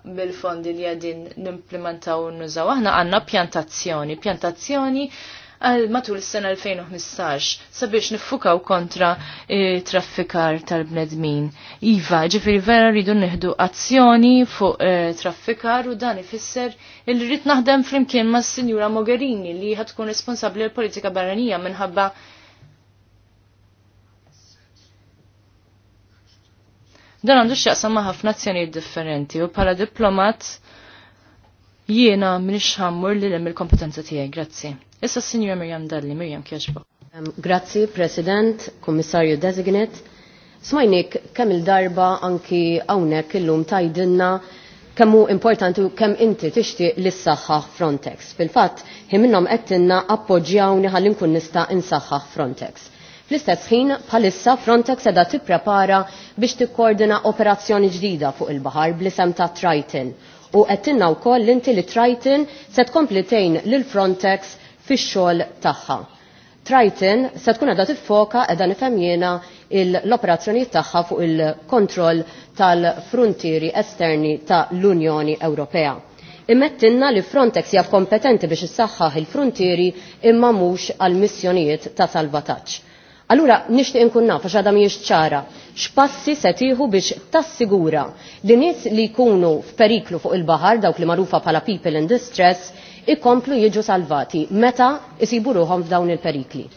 bil-fondi li għadin nimplementaw n-nużaw. Aħna għanna pjantazzjoni, pjantazzjoni għal matul is-sena 2015 sabiex niffukaw kontra e, traffikar tal-bnedmin. Iva, ġifiri vera rridu neħdu azzjoni fuq e, traffikar u dan ifisser il rrit naħdem flimkien ma' sinjura Mogherini li ħatkun responsabli l-politika barranija minħabba Dan għandu x'jaqsam ma' ħafna azzjonijiet differenti u bħala diplomat jiena minix ħammur li l-em il-kompetenza tiegħi. Grazzi. Issa s-Sinjura Mirjam Dalli, Mirjam Kieġba. Grazzi, President, Komissarju Designate. Smajnik, kemm il-darba anki għawnek illum tajdinna kemmu importanti kem kemm inti tixtieq lis-saħħa Frontex. Fil-fatt, himminnhom għettinna appoġġjawni ħalli kun nista' insaħħaħ Frontex. Fl-istess ħin bħalissa Frontex edha tipprepara biex tikkoordina operazzjoni ġdida fuq il-baħar bl-isem ta' Triton u koll wkoll inti li Triton se tkompli l lil Frontex fix-xogħol tagħha. Triton se tkun għadha tiffoka qiegħda nifhem jiena l-operazzjonijiet tagħha fuq il-kontroll tal-frontieri esterni ta' l-Unjoni Ewropea. Immettinna li Frontex hija kompetenti biex issaħħaħ il-frontieri imma mhux għal missjonijiet ta' salvataġġ. Allura nixtieq inkun naf għax għadha mhijiex ċara x'passi se tieħu biex tassigura li nies li jkunu f'periklu fuq il-baħar dawk li magħrufa bħala people in distress ikomplu jiġu salvati meta isibu ruhom f'dawn il-perikli.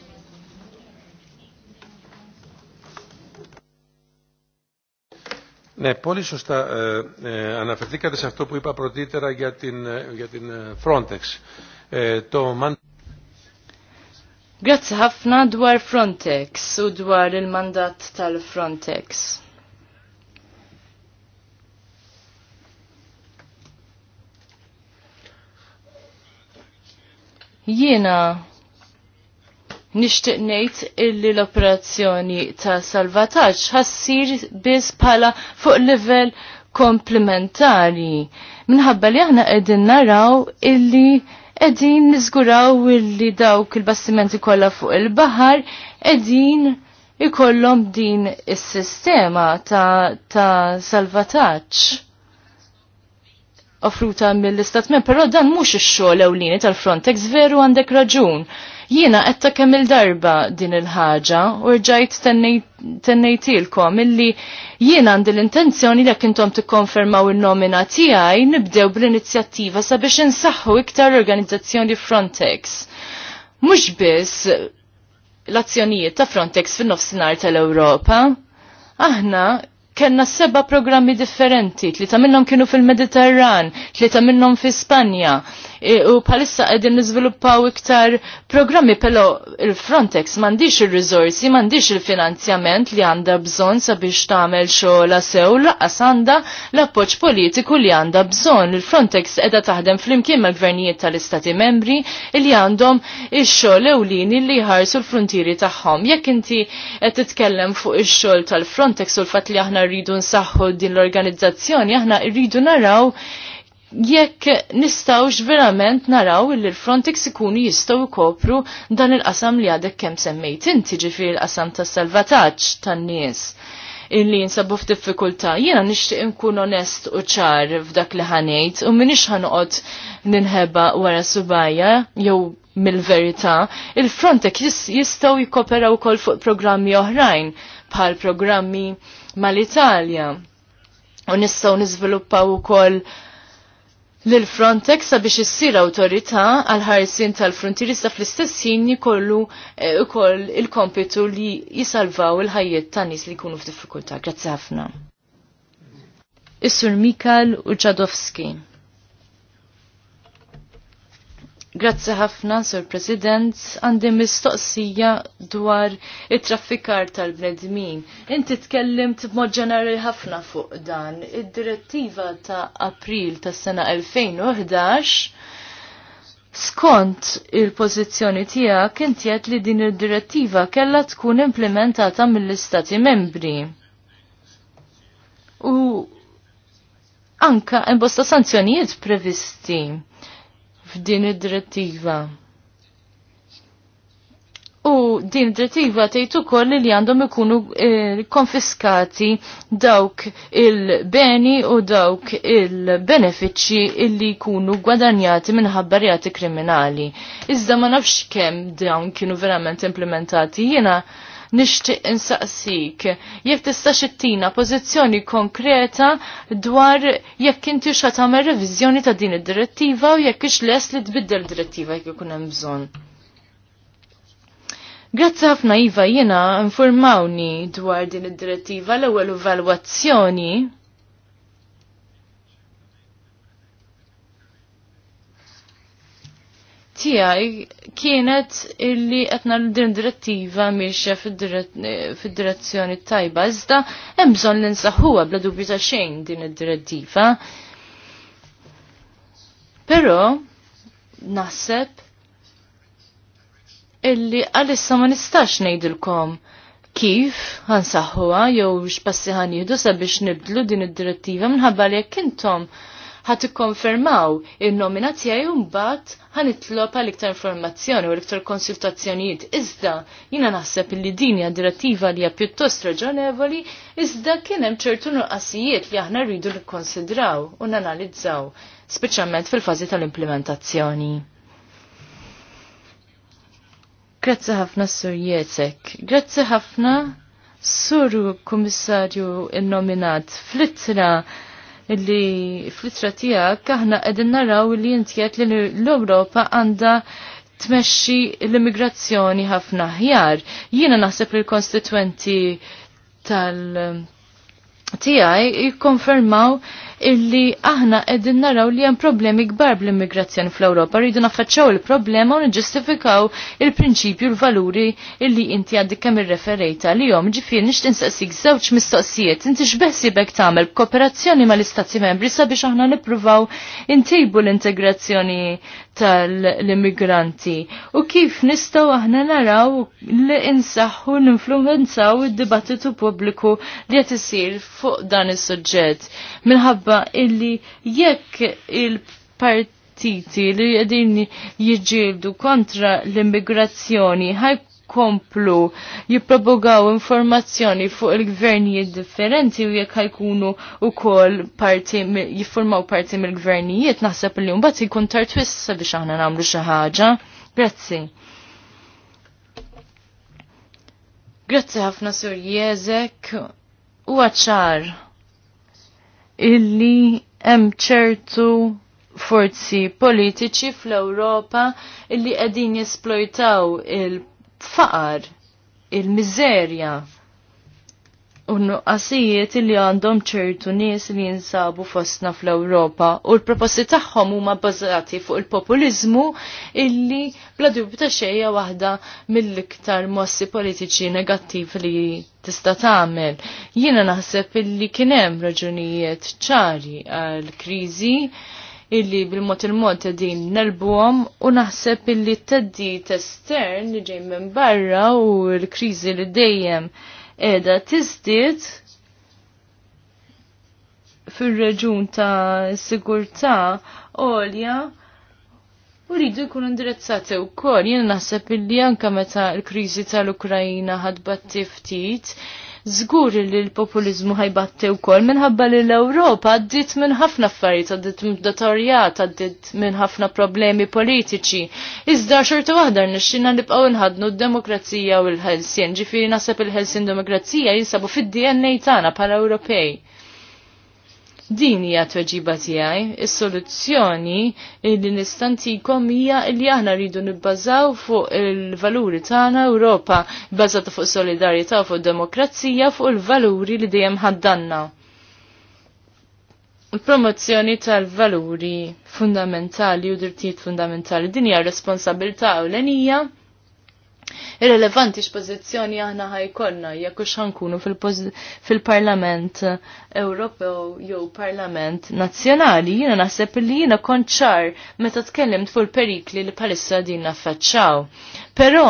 Ναι, πολύ σωστά ε, ε, αναφερθήκατε σε αυτό που είπα πρωτήτερα για την, για την Frontex. Ε, το Grazzi ħafna dwar Frontex u dwar il-mandat tal-Frontex. Jiena nixtieq ngħid illi l-operazzjoni ta' salvataġġ ħassir biss bħala fuq livell komplementari. Minħabba li aħna qegħdin naraw illi qegħdin niżguraw illi dawk il-bastimenti kollha fuq il-baħar qegħdin ikollhom din is-sistema ta', ta salvataġġ offruta mill-istat men, però dan mhux ix-xogħol ewlieni tal-Frontex veru għandek raġun. Jiena qed ta' kemm il-darba din il-ħaġa u rġajt tennejtilkom illi jiena għandi l-intenzjoni jekk intom tikkonfermaw in-nomina tiegħi nibdew bl-inizjattiva sabiex insaħħu iktar organizzazzjoni Frontex. Mhux biss l-azzjonijiet ta' Frontex fin-nofsinhar tal-Ewropa, aħna Kenna seba programmi differenti, tlieta minnhom kienu fil-Mediterran, tlieta minnhom fi Spanja, E, u bħalissa qegħdin niżviluppaw iktar programmi però il-Frontex m'għandix ir rizorsi m'għandix il-finanzjament li għandha bżonn sabiex tagħmel xogħla sew laqas għandha l-appoġġ politiku li għandha bżonn. Il-Frontex qiegħda taħdem flimkien ma' gvernijiet tal-Istati membri li għandhom ix-xogħol ewlini li jħarsu l-frontieri tagħhom. Jekk inti qed titkellem fuq ix-xogħol tal-Frontex u l-fatt li aħna rridu nsaħħu din l-organizzazzjoni, aħna rridu naraw jekk nistawx verament naraw li l-Frontex ikunu jistaw ikopru dan il-qasam li għadek kem semmejt inti ġifir il-qasam ta' salvataġġ tan-nies illi jinsabu f'diffikultà. Jiena nixtieq nkun onest u ċar f'dak li ħanejt u minix ħanoqgħod ninħeba wara subajja jew mill-verità, il-Frontex jistgħu u ukoll fuq programmi oħrajn bħal programmi mal-Italja u nistgħu niżviluppaw ukoll lil Frontex sabiex issir awtorità għal ħarsin tal-frontieri fl-istess ħin jkollu eh, ukoll il-kompitu li jisalvaw il-ħajjiet ta' nies li jkunu f'diffikultà. Grazzi ħafna. Is-Sur Mikal Uġadowski. Grazzi ħafna, Sur President, għandi mistoqsija dwar it-traffikar tal-bnedmin. Inti tkellimt b'mod ġenerali ħafna fuq dan. Id-direttiva ta' April tas sena 2011 skont il-pożizzjoni tiegħek inti li din id-direttiva kellha tkun implementata mill-Istati membri. U anka imbosta sanzjonijiet previsti f'din id-direttiva. U din id-direttiva tgħid ukoll li għandhom ikunu eh, konfiskati dawk il-beni u dawk il-benefiċċji illi jkunu gwadanjati minħabba reati kriminali. Iżda ma nafx kemm dawn kienu verament implementati jiena nixtieq insaqsik jekk tista' xittina pożizzjoni konkreta dwar jekk inti xa tagħmel reviżjoni ta' din id-direttiva u jekk ix les li tbiddel direttiva jekk ikun hemm bżonn. Grazzi ħafna Iva jiena informawni dwar din id-direttiva l-ewwel evalwazzjoni tijaj kienet illi l din direttiva miexja fid-direzzjoni tajba. Iżda hemm bżonn li nsaħħuha bla dubju ta' xejn din id-direttiva. Però naħseb illi għalissa ma nistax ngħidilkom kif ħansaħħuha jew x'passi ħanieħdu sabiex nibdlu din id-direttiva minħabba li jekk intom ħat ikkonfermaw il-nomina tiegħi ħan mbagħad ħanitlob għal iktar informazzjoni u iktar konsultazzjonijiet. Iżda jiena naħseb li din hija direttiva li hija pjuttost raġonevoli, iżda kien hemm ċertu nuqqasijiet li aħna rridu nikkonsidraw u nanalizzaw, speċjalment fil-fażi tal-implementazzjoni. Grazzi ħafna Sur Jezek. Grazzi ħafna Suru Kummissarju innominat fl-ittra illi flittra tijak aħna qegħdin naraw li jintjet li l-Ewropa għandha tmexxi l-immigrazzjoni ħafna ħjar. Jiena naħseb li l-konstituenti tal tiegħi jikkonfermaw illi aħna qegħdin naraw li hemm problemi kbar bl-immigrazzjoni fl-Ewropa, rridu naffaċċaw il-problema u niġġustifikaw il-prinċipju l-valuri illi inti għaddik kemm irreferejta li jom ġifier nix tinsaqsik żewġ mistoqsijiet, inti tamel tagħmel b'kooperazzjoni mal-Istati Membri sabiex aħna nippruvaw intejbu l-integrazzjoni tal-immigranti u kif nistaw aħna naraw li insaħħu l-influenzaw id-dibattitu pubbliku li qed fuq dan is-suġġett minħabba minħabba illi jekk il-partiti li qegħdin jiġġieldu kontra l-immigrazzjoni ħaj komplu jipprobogaw informazzjoni fuq il-gvernijiet differenti u jekk ħajkunu u kol parti, jiffurmaw parti mill-gvernijiet, naħseb li mbagħad jkun tartwissa biex aħna nagħmlu xi ħaġa. Grazzi. Grazzi ħafna sur Jezek u għacċar illi hemm ċertu forzi politiċi fl-Ewropa illi qegħdin jesplojtaw il-faqar, il-miżerja il faqar il miżerja il il miżerja un qasijiet li għandhom ċertu nies li jinsabu fostna fl-Ewropa u l-proposti tagħhom huma bbażati fuq il-populiżmu illi bla dubju ta' xejja waħda mill-iktar mossi politiċi negattiv li tista' tagħmel. Jiena naħseb illi kien hemm raġunijiet ċari għall-kriżi illi bil-mod il-mod din nelbuhom u naħseb illi t-teddit estern li ġej minn barra u l-kriżi li dejjem edha tizdiet fil-reġun ta' sigurtà olja u rridu jkunu indirizzati wkoll. Jien naħseb illi anke meta l-kriżi tal-Ukrajina ħadbat tiftit, Zgur li l-populizmu ħajbatti u kol minħabba li l-Europa għaddit minn ħafna affarijiet, għaddit minn datorjat, għaddit minn ħafna problemi politiċi. Iżda xorta waħda nixxina li nħadnu d-demokrazija u l-ħelsien, ġifiri nasab il helsin demokrazija jinsabu fid-DNA tana pal Ewropej. Din hija tweġiba tiegħi, is-soluzzjoni li nistantikom hija li aħna rridu nibbażaw fuq il-valuri tagħna Ewropa bbażata fuq solidarjetà fuq demokrazija fuq il-valuri li dejjem ħaddanna. Il-promozzjoni tal-valuri fundamentali u drittijiet fundamentali din hija responsabilità ewlenija irrelevanti x'pożizzjoni aħna ħajkonna jekk hux ħankunu fil-Parlament Ewropew jew Parlament Nazzjonali. Jiena naħseb li jiena kont ċar meta tkellimt fuq perikli li bħalissa din naffaċċaw. Però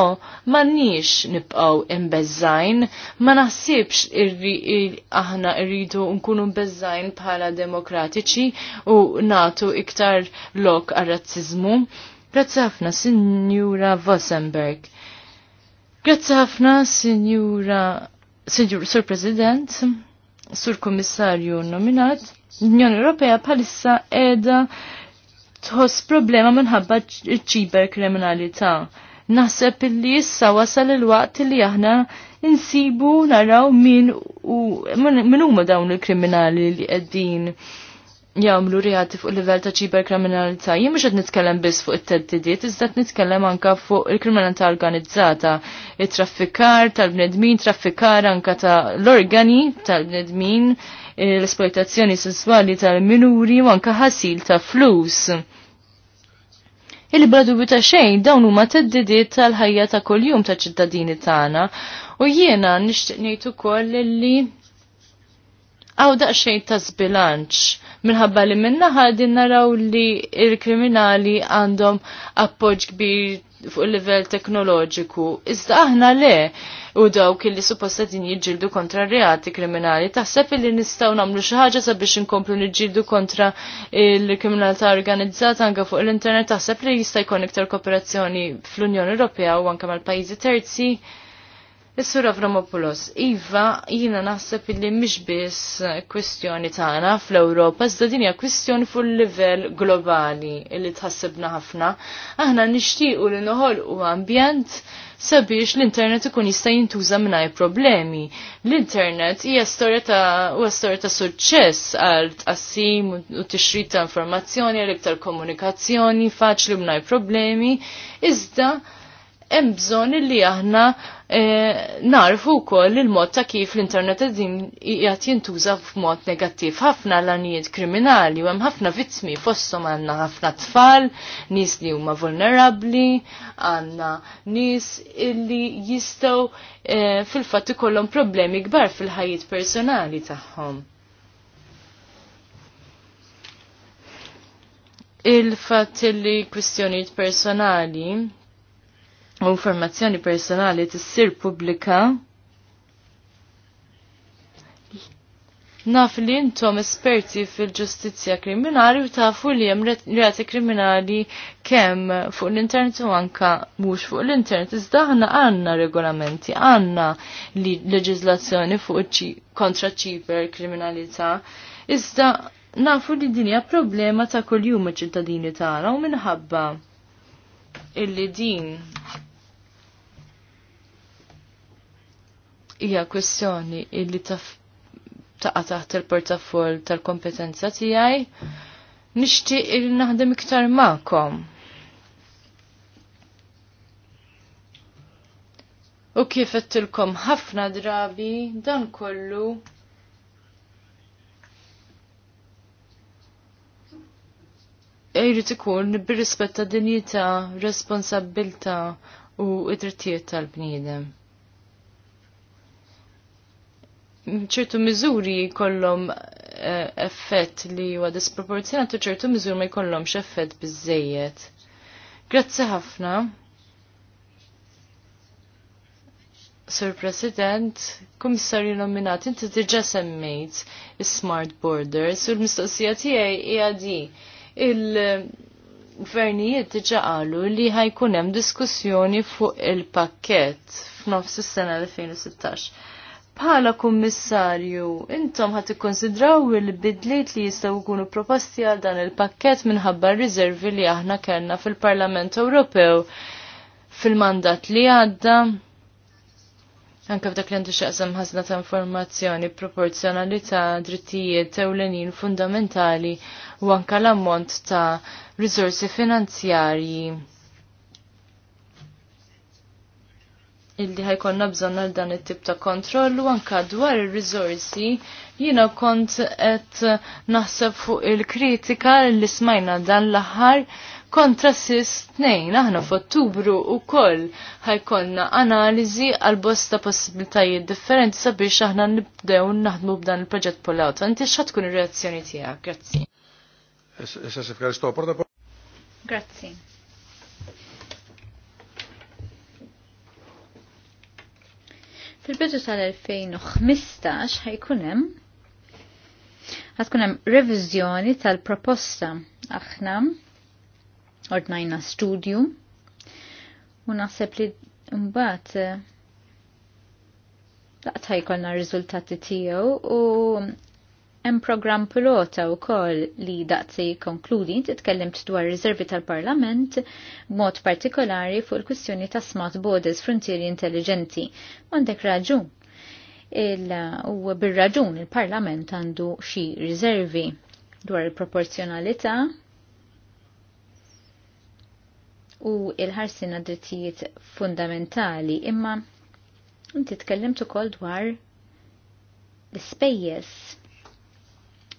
m'għandniex nibqgħu imbeżżajn, ma naħsibx aħna rridu nkunu mbeżżajn bħala demokratiċi u natu iktar lok għar razzizmu Grazzi ħafna, Sinjura Vosenberg. Grazzi ħafna, signora, signor Sur President, Sur Kommissarju nominat. L-Unjoni Ewropea bħalissa edha tħoss problema minħabba ċiber kriminalità. Naħseb illi issa wasal il-waqt li aħna insibu naraw min u min huma dawn il-kriminali li qegħdin jgħamlu rijati fuq livell ta' ċiberkriminalità. Jien mhux qed nitkellem biss fuq it-teddidiet, iżda qed nitkellem anke fuq il-kriminalità organizzata, it-traffikar tal-bnedmin, traffikar anke ta' l-organi tal-bnedmin, l-esploitazzjoni sessuali tal-minuri u anke ħasil ta' flus. Il-bla dubju ta' xejn dawn huma teddidiet tal-ħajja ta' kuljum ta' ċittadini tagħna u jiena nixtieq ngħid ukoll li għaw daqxejn ta' zbilanċ minħabba li minna din naraw li il-kriminali għandhom appoġġ kbir fuq il level teknoloġiku. Iżda aħna le, u dawk li suppostatin jġildu jiġġieldu kontra reati kriminali. Taħseb li nistgħu nagħmlu xi ħaġa sabiex inkomplu nġildu kontra il-kriminalità organizzata anke fuq l-internet, taħseb li jista' jkun iktar kooperazzjoni fl-Unjoni Ewropea u anke mal-pajjiżi terzi. Is-Sur Avramopoulos, Iva, jina naħseb illi mhix biss kwistjoni tagħna fl-Ewropa, iżda din hija kwistjoni fuq livell globali li tħassibna ħafna. Aħna nixtiequ li noħolqu ambjent sabiex l-internet ikun jista' jintuża mingħajr problemi. L-internet hija storja ta' huwa storja ta' suċċess għal tqassim u tixrid ta' informazzjoni għal iktar komunikazzjoni faċli mingħajr problemi, iżda hemm bżonn li aħna Eh, narfu wkoll il-mod ta' kif l-internet din qiegħed jintuża f'mod negattiv ħafna l-anijiet kriminali u hemm ħafna vittmi fosthom għandna ħafna tfal, nies li huma vulnerabbli, għandna nies illi jistgħu eh, fil-fatt ikollhom problemi kbar fil-ħajjiet personali tagħhom. il fatt li kwistjonijiet personali u informazzjoni personali tissir pubblika. Naf li intom esperti fil-ġustizja kriminali u tafu li jem reati kriminali kem fuq l-internet u anka mux fuq l-internet. Iżda ħna għanna regolamenti, għanna li leġizlazzjoni fuq kontra ċiper kriminalità. Iżda nafu li dinja problema ta' kol-jum ċittadini tagħna u minħabba illi din hija kwestjoni illi taqa' taħt il-portafol tal-kompetenza tiegħi, nixtieq illi naħdem iktar magħkom. U kif qedtilkom ħafna drabi dan kollu jrid ikun bir rispetta dinjita, dinjità, responsabilta' u id-drittijiet tal-bniedem ċertu miżuri jkollhom eh, effett li huwa disproporzjonat u ċertu miżur ma jkollhomx effett biżejjed. Grazzi ħafna. Sir President, Kummissarju nominat, inti diġa semmejt is-Smart Borders u l-mistoqsija tiegħi hija di. Il-gvernijiet diġa qalu li ħajkun hemm diskussjoni fuq il-pakkett f'nofs is-sena 2016 bħala kummissarju, intom ħat ikkonsidraw il-bidliet li jistaw ikunu proposti għal dan il-pakket minħabba r-riservi li aħna kellna fil-Parlament Ewropew fil-mandat li għadda. Anka f'dak li għandu xaqsam ħazna ta' informazzjoni, proporzjonalità, drittijiet, ewlenin fundamentali u anka l-ammont ta' risorsi finanzjarji illi ħajkonna bżonna għal dan it-tip ta' kontrollu anka dwar ir rizorsi jiena kont et naħseb fuq il-kritika li smajna dan l-aħħar kontra sis tnejn aħna f'Ottubru wkoll ħajkonna analiżi għal bosta possibilitajiet differenti sabiex aħna nibdew naħdmu b'dan il-proġett pull-out. Inti x'ha tkun ir-reazzjoni tiegħek? Grazzi. Grazzi. Fil-bidu tal-2015 ħajkunem hemm revizjoni hemm reviżjoni tal-proposta aħna ordnajna studju u naħseb li mbagħad eh, laqta jkollna r-riżultati tiegħu u Hemm programm pilota wkoll li daqsi konkludi titkellimt dwar riservi tal-Parlament b'mod partikolari fuq il-kwistjoni ta' Smart Borders Frontieri Intelligenti. M'għandek raġun. u bir-raġun il-Parlament għandu xi riservi dwar il-proporzjonalità u il-ħarsina drittijiet fundamentali imma inti tkellimt ukoll dwar l-ispejjeż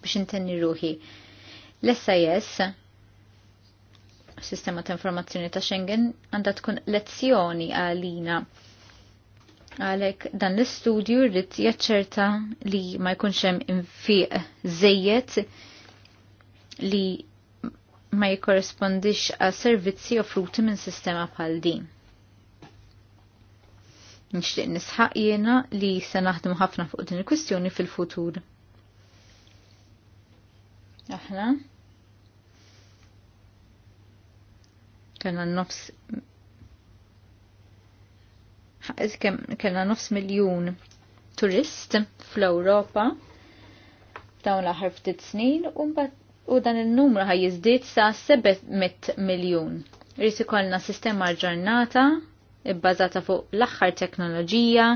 biex intenni ruħi. L-SIS, sistema ta' informazzjoni ta' Schengen, għandha tkun lezzjoni għalina. Għalek dan l-istudju rrit jaċċerta li ma jkunx hemm infiq żejjed li ma jikorrespondix għal servizzi offruti minn sistema bħal din. Nixtieq nisħaq jiena li se naħdmu ħafna fuq din il-kwistjoni fil-futur aħna kellna nofs kellna nofs miljun turist fl-Ewropa dawn l-aħħar ftit snin u dan il-numru ħaj jiżdied sa 700 miljun. Rrid ikollna sistema ġurnata ibbażata fuq l-aħħar teknoloġija,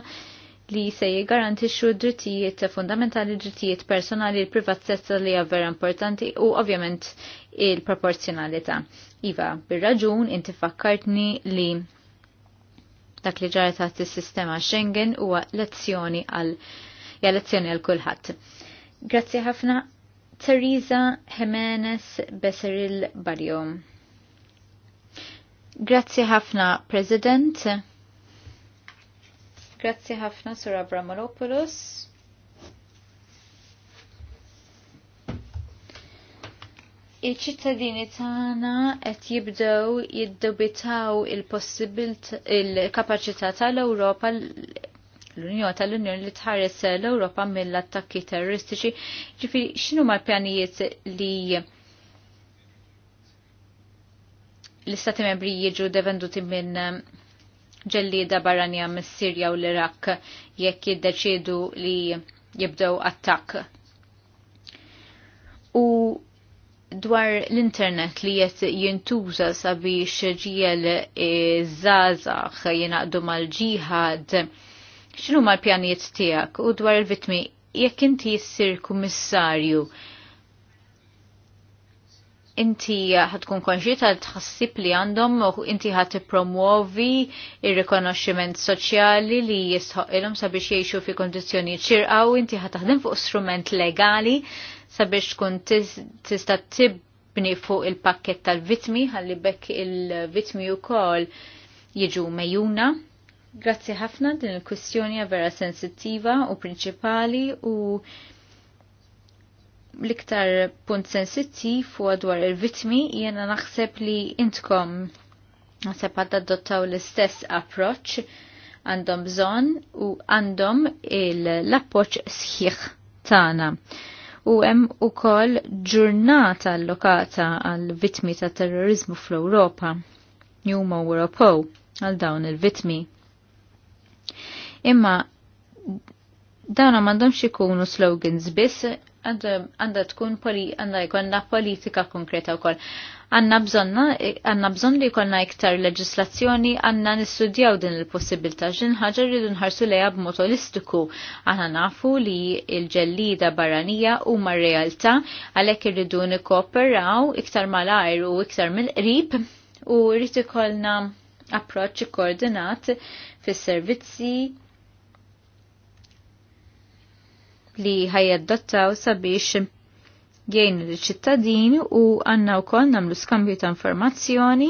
li se jgarantixxu drittijiet fundamentali drittijiet personali l-privatezza li hija vera importanti u ovvjament il-proporzjonalità. Iva, bir-raġun inti fakkartni li dak li ġara taħt is-sistema Schengen huwa lezzjoni għal ja lezzjoni għal kulħadd. Grazzi ħafna Teresa Jimenez Beseril Barrio. Grazzi ħafna, President. Grazzi ħafna Sur Abramolopoulos. Il-ċittadini tagħna qed jibdew jiddubitaw il-kapaċità il tal-Ewropa l-Unjoni tal-Unjoni li tħares l-Ewropa mill-attakki terroristiċi. Ġifieri x'inhu mal-pjanijiet li l-istati membri jiġu devenduti minn ġellida barranija mis sirja u l-Irak jekk jiddeċidu li jibdew attakk. U dwar l-internet li jett jintuża sabiex ġiel zazax jinaqdu mal-ġihad, xinu mal-pjanijiet tijak u dwar il-vitmi jekk inti jissir kummissarju inti ħatkun konxi tal-tħassib li għandhom u inti ħat promuovi il-rikonoxximent soċjali li jisħoq ilhom sabiex jgħixu fi kondizjoni ċirqa u inti ħat taħdem fuq strument legali sabiex tkun tista' tibni fuq il-pakket tal-vitmi, għalli bekk il-vitmi u kol jiġu mejuna. Grazzi ħafna din il-kwistjoni vera sensittiva u prinċipali u l-iktar punt sensittiv u dwar il-vitmi jena naħseb li intkom naħseb għadda adottaw l-istess approċ għandhom bżon u għandhom l approċ sħiħ tana. U hemm ukoll ġurnata allokata għal vitmi ta' terrorizmu fl-Ewropa, Newmo Europow, għal dawn il-vitmi. Imma dawna m'għandhomx ikunu slogans biss, għanda tkun għanda jkollna politika konkreta wkoll. Għanna bżonna, għanna bżon li jkollna iktar leġislazzjoni, għanna nistudjaw din il-possibilità x'in ħaġa rridu nħarsu lejha b'mod motolistiku Għanna nafu li l-ġellida barranija huma realtà għalhekk irridu nikkooperaw iktar malajr u iktar mill-qrib u rrid ikollna approċċ koordinat fis-servizzi li ħajjadottaw sabiex jgħinu l-ċittadini u għanna u koll namlu skambju ta' informazzjoni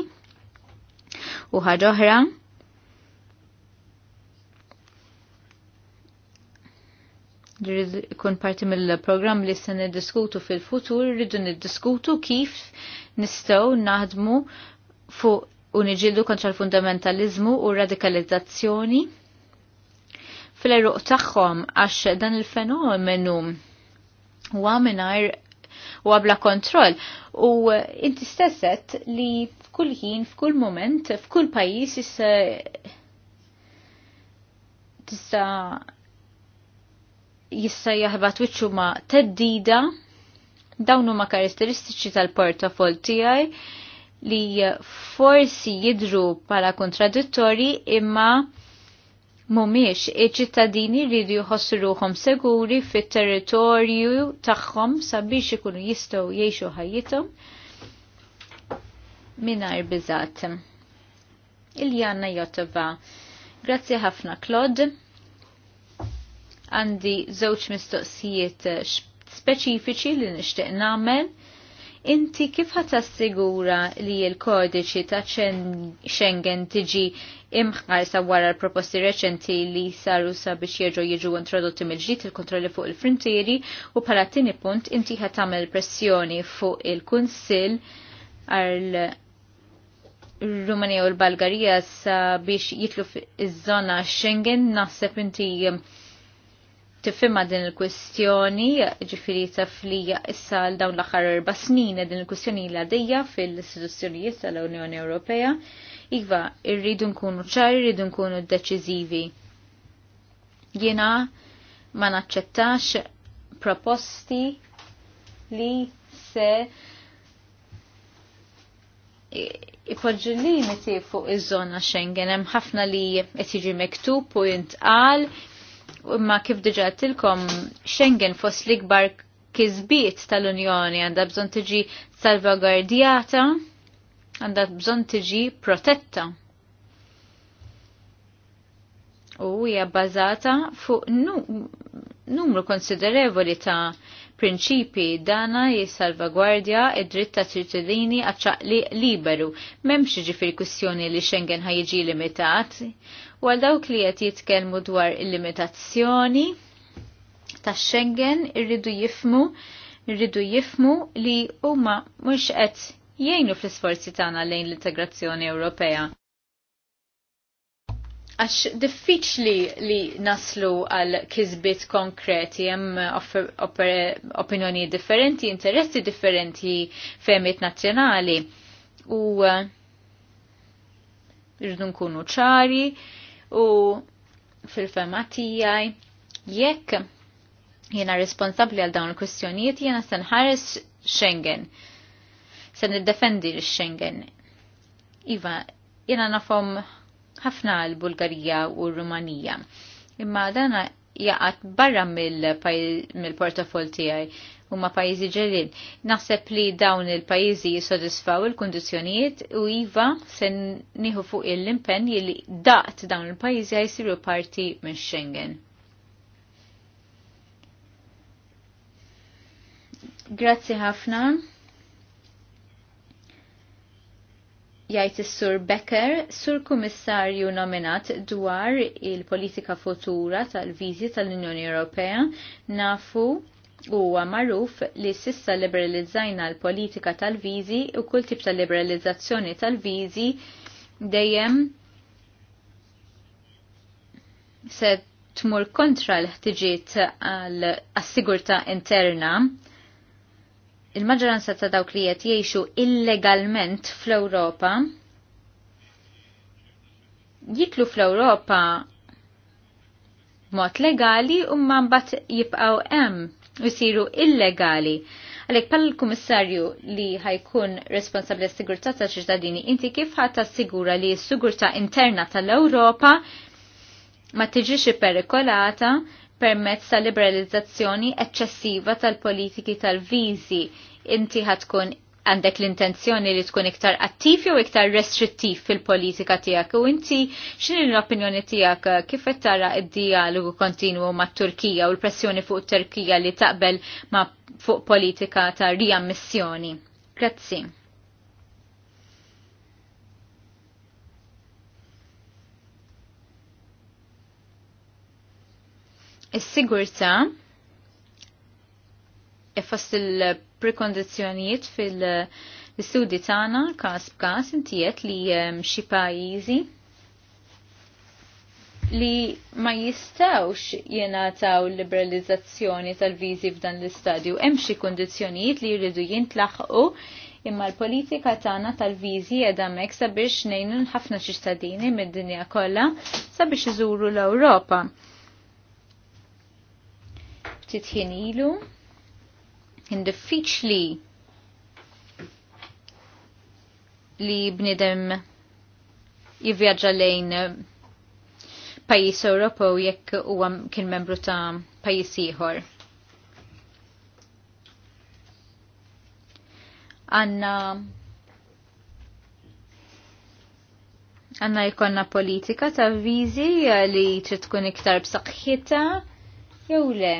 u ħagħoħra rridu kun parti mill program li se diskutu fil-futur, rridu niddiskutu kif nistgħu naħdmu fuq u niġildu kontra l-fundamentalizmu u radikalizzazzjoni fl-eruq tagħhom għax dan il-fenomenu huwa mingħajr u għabla kontroll. U inti stesset li f'kull ħin, f'kull moment, f'kull pajis issa tista jissa jahbat wiċċu ma teddida dawnu ma karakteristiċi tal-portafol tijaj li forsi jidru pala kontradittori imma mumiex iċ-ċittadini li jħossu ruhom seguri fit-territorju tagħhom sabiex ikunu jistgħu jgħixu ħajjithom mingħajr biżgħat. Iljana Jotova. Grazzi ħafna Claude. Għandi żewġ mistoqsijiet speċifiċi li nixtieq nagħmel inti kif assigura li l-kodiċi ta' Schengen tiġi sa' wara l-proposti reċenti li saru sabiex jerġgħu jiġu introdotti mill-ġdid il-kontrolli fuq il-frontieri u bħala tieni punt inti ħat tagħmel pressjoni fuq il-Kunsill għal Rumanija u l sa' biex jitlu iż-żona Schengen naħseb inti tifimma din il-kwestjoni, ġifiri taf li issa l-dawn l-axar erba snin din il-kwestjoni l għadija fil-istituzzjonijiet tal-Unjoni Ewropea. Iva, irridu nkunu ċari, irridu nkunu deċizivi. Jena ma naċċettax proposti li se ipoġġu limiti fuq iż-żona Schengen hemm ħafna li qed jiġi mektub u jintqal imma kif diġa tilkom Schengen fost l-ikbar kizbiet tal-Unjoni għandha bżon tiġi salvagardjata, għandha bżon tiġi protetta. U hija bbażata fuq numru konsiderevoli ta' prinċipi dana jissalvagwardja id-dritt ta' ċittadini għaċċaqli liberu, memx ġifir kwistjoni li Schengen ħajġi limitat, u għal dawk li qed jitkellmu dwar il-limitazzjoni ta' Schengen irridu jifmu irridu jifmu li huma mhux qed jgħinu fl-isforzi tagħna lejn l-integrazzjoni Ewropea għax diffiċli li naslu għal kizbit konkreti, jem opinjoni differenti, interessi differenti femiet nazjonali. U eh, rridu nkunu ċari u fil-fema tijaj, jekk jena responsabli għal dawn il-kwestjonijiet jena senħares Schengen. Sen id-defendi l-Schengen. Iva, jena nafom ħafna l-Bulgarija u r-Rumanija. Imma dan jaqat barra mill-portafol tiegħi huma pajjiżi ġelin. Naħseb li dawn il-pajjiżi jisodisfaw il-kundizzjonijiet u iva se nieħu fuq il-impenn li daqt dawn il-pajjiżi jsiru parti minn Schengen. Grazzi ħafna. jgħid is-Sur Becker, Sur Kummissarju nominat dwar il-politika futura tal-viżi tal-Unjoni Ewropea, nafu huwa magħruf li sissa liberalizzajna l-politika tal-viżi u kull tip ta' liberalizzazzjoni tal-viżi dejjem se tmur kontra l-ħtiġiet għal assigurta interna il-maġġoranza ta' dawk li qed jgħixu illegalment fl-Ewropa jitlu fl-Ewropa mod legali u ma mbagħad jibqgħu hemm u jsiru illegali. Għalhekk pal kummissarju li ħajkun responsabbli s sigurta ta' ċittadini, inti kif ħadd sigura li s-sigurtà interna tal-Ewropa ma tiġix perikolata permezz ta' liberalizzazzjoni eċċessiva tal-politiki tal-viżi. Inti ħatkun għandek l-intenzjoni li tkun iktar attiv jew iktar restrittiv fil-politika tiegħek u inti x'inhi l-opinjoni tiegħek kif qed tara d-dialogu kontinwu mat-Turkija u l-pressjoni fuq it Turkija li taqbel ma' fuq politika ta' riammissjoni. Grazzi. Is-sigurtà e fost il-prekondizjonijiet fil-studi tagħna każ b'każ intijiet li xi pajjiżi li ma jistawx taw liberalizzazzjoni tal-viżi f'dan l-istadju. Hemm xi kundizzjonijiet li jridu jintlaħqu imma l-politika tagħna tal-viżi qiegħda hemmhekk sabiex ngħinu ħafna ċittadini mid-dinja kollha sabiex iżuru l-Ewropa ftit ħin ilu. Kien diffiċli li bnidem jivvjaġġa lejn pajjiż u jekk huwa kien membru ta' pajjiż ieħor. Għanna għanna jkonna politika ta' viżi li trid tkun iktar b'saħħitha jew le.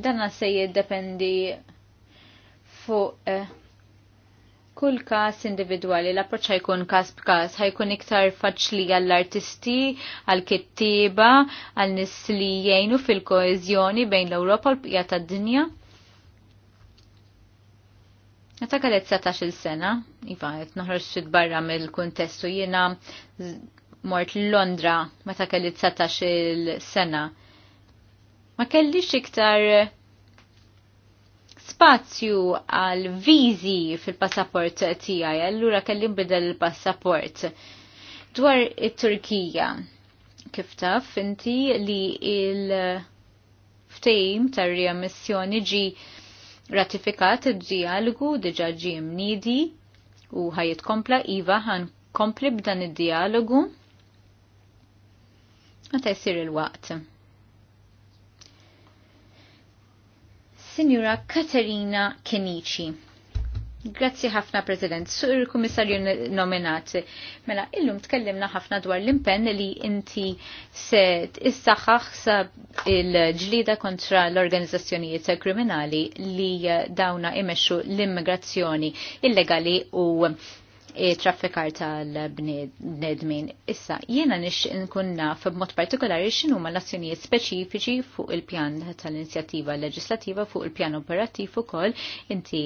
Danna se jiddependi fuq eh, kull kas individwali, l-approċ ħajkun kas b'kas, ħajkun iktar faċli għall-artisti, għall-kittiba, għall-nis li jgħinu fil-koezjoni bejn l europa u l-bqija tad-dinja. Għata għalet 17 sena, iva, għet noħroċ barra mill-kontestu jena mort Londra, meta kelli 19 sena ma kellix iktar eh, spazju għal viżi fil-passaport tiegħi, allura kelli nbidel il-passaport. Dwar it-Turkija, kif taf inti li il-ftejm tar-riammissjoni ġi ratifikat id-dialogu diġa ġi mnidi u ħajet kompla Iva ħan kompli b'dan id-dialogu. Għata jisir il-waqt. Signora Katerina Kenici. Grazzi ħafna, President. il kummissarju nominat, mela illum tkellimna ħafna dwar l-impenn li inti se issaħħaħ il-ġlida kontra l-organizzazzjonijiet kriminali li dawna imexxu l-immigrazzjoni illegali u traffikar tal-bnedmin. Issa, jiena nix nkun naf mod partikolari xinu ma l-azzjonijiet speċifiċi fuq il-pjan tal-inizjattiva legislativa fuq il-pjan operattiv ukoll inti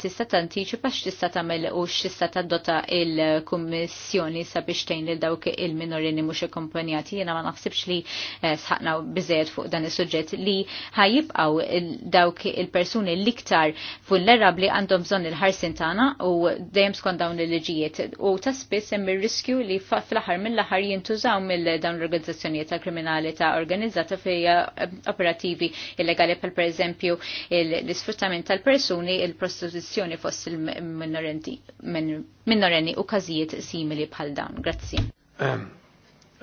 tista' t'antiċi pax tista' tagħmel u x'tista' taddota il-kummissjoni sabiex tejn il dawk il-minorini mhux akkompanjati. Jiena ma naħsibx li eh, sħaqna biżejjed fuq dan is-suġġett li ħajibqgħu dawk il-persuni l-iktar vulnerabbli għandhom bżonn il ħarsintana tagħna u dejjem skont dawn il liġijiet u ta' spiss hemm ir-riskju li fl-aħħar mill-aħħar jintużaw mill-dawn l-organizzazzjonijiet ta' kriminalità organizzata fi eh, operativi illegali pal eżempju l-isfruttament tal-persuni, il-prostituzzjoni fost il-minorenni u każijiet simili bħal dawn. Grazzi. Ehm,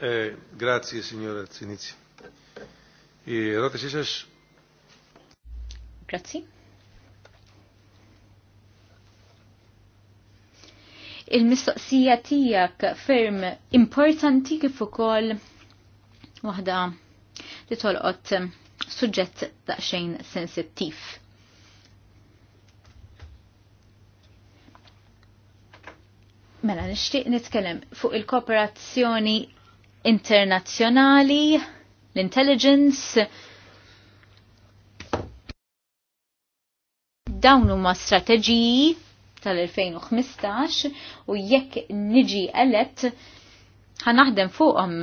eh, grazie signora Zinizi. Eh, grazie. il-mistoqsija tijak firm importanti kif ukoll waħda li tolqot suġġett daqsxejn sensittiv. Mela nixtieq nitkellem fuq il-kooperazzjoni internazzjonali, l-intelligence, dawn huma strateġiji tal-2015 u jekk niġi elett ħanaħdem fuqhom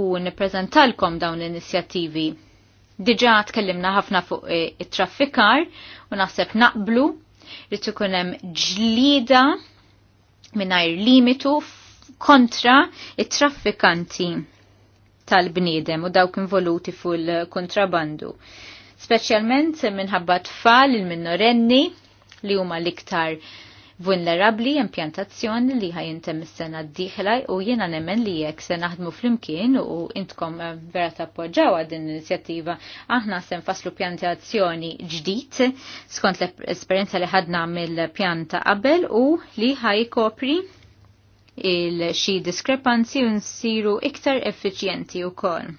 u niprezentalkom dawn l-inizjattivi. Diġa tkellimna ħafna fuq eh, it-traffikar u naħseb naqblu li ikun hemm ġlida mingħajr limitu kontra it-traffikanti tal-bniedem u dawk involuti fuq il-kontrabandu. Speċjalment minħabba tfal il-minorenni li huma l-iktar vulnerabli impjantazzjoni li jintem is-sena d-dieħla u jiena nemmen li jekk se naħdmu flimkien u intkom eh, vera tappoġġaw din l-inizjattiva aħna se nfasslu pjantazzjoni ġdid skont l-esperjenza li ħadna mill-pjanta qabel u li kopri il-xi diskrepanzi u nsiru iktar effiċjenti u kol.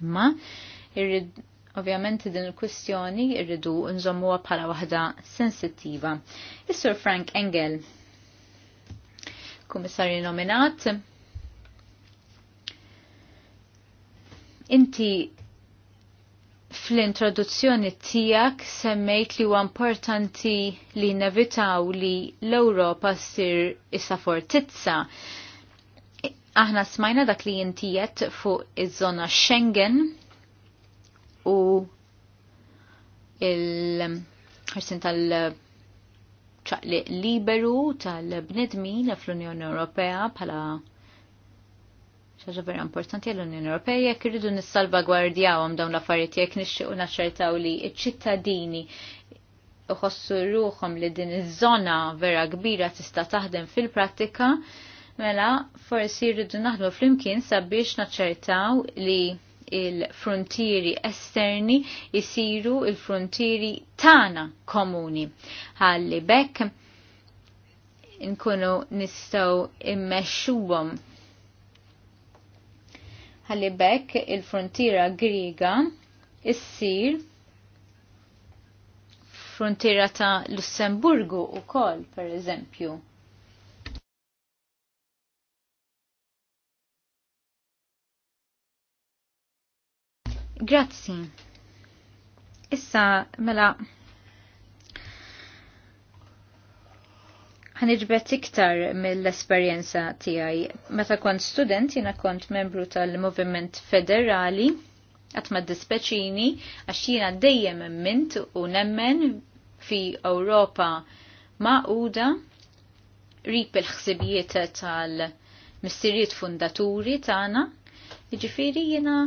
Ma, irrid Ovvjament din il-kwistjoni irridu nżommuha bħala waħda sensittiva. Is-Sur Frank Engel, kummissarju nominat, inti fl-introduzzjoni tijak semmejt li huwa importanti li nevitaw li l-Ewropa ssir issa fortizza. Aħna smajna dak li jintijet fuq iż-żona Schengen u il-ħarsin tal-ċaqli liberu tal-bnedmin fl-Unjoni Ewropea bħala ħaġa vera importanti għall-Unjoni Ewropea jekk irridu nissalvagwardjawhom dawn l-affarijiet jekk nixtiequ naċċertaw li ċ-ċittadini iħossu ruhom li din iż-żona vera kbira tista' taħdem fil-prattika, mela forsi rridu naħdmu flimkien sabiex naċċertaw li il-frontieri esterni jisiru il-frontieri tana komuni. Għalli bekk nkunu nistaw immexxuhom. Għalli bekk il-frontiera griga issir frontiera ta' Lussemburgu u kol, per eżempju. Grazzi. Issa, mela, ħanirġbet iktar mill-esperjenza tiegħi. Meta kont student, jina kont membru tal-Moviment Federali, għatma ma dispeċini, għax jiena dejjem mint u nemmen fi Ewropa ma'uda rip il-ħsibijiet tal-missirijiet fundaturi tagħna. Jiġifieri jiena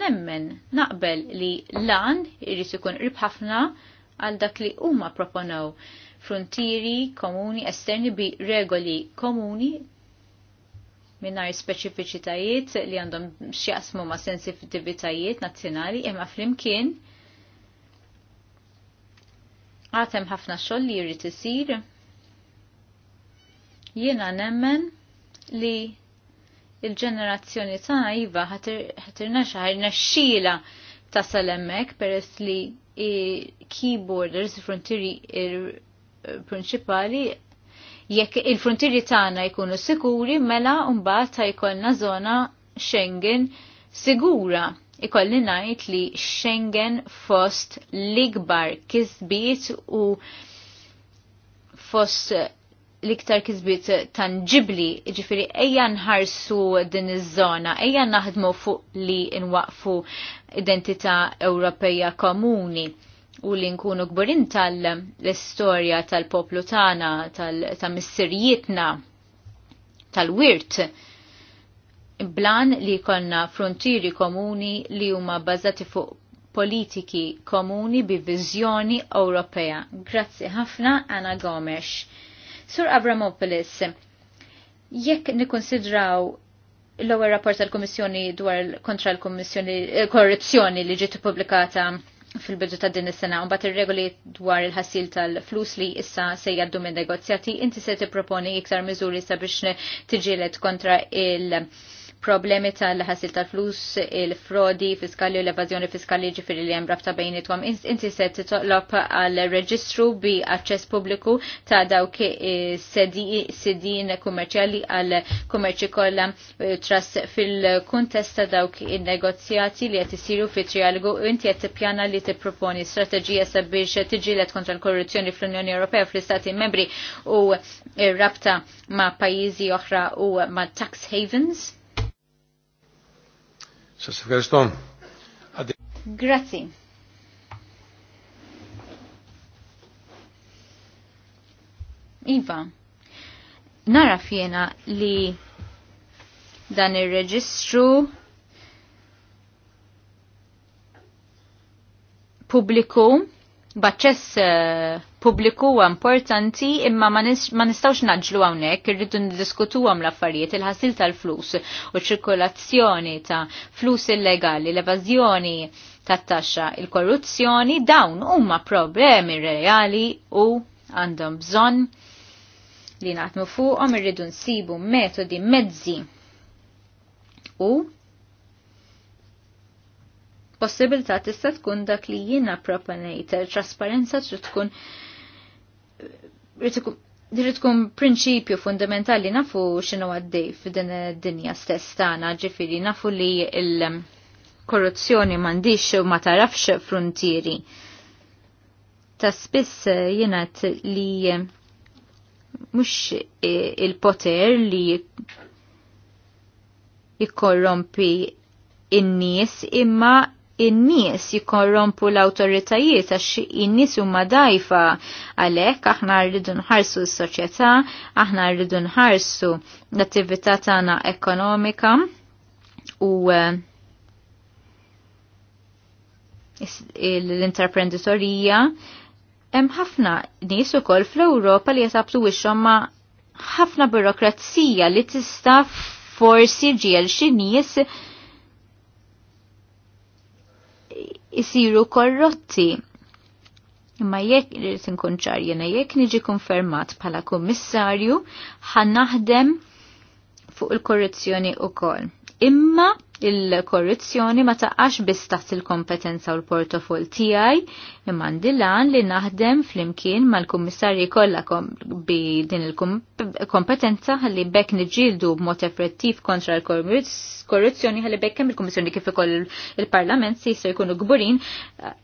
nemmen naqbel li lan irrid ikun qrib ħafna għal dak li huma proponaw frontieri komuni esterni bi regoli komuni minnar speċifiċitajiet li għandhom xjaqsmu ma' sensitivitajiet nazzjonali imma flimkien għatem ħafna xoll li jrid isir jiena nemmen li il-ġenerazzjoni tagħna iva ħatirna xaħirna xxila ta' salemmek peress li keyboarders frontieri prinċipali jekk il-frontieri tagħna jkunu sikuri mela mbagħad ta' jkollna żona Schengen sigura. Ikolli ngħid li Schengen fost l-ikbar kisbiet u fost l-iktar kizbit tanġibli, ġifiri ejja nħarsu din iż-żona, ejja naħdmu fuq li nwaqfu identità Ewropeja komuni u li nkunu gburin tal-istorja tal-poplu tagħna, tal-missirjietna, tal-wirt, blan li konna frontieri komuni li huma bbażati fuq politiki komuni bi viżjoni Ewropea. Grazzi ħafna, Anna Gomes. Sur Avramopoulos, jekk nikonsidraw l-ewwel rapport tal-Kummissjoni dwar kontra l-Kummissjoni eh, korruzzjoni li ġiet ippubblikata fil-bidu ta' din is-sena u mbagħad ir-regoli dwar il-ħassil tal-flus li issa se jgħaddu minn negozjati, inti se tipproponi iktar miżuri sabiex tiġilet kontra il- problemi tal-ħasil tal-flus, il-frodi fiskali u l-evazjoni fiskali ġifiri li jem rabta bejnietom. Inti se titlob għal-reġistru bi aċċess publiku ta' dawk sedin kummerċjali għal kummerċi kollha eh, tras fil-kuntest ta' dawk il-negozjati li qed isiru fi trialgu inti qed tippjana li tipproponi strateġija sabiex tiġilet kontra l-korruzzjoni fl-Unjoni Ewropea fl-Istati Membri u eh, rabta ma' pajjiżi oħra u ma' tax havens. Grazie. Iva, nara fjena li dan il-reġistru publiku baċċess eh, pubbliku huwa importanti imma ma nistgħux naġlu hawnhekk irridu niddiskutuhom l-affarijiet il-ħasil tal-flus u ċirkolazzjoni ta' flus illegali, l-evażjoni tat-taxxa, il-korruzzjoni dawn huma problemi reali u għandhom bżonn li naħdmu fuqhom irridu nsibu metodi mezzi u possibilità tista' tkun dak li jiena proponejt, trasparenza trid tkun Dirri tkun prinċipju fundamentali nafu xinu għaddej f'din id-dinja stess tagħna, ġifieri nafu li l-korruzzjoni m'għandix u ma tarafx frontieri. Ta' spiss jiena li mhux il-poter li jikkorrompi in-nies imma in-nies jikorrompu l-autoritajiet għax in-nies huma dajfa għalhekk aħna rridu nħarsu s-soċjetà, aħna rridu nħarsu l-attività tagħna ekonomika u eh, l-intraprenditorija hemm ħafna nies ukoll fl-Ewropa li jasabtu wixhom ma' ħafna burokrazija li tista' forsi ġiel xi nies isiru korrotti. Imma jekk irrid inkun ċar jena jekk niġi konfermat bħala kummissarju naħdem fuq il-korrezzjoni ukoll. Imma il-korruzzjoni ma taqqax biss taħt il-kompetenza u l-portofol tiegħi imma dilan li naħdem flimkien mal-kummissarji kollha bi din il-kompetenza ħalli bekk niġġieldu b'mod effettiv kontra l-korruzzjoni ħalli bekk hemm il-Kummissjoni kif ukoll il-Parlament se jsir jkunu gburin eh,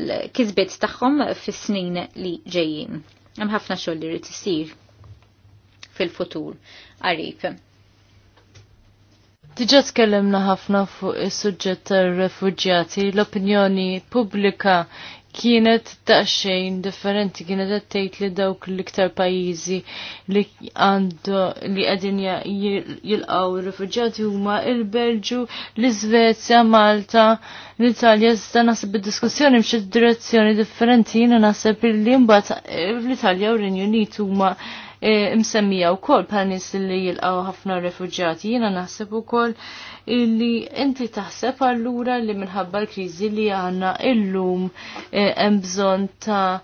l-kisbiet tagħhom fis-snin li ġejjin. Hemm ħafna xogħol li jrid isir fil-futur qarib. Diġa tkellimna ħafna fuq is-suġġett tar-refuġjati, l-opinjoni pubblika kienet xejn differenti, kienet qed tgħid li dawk l-iktar pajjiżi li għandu li qegħdin jilqgħu rifuġjati huma il-Belġu, l-Iżvezja, Malta, l-Italja, iżda naħseb id-diskussjoni mxiet direzzjoni differenti, jiena naħseb li mbagħad l-Italja u r-Renju Unit huma E, msemmija wkoll bħal nies li jilqgħu ħafna refugġati Jiena naħseb ukoll illi inti taħseb allura li minħabba l-kriżi li għandna illum e, hemm bżonn ta'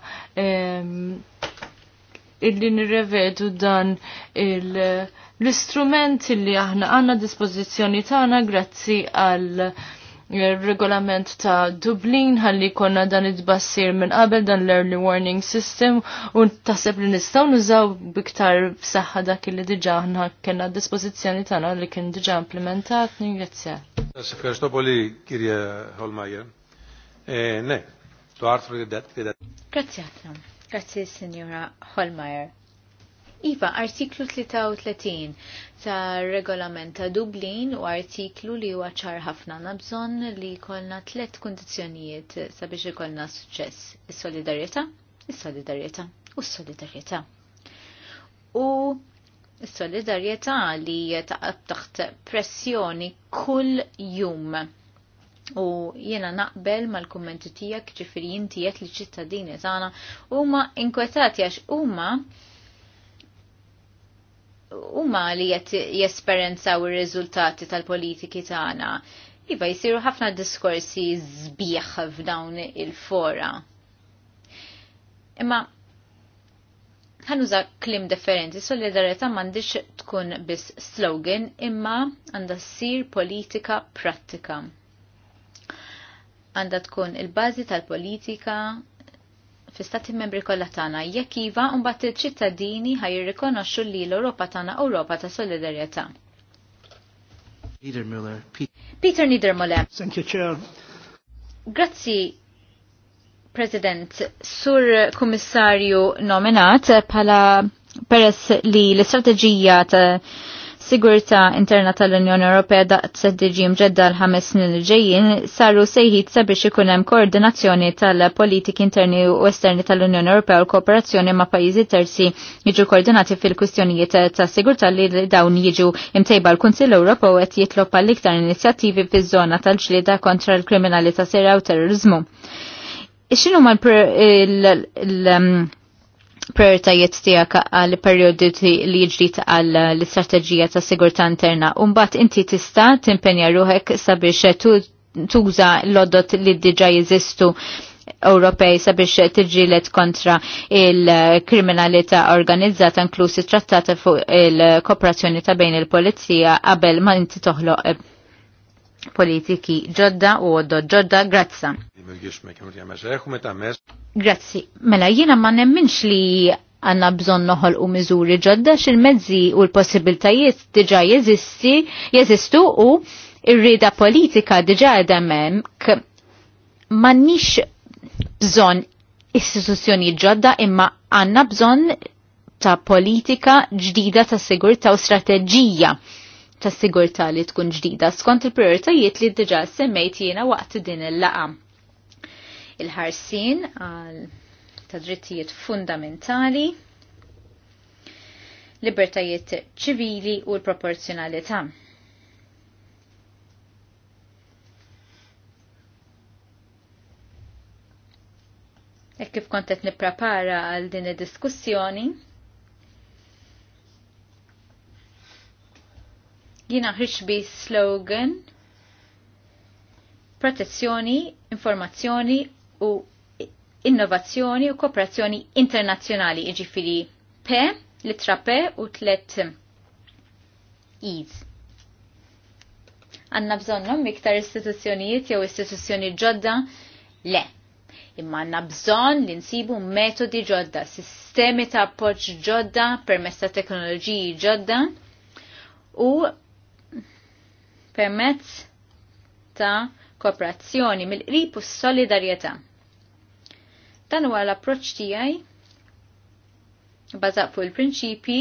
illi nirrevedu dan il- l-istrument li aħna għanna dispozizjoni tagħna grazzi għal regolament ta' Dublin ħalli konna dan id-bassir minn qabel dan l-early warning system u taħseb li nistaw nużaw biktar b'saħħa dak li diġa ħna kena dispożizzjoni tagħna li kien diġa implementat ningrazzja. Ferstopoli kirja Holmajer. Eh, ne, tu artru Grazzi signora Holmajer. Iva, artiklu 33 ta' regolament ta' Dublin u artiklu li huwa ċar ħafna nabżon li kolna tlet kondizjonijiet sabiex ikolna suċċess. Is-solidarjetà, is-solidarjetà u s-solidarjetà. U s-solidarjetà li taqab taħt pressjoni kull jum. U jiena naqbel mal-kommenti tijak ġifiri jintijak li ċittadini tagħna huma inkwetati għax huma huma li qed jesperenzaw ir-riżultati tal-politiki tagħna. Iva jisiru ħafna diskorsi zbieħ f'dawn il-fora. Imma ħanuża klim differenti, solidarieta m'għandix tkun biss slogan imma għandha ssir politika prattika. Għandha tkun il-bażi tal-politika Fi-stati membri kollha tagħna jekk iva mbagħad iċ-ċittadini jirrikonoxxu li l-Ewropa tagħna Ewropa ta' solidarjetà. Peter Müller. Peter Niedermuller. Thank you, Chair. Grazzi, President. Sur Kummissarju nominat pala peress li l-istrateġija ta' sigurta interna tal-Unjoni Ewropea daqset diġi mġedda l-ħames snin ġejjin saru sejħit sabiex ikun hemm koordinazzjoni tal-politiki interni u esterni tal-Unjoni Ewropea u kooperazzjoni ma' pajjiżi terzi jiġu koordinati fil-kwistjonijiet ta' sigurta li dawn jiġu imtejba l-Kunsill Ewropew qed jitlob għall-iktar inizjattivi fiż-żona tal-ġlieda kontra l-kriminalità sera u terrorizmu. X'inhuma l prioritajiet tiegħek għal perjodu li ġdid għal l-istrateġija ta' sigurtà interna. Umbat inti tista' timpenja ruħek sabiex tuża l-oddot li diġà jeżistu Ewropej sabiex tiġilet kontra il-kriminalità organizzata inklusi trattata fuq il-kooperazzjoni ta' bejn il-polizija qabel ma inti toħloq eh, politiki ġodda u għoddo ġodda grazza δημιουργήσουμε καινούργια μέσα. Έχουμε τα μέσα. Grazzi. Mela, jiena ma nemminx li għanna bżon noħol u miżuri ġodda xil-mezzi u l-possibiltajiet diġa jeżisti, jeżistu u ir politika diġa edemmek ma nix bżon istituzjoni ġodda imma għanna bżon ta' politika ġdida ta' sigurta u strateġija ta' sigurta li tkun ġdida skont il-prioritajiet li diġa semmejt jiena waqt din il laqam il-ħarsin għal ta' drittijiet fundamentali, libertajiet ċivili u l-proporzjonalità. E kif kontet niprapara għal din id-diskussjoni, jina ħriċbi slogan protezzjoni, informazzjoni u innovazzjoni u kooperazzjoni internazzjonali iġifiri P, litra P u tlet I's. Għanna bżonnom iktar istituzzjonijiet jew istituzzjoni ġodda? Le. Imma għanna bżon li nsibu metodi ġodda, sistemi ta' appoġġ ġodda, permess ta' teknoloġiji ġodda u permezz ta' kooperazzjoni mill-qrib u s-solidarjetà. Dan huwa l-approċċ tiegħi bażaq fuq il-prinċipi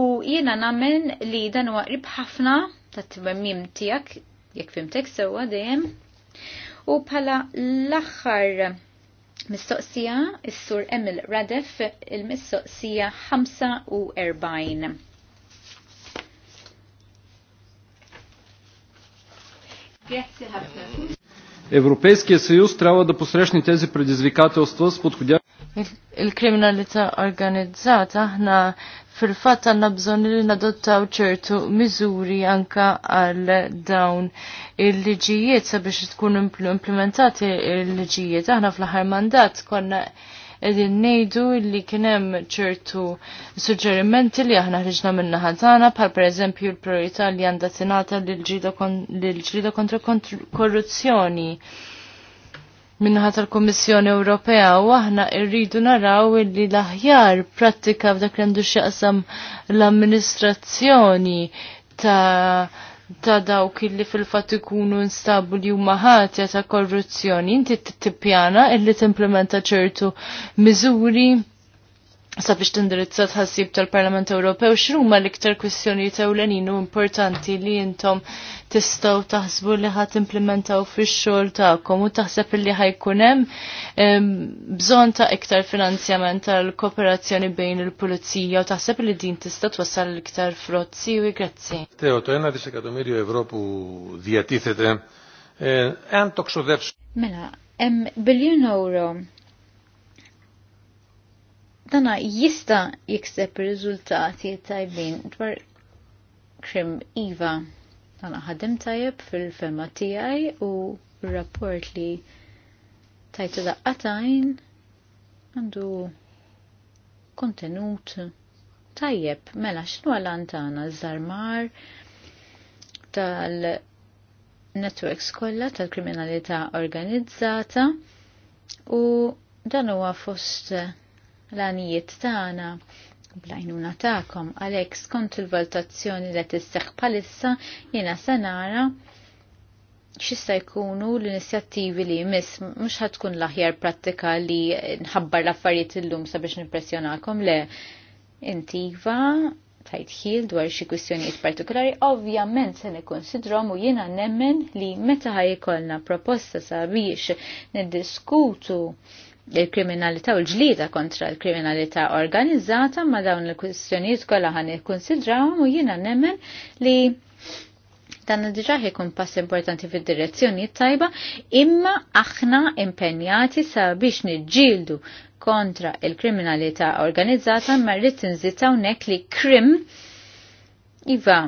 u jiena nagħmel li dan huwa qrib ħafna tat-tmemmim tiegħek jekk fimtek sewwa dejjem. U bħala l-aħħar mistoqsija is-sur Emil Radef il-mistoqsija 45. Европейския съюз трябва да посрещне тези предизвикателства с подходящи. Il-kriminalità organizzata ħna fil-fatt għandna bżonn li nadottaw ċertu miżuri anka għal dawn il-liġijiet sabiex tkun implementati il-liġijiet. Aħna fl-aħħar mandat konna edin nejdu li kienem ċertu suġġerimenti li aħna ħriġna minna ħazana, bħal per eżempju l-priorità li għanda tinata l-ġlida kontra korruzzjoni minnaħat tal komissjoni Ewropea u aħna irridu naraw li l-aħjar prattika f'dak li għandu xieqsam l-amministrazzjoni ta' ta' dawk illi fil-fat ikunu instabu li huma ħatja ta' korruzzjoni, inti tippjana illi timplementa ċertu miżuri sabiex tindirizza tħassib tal-Parlament Ewropew x'ruma l-iktar kwistjonijiet ewlenin u importanti li intom tistgħu taħsbu li ħadd implementaw fix-xogħol tagħkom u taħseb li ħajkun hemm bżonn ta' iktar finanzjament tal-kooperazzjoni bejn il-Pulizija u taħseb li din tista' twassal l-iktar frozzi u grazzi. Teo, to jena dixekadomirju Ewropu dijatitete, għan tokxu Mela, biljun euro dana jista jikseb riżultati tajbin dwar krim Iva. Dana ħadem tajjeb fil-fema tiegħi u rapport li tajtu daqqatajn għandu kontenut tajjeb mela xnu għal-antana zarmar tal-networks kollha tal-kriminalità organizzata u dan huwa fost l-għanijiet tagħna blajnuna ta'kom għalek skont il-valutazzjoni li tisseħ palissa jena sanara xista jkunu l-inizjattivi li jmiss mux ħatkun laħjar prattika li nħabbar l-affarijiet illum sabiex nimpressjonakom le intiva tajt ħil dwar xi kwistjonijiet partikolari, ovvjament se nikkonsidrom u jiena nemmen li meta ħajkolna proposta sabiex niddiskutu il-kriminalità u l-ġlida kontra l-kriminalità organizzata ma dawn il-kwistjonijiet kollha ħan ikkunsidrawhom u jiena nemmen li dan diġà ħikun pass importanti fid-direzzjoni tajba, imma aħna impenjati sabiex niġġieldu kontra il-kriminalità organizzata ma rrid nżitaw nek li krim iva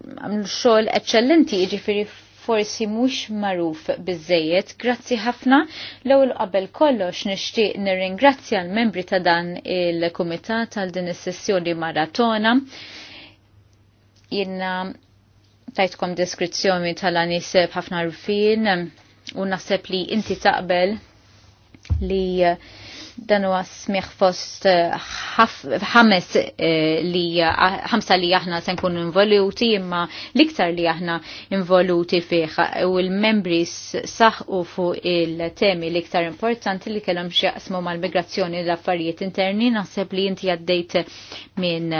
xogħol eċċellenti jiġifieri forsi mhux magħruf biżejjed. Grazzi ħafna l-ewwel qabel kollox nixtieq nirringrazzja l-membri ta' dan il-kumitat għal din is-sessjoni maratona. Jiena tajtkom deskrizzjoni tal-anis ħafna rfin u naħseb li inti taqbel li Dan huwa smieħ fost eh, ħames eh, li eh, ħamsa li aħna se nkunu involuti imma l-iktar li aħna involuti fih u l-membri saħqu fuq il-temi l-iktar importanti li kellhom x'jaqsmu mal-migrazzjoni l-affarijiet interni naħseb li inti għaddejt minn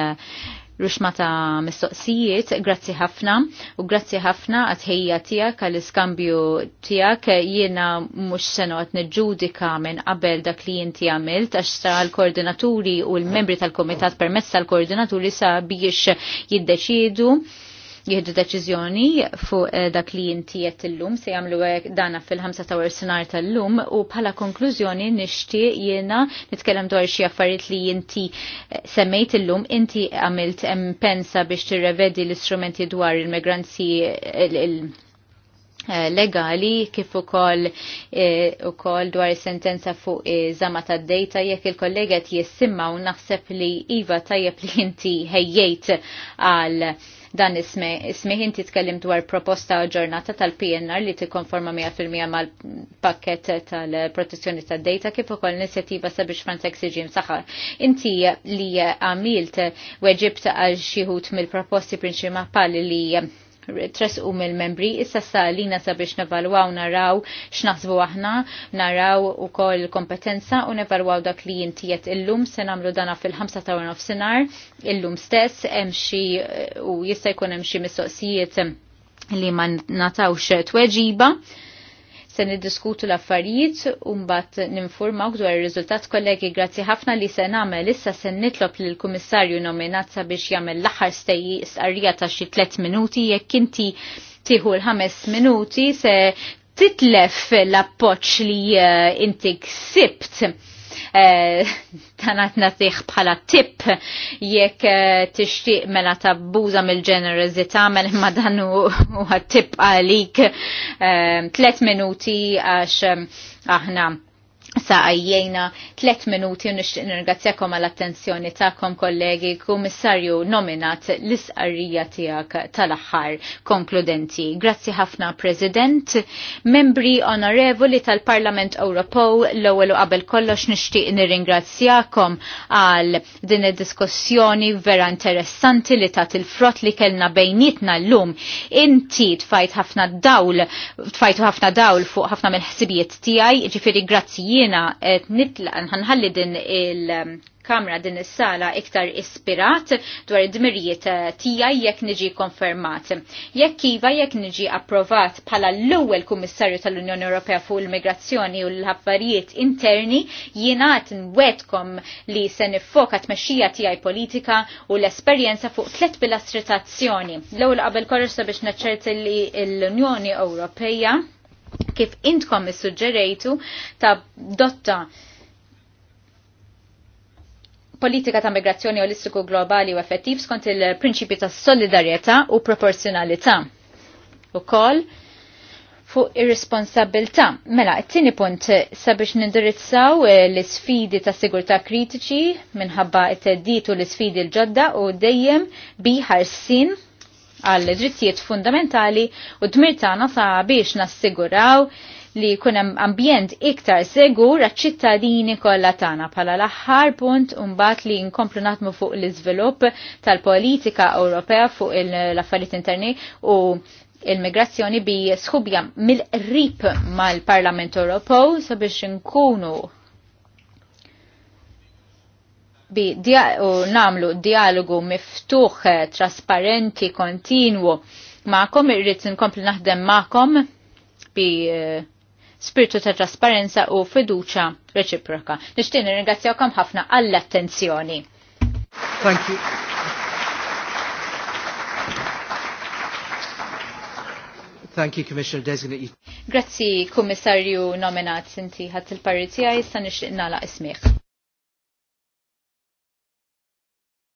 ruxma ta' mistoqsijiet. Grazzi ħafna u grazzi ħafna għatħija tijak għal-iskambju tijak jiena mux senu għat nġudika minn qabel dak li jinti għamilt għax l koordinaturi u l-membri tal-komitat permessa tal-koordinaturi sa biex jiddeċidu jihdu deċiżjoni fuq eh, dak li inti l illum se jagħmlu eh, dana fil-5 sinar tal-lum u bħala konklużjoni nixtieq jiena nitkellem dwar xi affarijiet li inti eh, semmejt illum inti għamilt pensa biex tirrevedi l-istrumenti dwar il-migranzi il legali kif ukoll ukoll dwar is-sentenza fuq żama tad-dejta jekk il-kollega qed jissimma u naħseb li iva tajjeb li inti ħejjejt għal dan ismeħ inti tkellim dwar proposta ġurnata tal-PNR li tikkonforma 100% mal-pakket tal-protezzjoni tad-data kif ukoll inizjattiva sabiex Frantek iġi msaħħar. Inti li għamilt weġibt għal xi mill-proposti prinċipali li tresqu mill-membri, issa salina sabiex nevalwaw naraw x'naħsbu aħna, naraw ukoll kompetenza u nevalwaw dak li jintiet illum se nagħmlu dana fil-5 ta' nofsinhar illum stess hemm xi u jista' jkun hemm xi mistoqsijiet li ma natawx tweġiba se niddiskutu l-affarijiet u mbagħad ninfurmaw dwar ir-riżultat kollegi grazzi ħafna li se nagħmel issa se nitlob lill kummissarju nominat sabiex jagħmel l-aħħar stejji istqarrija ta' xi tliet minuti jekk inti tieħu l-ħames minuti se titlef l-appoċ li eh, inti ksibt tanat eh, natiħ bħala tip jekk eh, tixtieq mela tabbuża mill-ġenerozità tagħmel imma dan huwa tip għalik eh, tliet minuti għax aħna Sa għajjena minuti u nishtiq nirgazzjakom għall-attenzjoni ta'kom kollegi kummissarju nominat l-isqarrija tijak tal-axħar konkludenti. Grazzi ħafna President, membri onorevoli tal-Parlament Ewropew l-ewwel u qabel kollox nixtieq nirringrazzjakom għal din id-diskussjoni vera interessanti li tat il-frott li kellna bejnietna llum. Inti tfajt ħafna dawl, tfajtu ħafna dawl fuq ħafna mill-ħsibijiet tiegħi, ġifiri grazzijiet jiena qed nitla Nħanħalli din il-kamra din is-sala iktar ispirat dwar id-dmirijiet tiegħi jekk niġi konfermat. Jekk iva jekk niġi approvat bħala l-ewwel Kummissarju tal-Unjoni Ewropea fuq il-Migrazzjoni u l-affarijiet interni jiena qed nwedkom li se niffoka tmexxija tiegħi politika u l-esperjenza fuq tliet bil tazzjoni. L-ewwel qabel korrosa biex naċċerti l-Unjoni Ewropea kif intkom is-suġġerejtu ta' dotta politika ta' migrazzjoni olistiku globali u effettiv skont il-prinċipju ta' solidarjetà u proporzjonalità. Ukoll fuq ir responsabilità Mela, it-tieni punt sabiex nindirizzaw eh, l-isfidi ta' sigurtà kritiċi minħabba t teddit u l-isfidi l-ġodda u dejjem bi ħarsin għal drittijiet fundamentali u dmir tagħna ta' biex nassiguraw li kun ambjent iktar segur għat ċittadini kollha tagħna bħala l-aħħar punt mbagħad li nkomplu naħdmu fuq l-iżvilupp tal-politika Ewropea fuq l-affarijiet interni u il-migrazzjoni bi sħubja mill-rip mal-Parlament Ewropew sabiex nkunu bi dia u namlu dialogu miftuħ, eh, trasparenti, kontinwu ma'kom, irrid nkompli naħdem ma'kom bi eh, spiritu ta' trasparenza u fiduċa reċiproka. Nixtieq nirringrazzjawkom ħafna għall-attenzjoni. Thank you. Thank you, Commissioner Designate. Grazzi, Kummissarju nominat, sinti ħadd il-parri Nala issa nixtieq nagħlaq